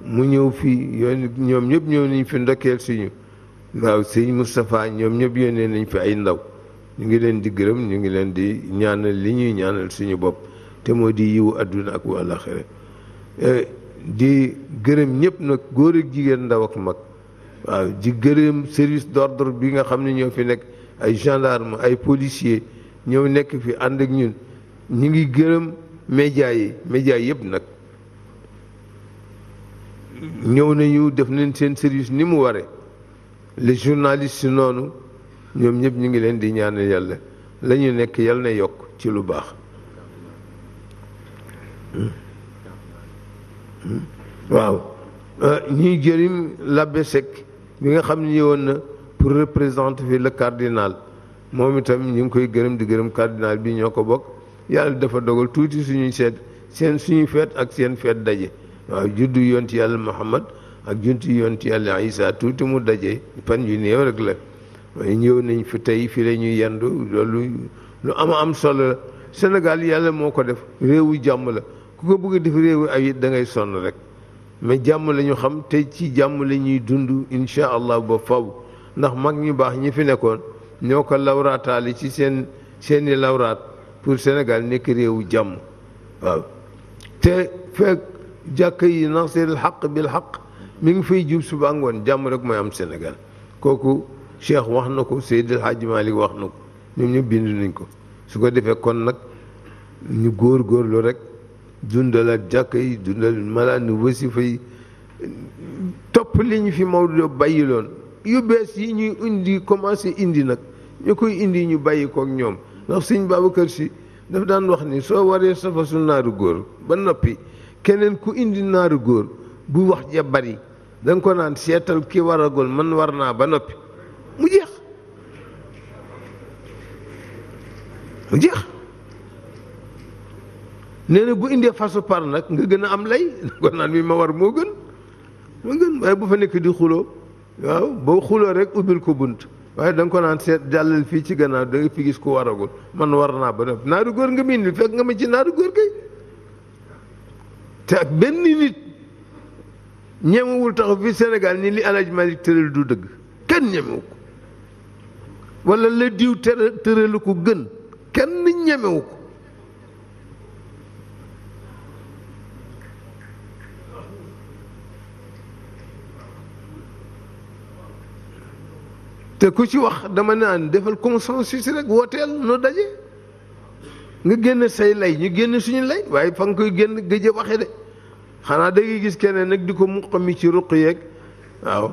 mu ñëw fii yónni ñoom ñëpp ñëw nañ fi ndokkeel suñu waaw sëriñ moustapha ñoom ñëpp yónnee nañ fi ay ndaw ñu ngi leen di gërëm ñu ngi leen di ñaanal li ñuy ñaanal suñu bopp te moo di yiwu àdduna ak wàllaxira euh, di gërëm ñëpp nag góor ak jigéen ndaw mag waaw ji gërëm service d'ordre bi nga xam ne ñoo fi nekk ay gendarme ay policier ñëw nekk fi ànd ak ñun ñu ngi gërëm média yi média yëpp nag ñëw nañu def nañ seen service ni mu ware les journalistes noonu ñoom ñëpp ñu ngi leen di ñaanal yàlla lañu nekk yàlla na yokk ci lu baax
hmm? Hmm?
waaw euh, ñuy jërim labbe sek bi nga xam ne ñëwoon na pour représenter fi le cardinal moom itam ñu ngi koy gërëm di gërëm cardinal bi ñoo ko bokk yàlla dafa dogal tuuti suñu seet seen suñuy feet ak seen feet daje waaw juddu yonti yàlla Muhammad ak junti yonti yàlla Isa tuuti mu daje fan yu néew rek la waaye ñëw nañ fi tey fi la ñuy yendu loolu lu ama am solo la Sénégal yàlla moo ko def réewu jàmm la ku ko bëgg def réewu ay da ngay sonn rek mais jàmm la xam te ci jàmm lañuy dund incha allah ba faw ndax mag ñu baax ñi fi nekkoon ñoo ko lawraataali ci seen seeni lawraat pour Sénégal nekk réewu jàmm waaw te fekk jàkka yi nasiril xaq bil xaq mi ngi fay jub suba ngoon jàmm rek mooy am Sénégal kooku Cheikh wax na ko Seydil Hadji wax na ko ñoom ñëpp bind nañ ko su ko defee kon nag ñu góor góorlu rek dundal jàkk yi dundal malaan wasifa yi topp li ñu fi Maodo bàyyi loon yu bees yi ñuy indi commencé indi nag ñu koy indi ñu bàyyi kook ñoom ndax sëñ Babacar Si daf daan wax ni soo waree safasu naaru góor ba noppi keneen ku indi naaru góor bu wax ja bari da ko naan seetal ki waragul man war naa ba noppi mu jeex mu jeex nee na bu indee fasu par nag nga gën a am lay kon naan mi ma war moo gën moo gën waaye bu fa nekk di xuloo waaw boo xuloo rek ubbil ko bunt waaye da nga ko naan seet jàllal fii ci gannaaw da fi gis ko waragul man war naa ba noppi naaru góor nga miin fekk nga ma ci naaru góor kay te ak benn nit ñemewul taxaw fi Sénégal ni li Alaaji Malik tëral du dëgg kenn ñemewu ko wala la diw tëral tëralu ko gën kenn ñemewu ko te ku ci wax dama naan defal consensus rek wooteel nu daje nga génn say lay ñu génn suñu lay waaye fa nga koy génn gëj a waxe de xanaa dangay gis keneen nag di ko muqami ci ruq yeeg waaw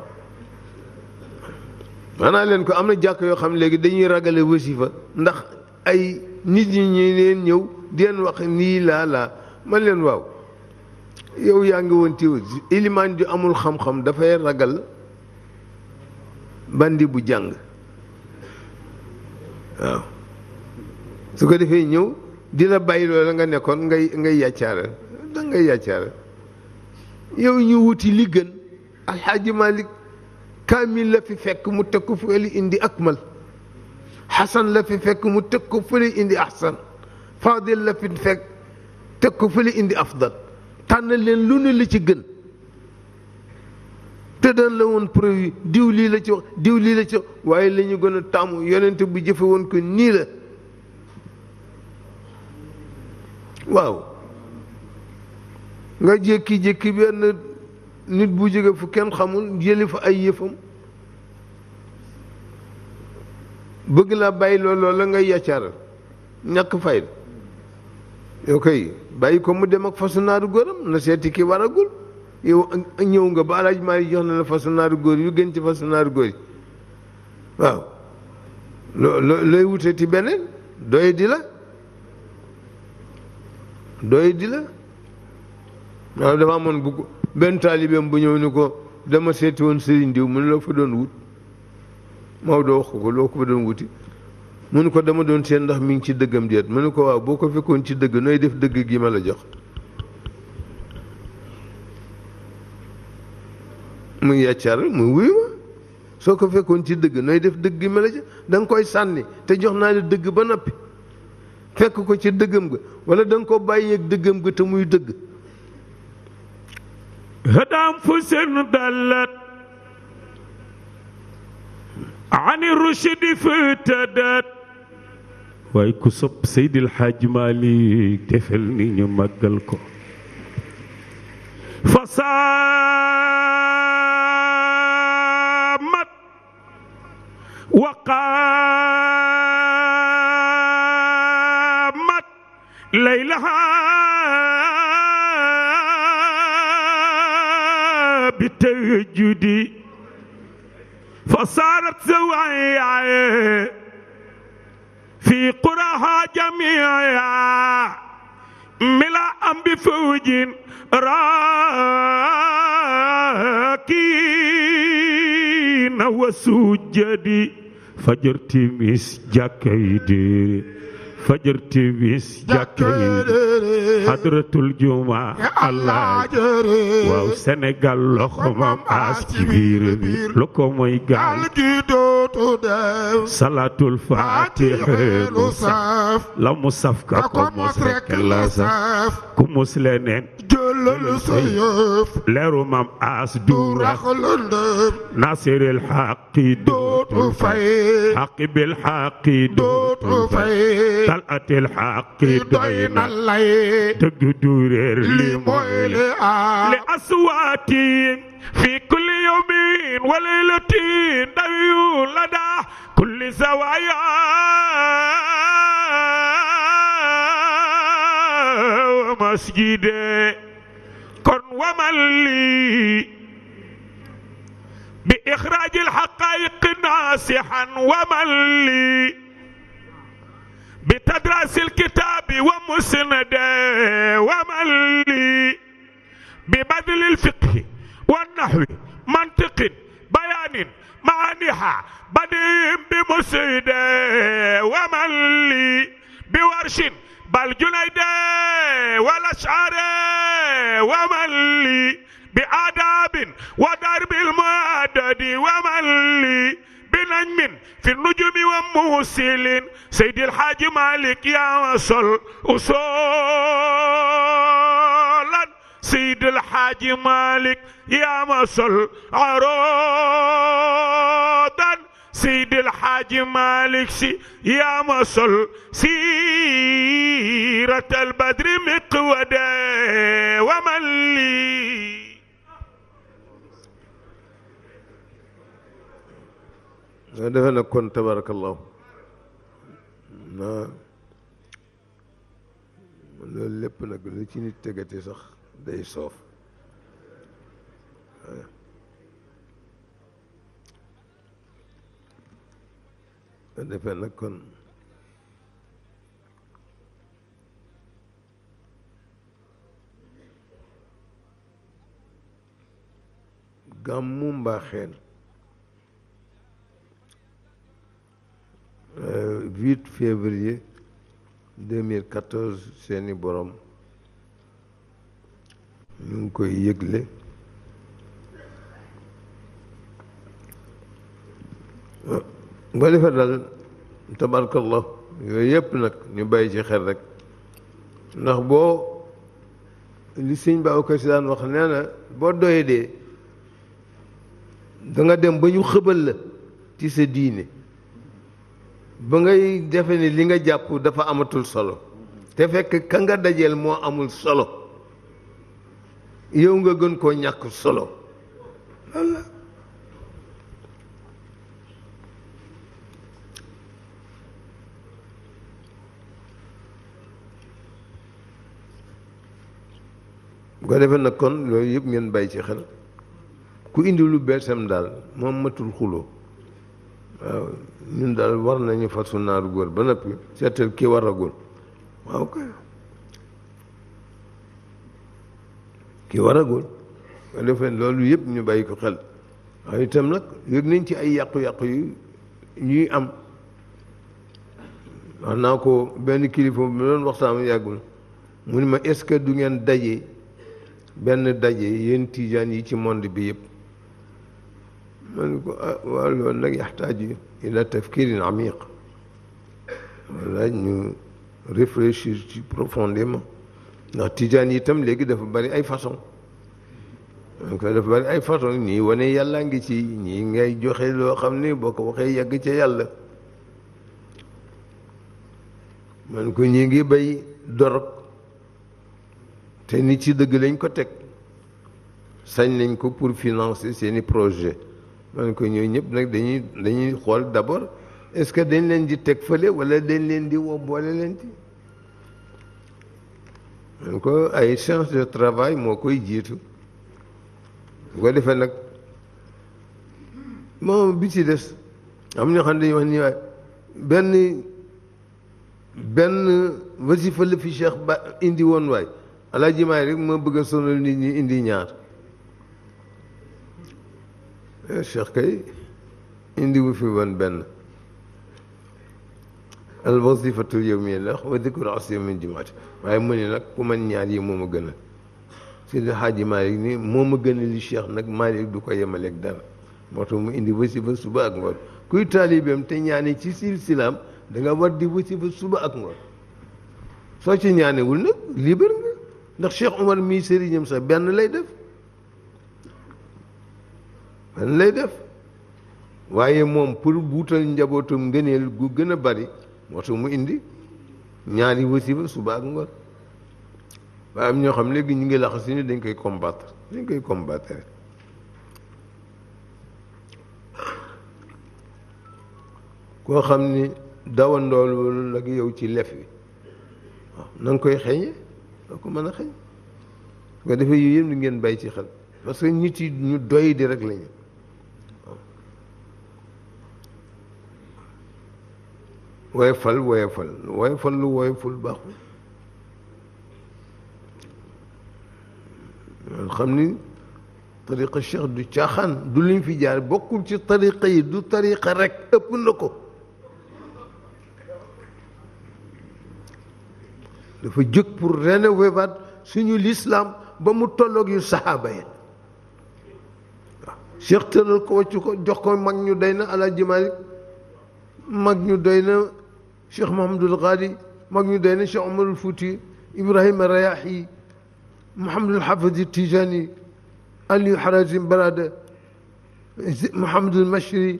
maanaa leen ko am na jàkk yoo xam léegi dañuy ragale wasifa ndax ay nit ñi ñu ñëw di leen wax nii laa laa man leen waaw yow yaa ngi woon tiw ilimaan ju amul xam-xam dafay ragal bandi bu jàng waaw su ko defee ñëw dina la bàyyi loola nga nekkoon ngay ngay yàccaaral da ngay yow ñu wuti li gën alxaaji Malik kaamil la fi fekk mu teg ko fële indi akmal xasan la fi fekk mu teg ko fële indi ahsan fadil la fi fekk teg ko fële indi afdal tànn leen lu ne la ci gën tëddal la woon prévu diw lii la ci wax diw lii la ci wax waaye lañu ñu gën a tàmm yonent bu jëfe woon ko nii la waaw nga jékki-jékki benn nit bu jóge fu kenn xamul jëli fa ay yëfam bëgg laa bàyyi looloo la ngay yaccaral ñàkk fayda yoo koy bàyyi ko mu dem ak fasu naaru góoram na seeti ki waragul yow ñëw nga ba alaaj maa yi jox na la façon naaru góor yu gën ci façon naaru góor yi waaw looy wute ci beneen doy di la doy di la waaw dafa amoon bu ko benn taalibeem bu ñëw ni ko dama seeti woon sëriñ diw mu ne la fa doon wut Maodo wax ko loo ko fa doon wuti mu ko dama doon seen ndax mi ngi ci dëggam déet mu ne ko waaw boo ko fekkoon ci dëgg nooy def dëgg gi ma la jox mu yeccar mu wuyu ma soo ko fekkoon ci dëgg nooy def dëgg ma la ca koy sànni te jox naa ne dëgg ba noppi fekk ko ci dëggam ga wala da ko bàyyeeg dëggam ga te muy dëgg
hadaam fu seen dallat ani rushdi fëtëdët waaye ku sopp Seydil Hadj Malick defel ni ñu màggal ko fa saamat wa qaamat laylaha bi tahajjudi fa saarat sawaya fi quraha jamiiha mila am bi fawjin raakiina wa sujjadi fajar timis jàkkay déere fajar timis jàkkay déere hadratul juma allah waaw Sénégal loxo mam aas ci lu ko mooy gaal gi dootu salaatul faatiha saf la mu saf ka ko rekk la saf ku leneen jëlal sa yëf leeru maam aas du rax lëndëm nasiril xaqi dootu fay xaqi bil xaqi dootu fay talatil xaqi doy na lay dëgg du réer li mooy li aar li aswaati fi kulli yawmin wa laylatin dayu lada kulli zawaaya masjide kon wamal lii bi ixraaj alxaqaayiq naasixan wamal lii bi tadraas alkitaabi wa musnade wamal lii bi badli alfiqhi wa naxwi mantiqin bayaanin maaniha badim bi musnade wamal lii bi warshin bal junayde wal ashare wa man li bi adabin wa darbil muadadi wa man li bi najmin fi nujumi wa musilin seydi alxaaji malik yaa sol usolan seydi alxaaji malik yaa sol arodan seydil xaaji malik si yaa ma sol siiratal badri miqwade waman lii
nga defe na kon tabarakallahu naa loolu lépp nag lu ci nit tegati sax day soof defe nag kon gàmmu mbaaxeel euh, huit février seeni boroom ñu ngi koy yëgle euh, boo defee daal tabarkallah yooyu yëpp nag ñu bàyyi ci xel rek ndax boo li sëñ Babacar Si daan wax nee na boo doy dee da nga dem ba ñu xëbal la ci sa diine ba ngay defe ni li nga jàpp dafa amatul solo te fekk kanga nga dajeel moo amul solo yow nga gën koo ñàkk solo ko defee nag kon loolu yëpp ngeen bàyyi ci xel ku indi lu beesam daal moom matul xuloo waaw ñun daal war nañu fasu naaru góor ba noppi seetal ki war a góor waaw
kay ki ko
defee loolu yëpp ñu bàyyi ko xel waaye itam nag yëg nañ ci ay yàqu-yàqu yu ñuy am wax naa ko benn kilifa bu doon waxtaan yàggul mu ne ma est-ce du ngeen daje benn daje yéen tiijaan yi ci monde bi yëpp ma ne ko ah waaw loolu nag yaxtaaju ila tafkirin amiq wala ñu réfléchir ci profondément ndax tiijaan yi tam léegi dafa bari ay façon donc dafa bari ay façon ñii wane yàlla ngi ci ñi ngay joxe loo xam ne boo ko waxee yàgg ca yàlla man ko ñii ngi bay dorog te nit ci dëgg lañ ko teg sañ nañ ko pour financer seeni projet man ko ñooy ñëpp nag dañuy dañuy xool d'abord est-ce que dañ leen di teg fële wala dañ leen di woo boole leen ci man ko ay change de travail moo koy jiitu bu ko defee nag moom bi ci des am ñoo xam ne dañuy wax ni waaye benn benn wasifa la fi Cheikh Ba indi woon waay alaaji maay moo ma bëgg a sonal nit ñi indi ñaar eh, cheikh kay indi wu fi woon al wasifatul yawmiyya ndax wa dikru asri jumaati waaye mu nag ku man yi moo ma gënal di xaaji maalik ni moo ma gënal li cheikh nag maalik du ko yemaleeg dara moo tax mu indi wasifa suba ak ngoon kuy taalibeem te ñaani ci silsilaam da danga war di wasifa suba ak ngoon soo ci ñaanewul nag libre nga ndax Cheikh Omar mii sëriñam sax benn lay def benn lay def waaye moom pour buutal njabootum ngëneel gu gën a bari moo tax mu indi ñaari wasiba suba ak ngoon waaye am ñoo xam léegi ñu ngi lax si ni dañ koy combattre dañ koy combattre koo xam ni dawandool la yow ci lef wi waaw na koy xeeñe doo ko mën a xëy su ko defee yooyu yëpp ni ngeen bàyyi ci xel parce que nit yi ñu doy di rek lañu woyofal woyofal woyofal lu woyoful baaxul loolu xam ni tariqa cheikh du caaxaan du liñ fi jaar bokkul ci tariqa yi du tariqa rek ëpp na ko dafa jóg pour rénover waat suñu lislaam ba mu tolloog yu saxaaba yi waaw Cheikh tëral ko wàcc ko jox ko mag ñu doy na Alaaji Malik mag ñu doy na Cheikh Mahamadul Ghali mag ñu doy na Cheikh Omarul Fouti Ibrahima Rayahi Mouhamadul Hafidi Tijani Aliou Harazim Barada Mouhamadul Machri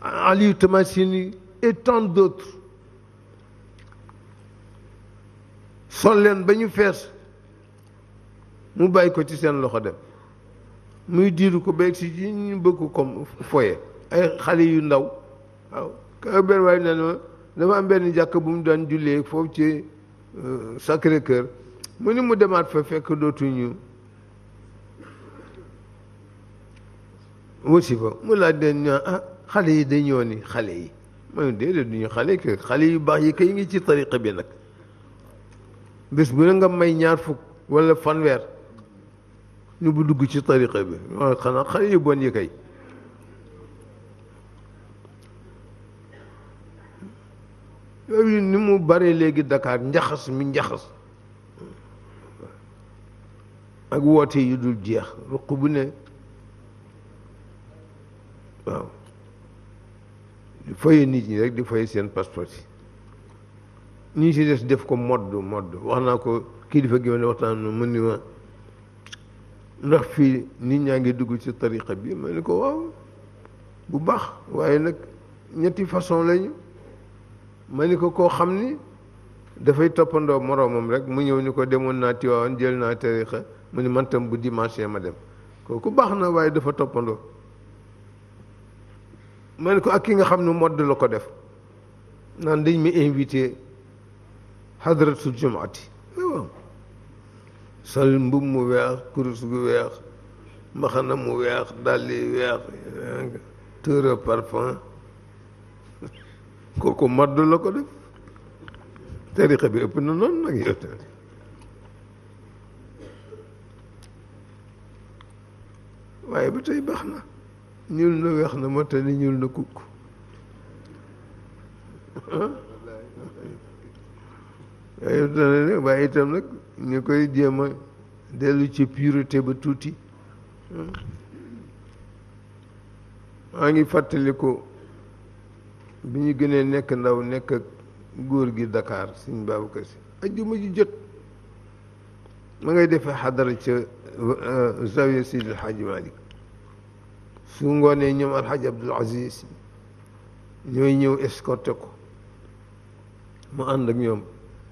Aliou Tamasini et tant d'autres sol leen ba ñu fees mu bàyyi ko ci seen loxo dem muy diiru ko beeg si ji ñu bëgg ko comme foye ay xale yu ndaw waaw ka benn waaye nee na dafa am benn jàkk bu mu daan jullee foofu ci euh, Sacré Cœur mu ni mu demaat fa fekk dootuñu wasi fa mu la leen ñu ah xale yi dañoo ni xale yi mooy déedéet du ñu que xale yu baax yi kay ngi ci tariqa bi nag bis bu ne nga may ñaar fukk wala fanweer ñu bu dugg ci tariqa bi waaye xanaa xale yu bon yi ni mu bare léegi Dakar njaxas mi njaxas ak woote yu dul jeex ruq bu ne waaw di faye nit ñi rek di faye seen passeport yi ñi si des def ko modd modd wax naa ko kilifa gi ma ne waxtaan mu ni ma ndax fii nit ñaa ngi dugg ci tariqa bi ma ne ko waaw bu baax waaye nag ñetti façon lañu ma ni ko koo xam ni dafay toppandoo moroomam rek mu ñëw ni ko demoon naa Tiwaawan jël naa tariqa mu ne man bu dimanche ma dem kooku baax na waaye dafa toppandoo ma ne ko ak ki nga xam ne modd la ko def naan dañ ma invité hadratul jumaati sol mbub mu weex kurus gu weex mbaxana mu weex dàll weex tuura parfum kooku madd la ko def tariqa bi ëpp na noonu nag yow waaye ba tey baax na ñuul na weex na moo tax ni ñuul na kukk waaye itam nag ñu koy jéem a dellu ci pureté ba tuuti maa ngi fàttaliku bi ñu gënee nekk ndaw nekk ak góor gi Dakar suñ Babacar Si ajjuma ji jot ma ngay defee xadara ca euh, zawiya Seydi El Hadji su ngoonee ñoom alxaj Abdul Aziz ñooy ñëw escorté ko mu ànd ak ñoom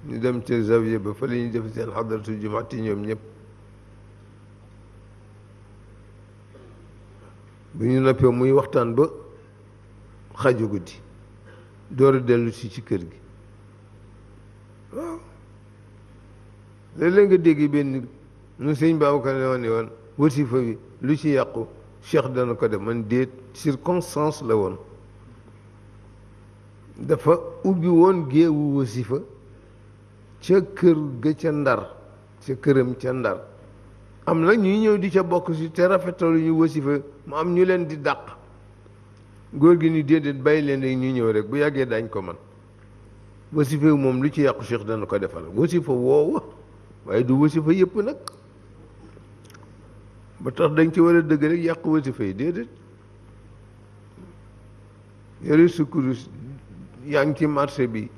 ñu dem ca zawiya ba fa la ñuy def seen xadratu jumaati ñoom ñëpp bu ñu noppee muy waxtaan ba xaju guddi door a dellu si ci kër gi waaw léeg-léeg nga dégg benn nu sëñ Babacar la woon woon wasifa bi lu ci yàqu cheikh dana ko def man déet circonstance la woon dafa ubbi woon géewu wasifa ca kër ga ca ndar ca këram ca ndar am na ñuy ñëw di ca bokk si te rafetalu ñu wasifa mu am ñu leen di dàq góor gi ni déedéet bàyyi leen rek ñu ñëw rek bu yàggee daañ ko man wasifa moom lu ci yàqu Cheikh dana ko defal wasifa woowa waaye du wasifa yëpp nag ba tax dañ ci war a dëgg rek yàq wasifa yi déedéet yore sukkurus yaa ngi ci marché bi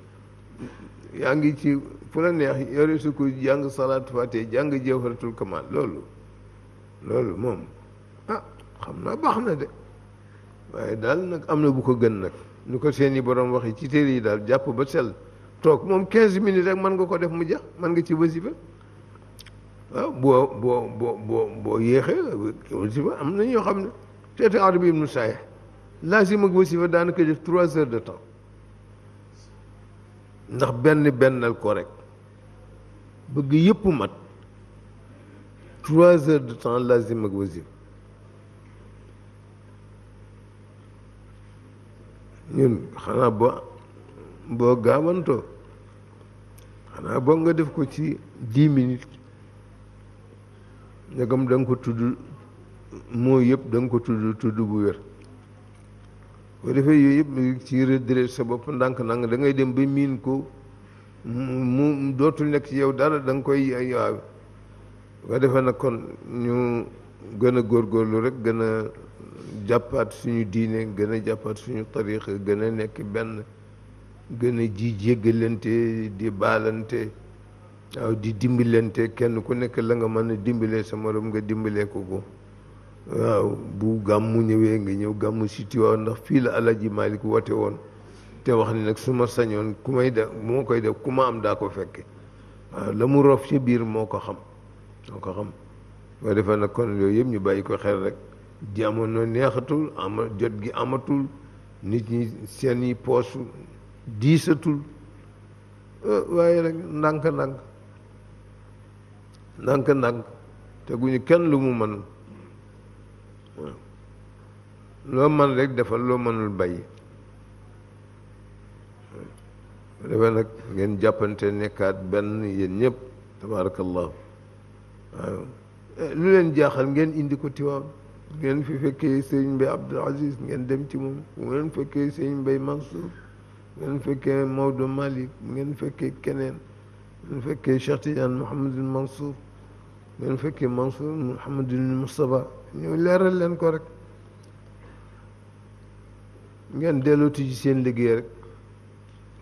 yaa ngi ci fu la neex yore sukkur jàng salaat fàtte jàng jawharatul kamal loolu loolu moom ah xam naa baax na de waaye daal nag am na bu ko gën nag nu ko seeni borom waxee ci téere yi daal jàpp ba sel toog moom quinze minutes rek mën nga ko def mu jeex man nga ci wasifa waaw boo boo boo boo boo yéexee wasifa am na ñoo xam ne seeti arabi ibnu saaya laazim ak wasifa daanaka def trois heures de temps ndax benn bennal ko rek bëgg yëpp mat trois heures de temps lazim ak wasif ñun xanaa bo boo gaawantoo xanaa nga def ko ci dix minutes ndegam da ko tudd moo yëpp dang ko tudd tudd bu wér boo defee yooyu yëpp ci redresser sa bopp ndànk-ndànk da ngay dem ba miin ko mu dootul nekk ci yow dara danga koy waaw nga defee nag kon ñu gën a góor góorlu rek gën a jàppaat suñu diine gën a jàppaat suñu tariqa gën a nekk benn gën a ji jéggalante di baalante waaw di dimbalante kenn ku nekk la nga mën a dimbalee sa morom nga dimbalee ko ko waaw bu gàmmu ñëwee nga ñëw gàmmu si Tiwaawan ndax fii la Alaaji Maalik woote woon te wax ni nag su ma sañoon ku may def moo koy def ku ma am daa ko fekke waaw la mu rof ci biir moo ko xam moo ko xam boo defee nag kon yooyu yëpp ñu bàyyi ko xel rek jamono neexatul ama jot gi amatul nit ñi seen yi poosu diisatul waaye rek ndànk-ndànk ndànk-ndànk te kenn lu mu mënul loo man rek defal loo mënul bàyyi defee ngeen jàppante nekkaat benn yéen ñëpp tabarakallahu waaw lu leen jaaxal ngeen indi ko tiwaaw ngeen fi fekke sëñ Mbay Abdul Aziz ngeen dem ci moom ngeen fekkee sëñ Mbay Mansour ngeen fekkee Maodo Malick ngeen fekke keneen ngeen fekkee Cheikh Tidiane Mouhamadul Mansour ngeen fekkee Mansour Mouhamadul Moustapha ñëw leeral leen ko rek ngeen dellootu ci seen liggéey rek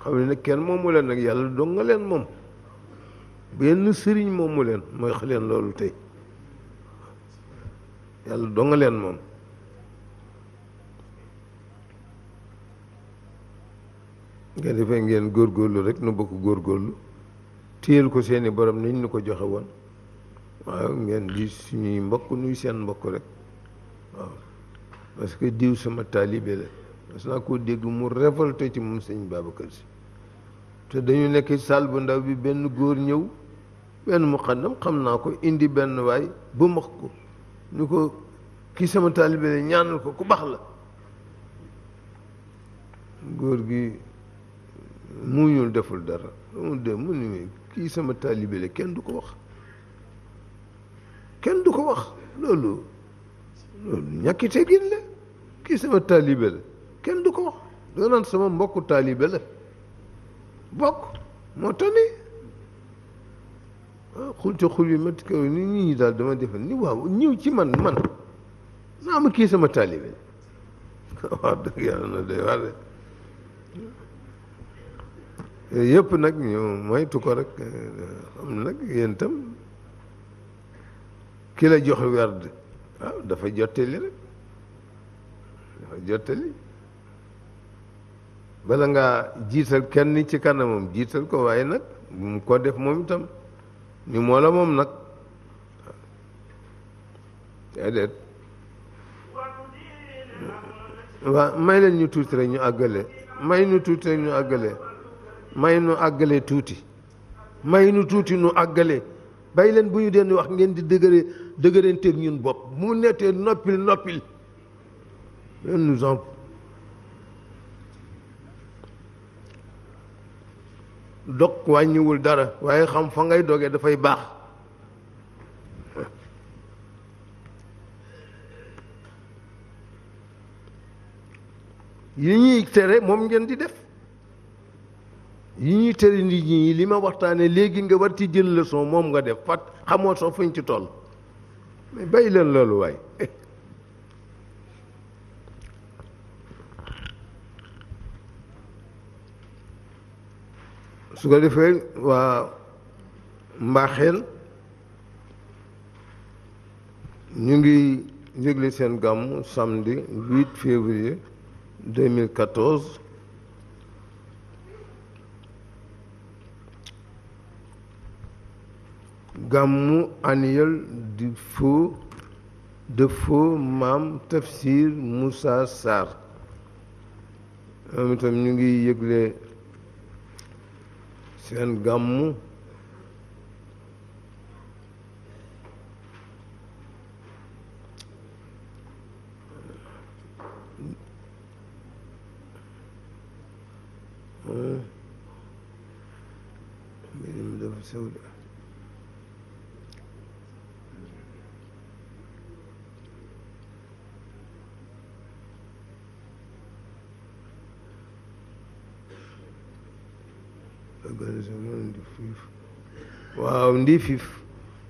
xam ne nag kenn moomu leen nag yàlla dong nga leen moom benn sëriñ moomu leen mooy wax leen loolu tey yàlla dong nga leen moom nga defee ngeen góorgóorlu rek nu bokk góor góorlu téyel ko seeni borom niñ nu ko joxe woon waaw ngeen li suñuy mbokk nuy seen mbokk rek waaw parce que diw sama taalibe la parce que naa koo dégg mu révolté ci moom sëñ Babacar Si te dañu nekk salle bu ndaw bi benn góor ñëw benn muqaddam xam naa ko indi benn waay ba max ko ñu ko kii sama taalibe la ñaanal ko ku baax la góor gi mu muñul deful dara mu de mu ni kii sama taalibe la kenn du ko wax kenn du ko wax loolu loolu ñàkki teggin la kii sama taalibe la kenn du ko wax doo naan sama mbokku taalibe la bokk moo tane ah, xultu xul yi mat kaw ni nit ñi daal dama defal ni waaw ñëw ci man man naa ma kii sama taalibe waaw nag ñu moytu ko rek xam eh, nag yéen tam ki la jox werd waaw ah, dafa jottali rek dafa jottali bala nga jiital kenn ci kanamam jiital ko waaye nag mu ko def moom itam ni moo moom nag déedéet waaw may leen ñu tuuti rek ñu àggale may ñu tuuti rek ñu àggale may nu àggale tuuti may nu tuuti nu àggale bay leen bu ñu deen wax ngeen di dëgëre dëgëranteeg ñun bopp mu nettee noppil noppil leen dog wàññiwul dara waaye xam fa ngay doge dafay baax yi ñuy tere moom ngeen di def yi ñuy tere nit ñi li ma waxtaane léegi nga war ci jël la leçon moom nga def fat xamoo soo fuñ ci toll mais bàyyi leen loolu waaye su ko defee waa mbaaxeel ñu ngi yëgle seen gàmmu samedi 8 février 2014 gàmmu annuel du feu de feu maam Tafsir Moussa Sarr moom ñu ngi yëgle seen gàmmu hmm. mbirum dafa sew de waaw Ndifif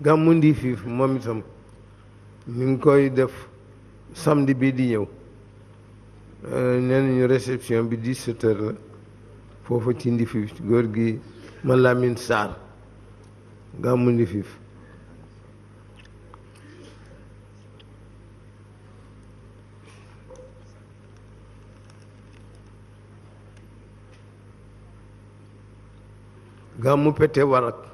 gàmmu Ndifif moom itam mi ngi koy def samedi bii di ñëw euh, nee nañu réception bi di heures la foofa ci Ndifif góor gi ma Lamine Sarr gàmmu Ndifif gàmmu pete warak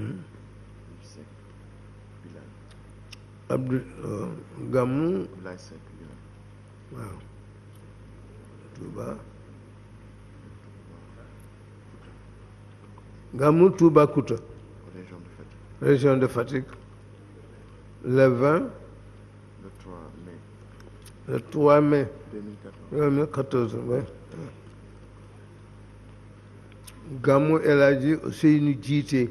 Hmm. Abdou uh, Gammu
waaw
Touba Gammu Toubacouta région de Fatick le 20 le 3 mai 2014 ouais. Gammu El Hadji Ousseynou Djité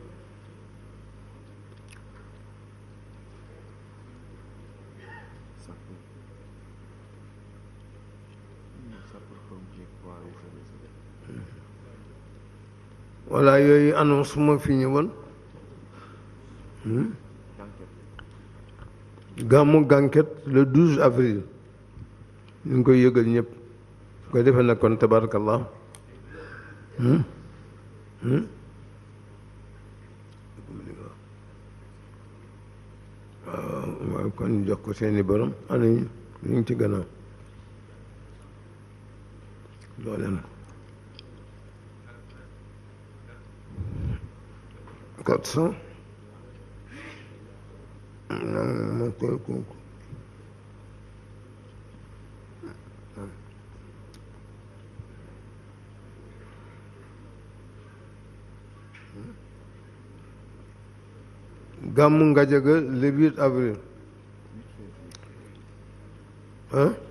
voilà yooyu annonce moo fi ñëwoon gàmmu gànket le 12 avril ñu ngi koy yëgal ñëpp su ko defee nag kon tabarakallah waaw waaw kon jox ko seeni borom ana ñu ngi ci gannaaw looleen 400 Gamou Gadiaga le 8 avril hein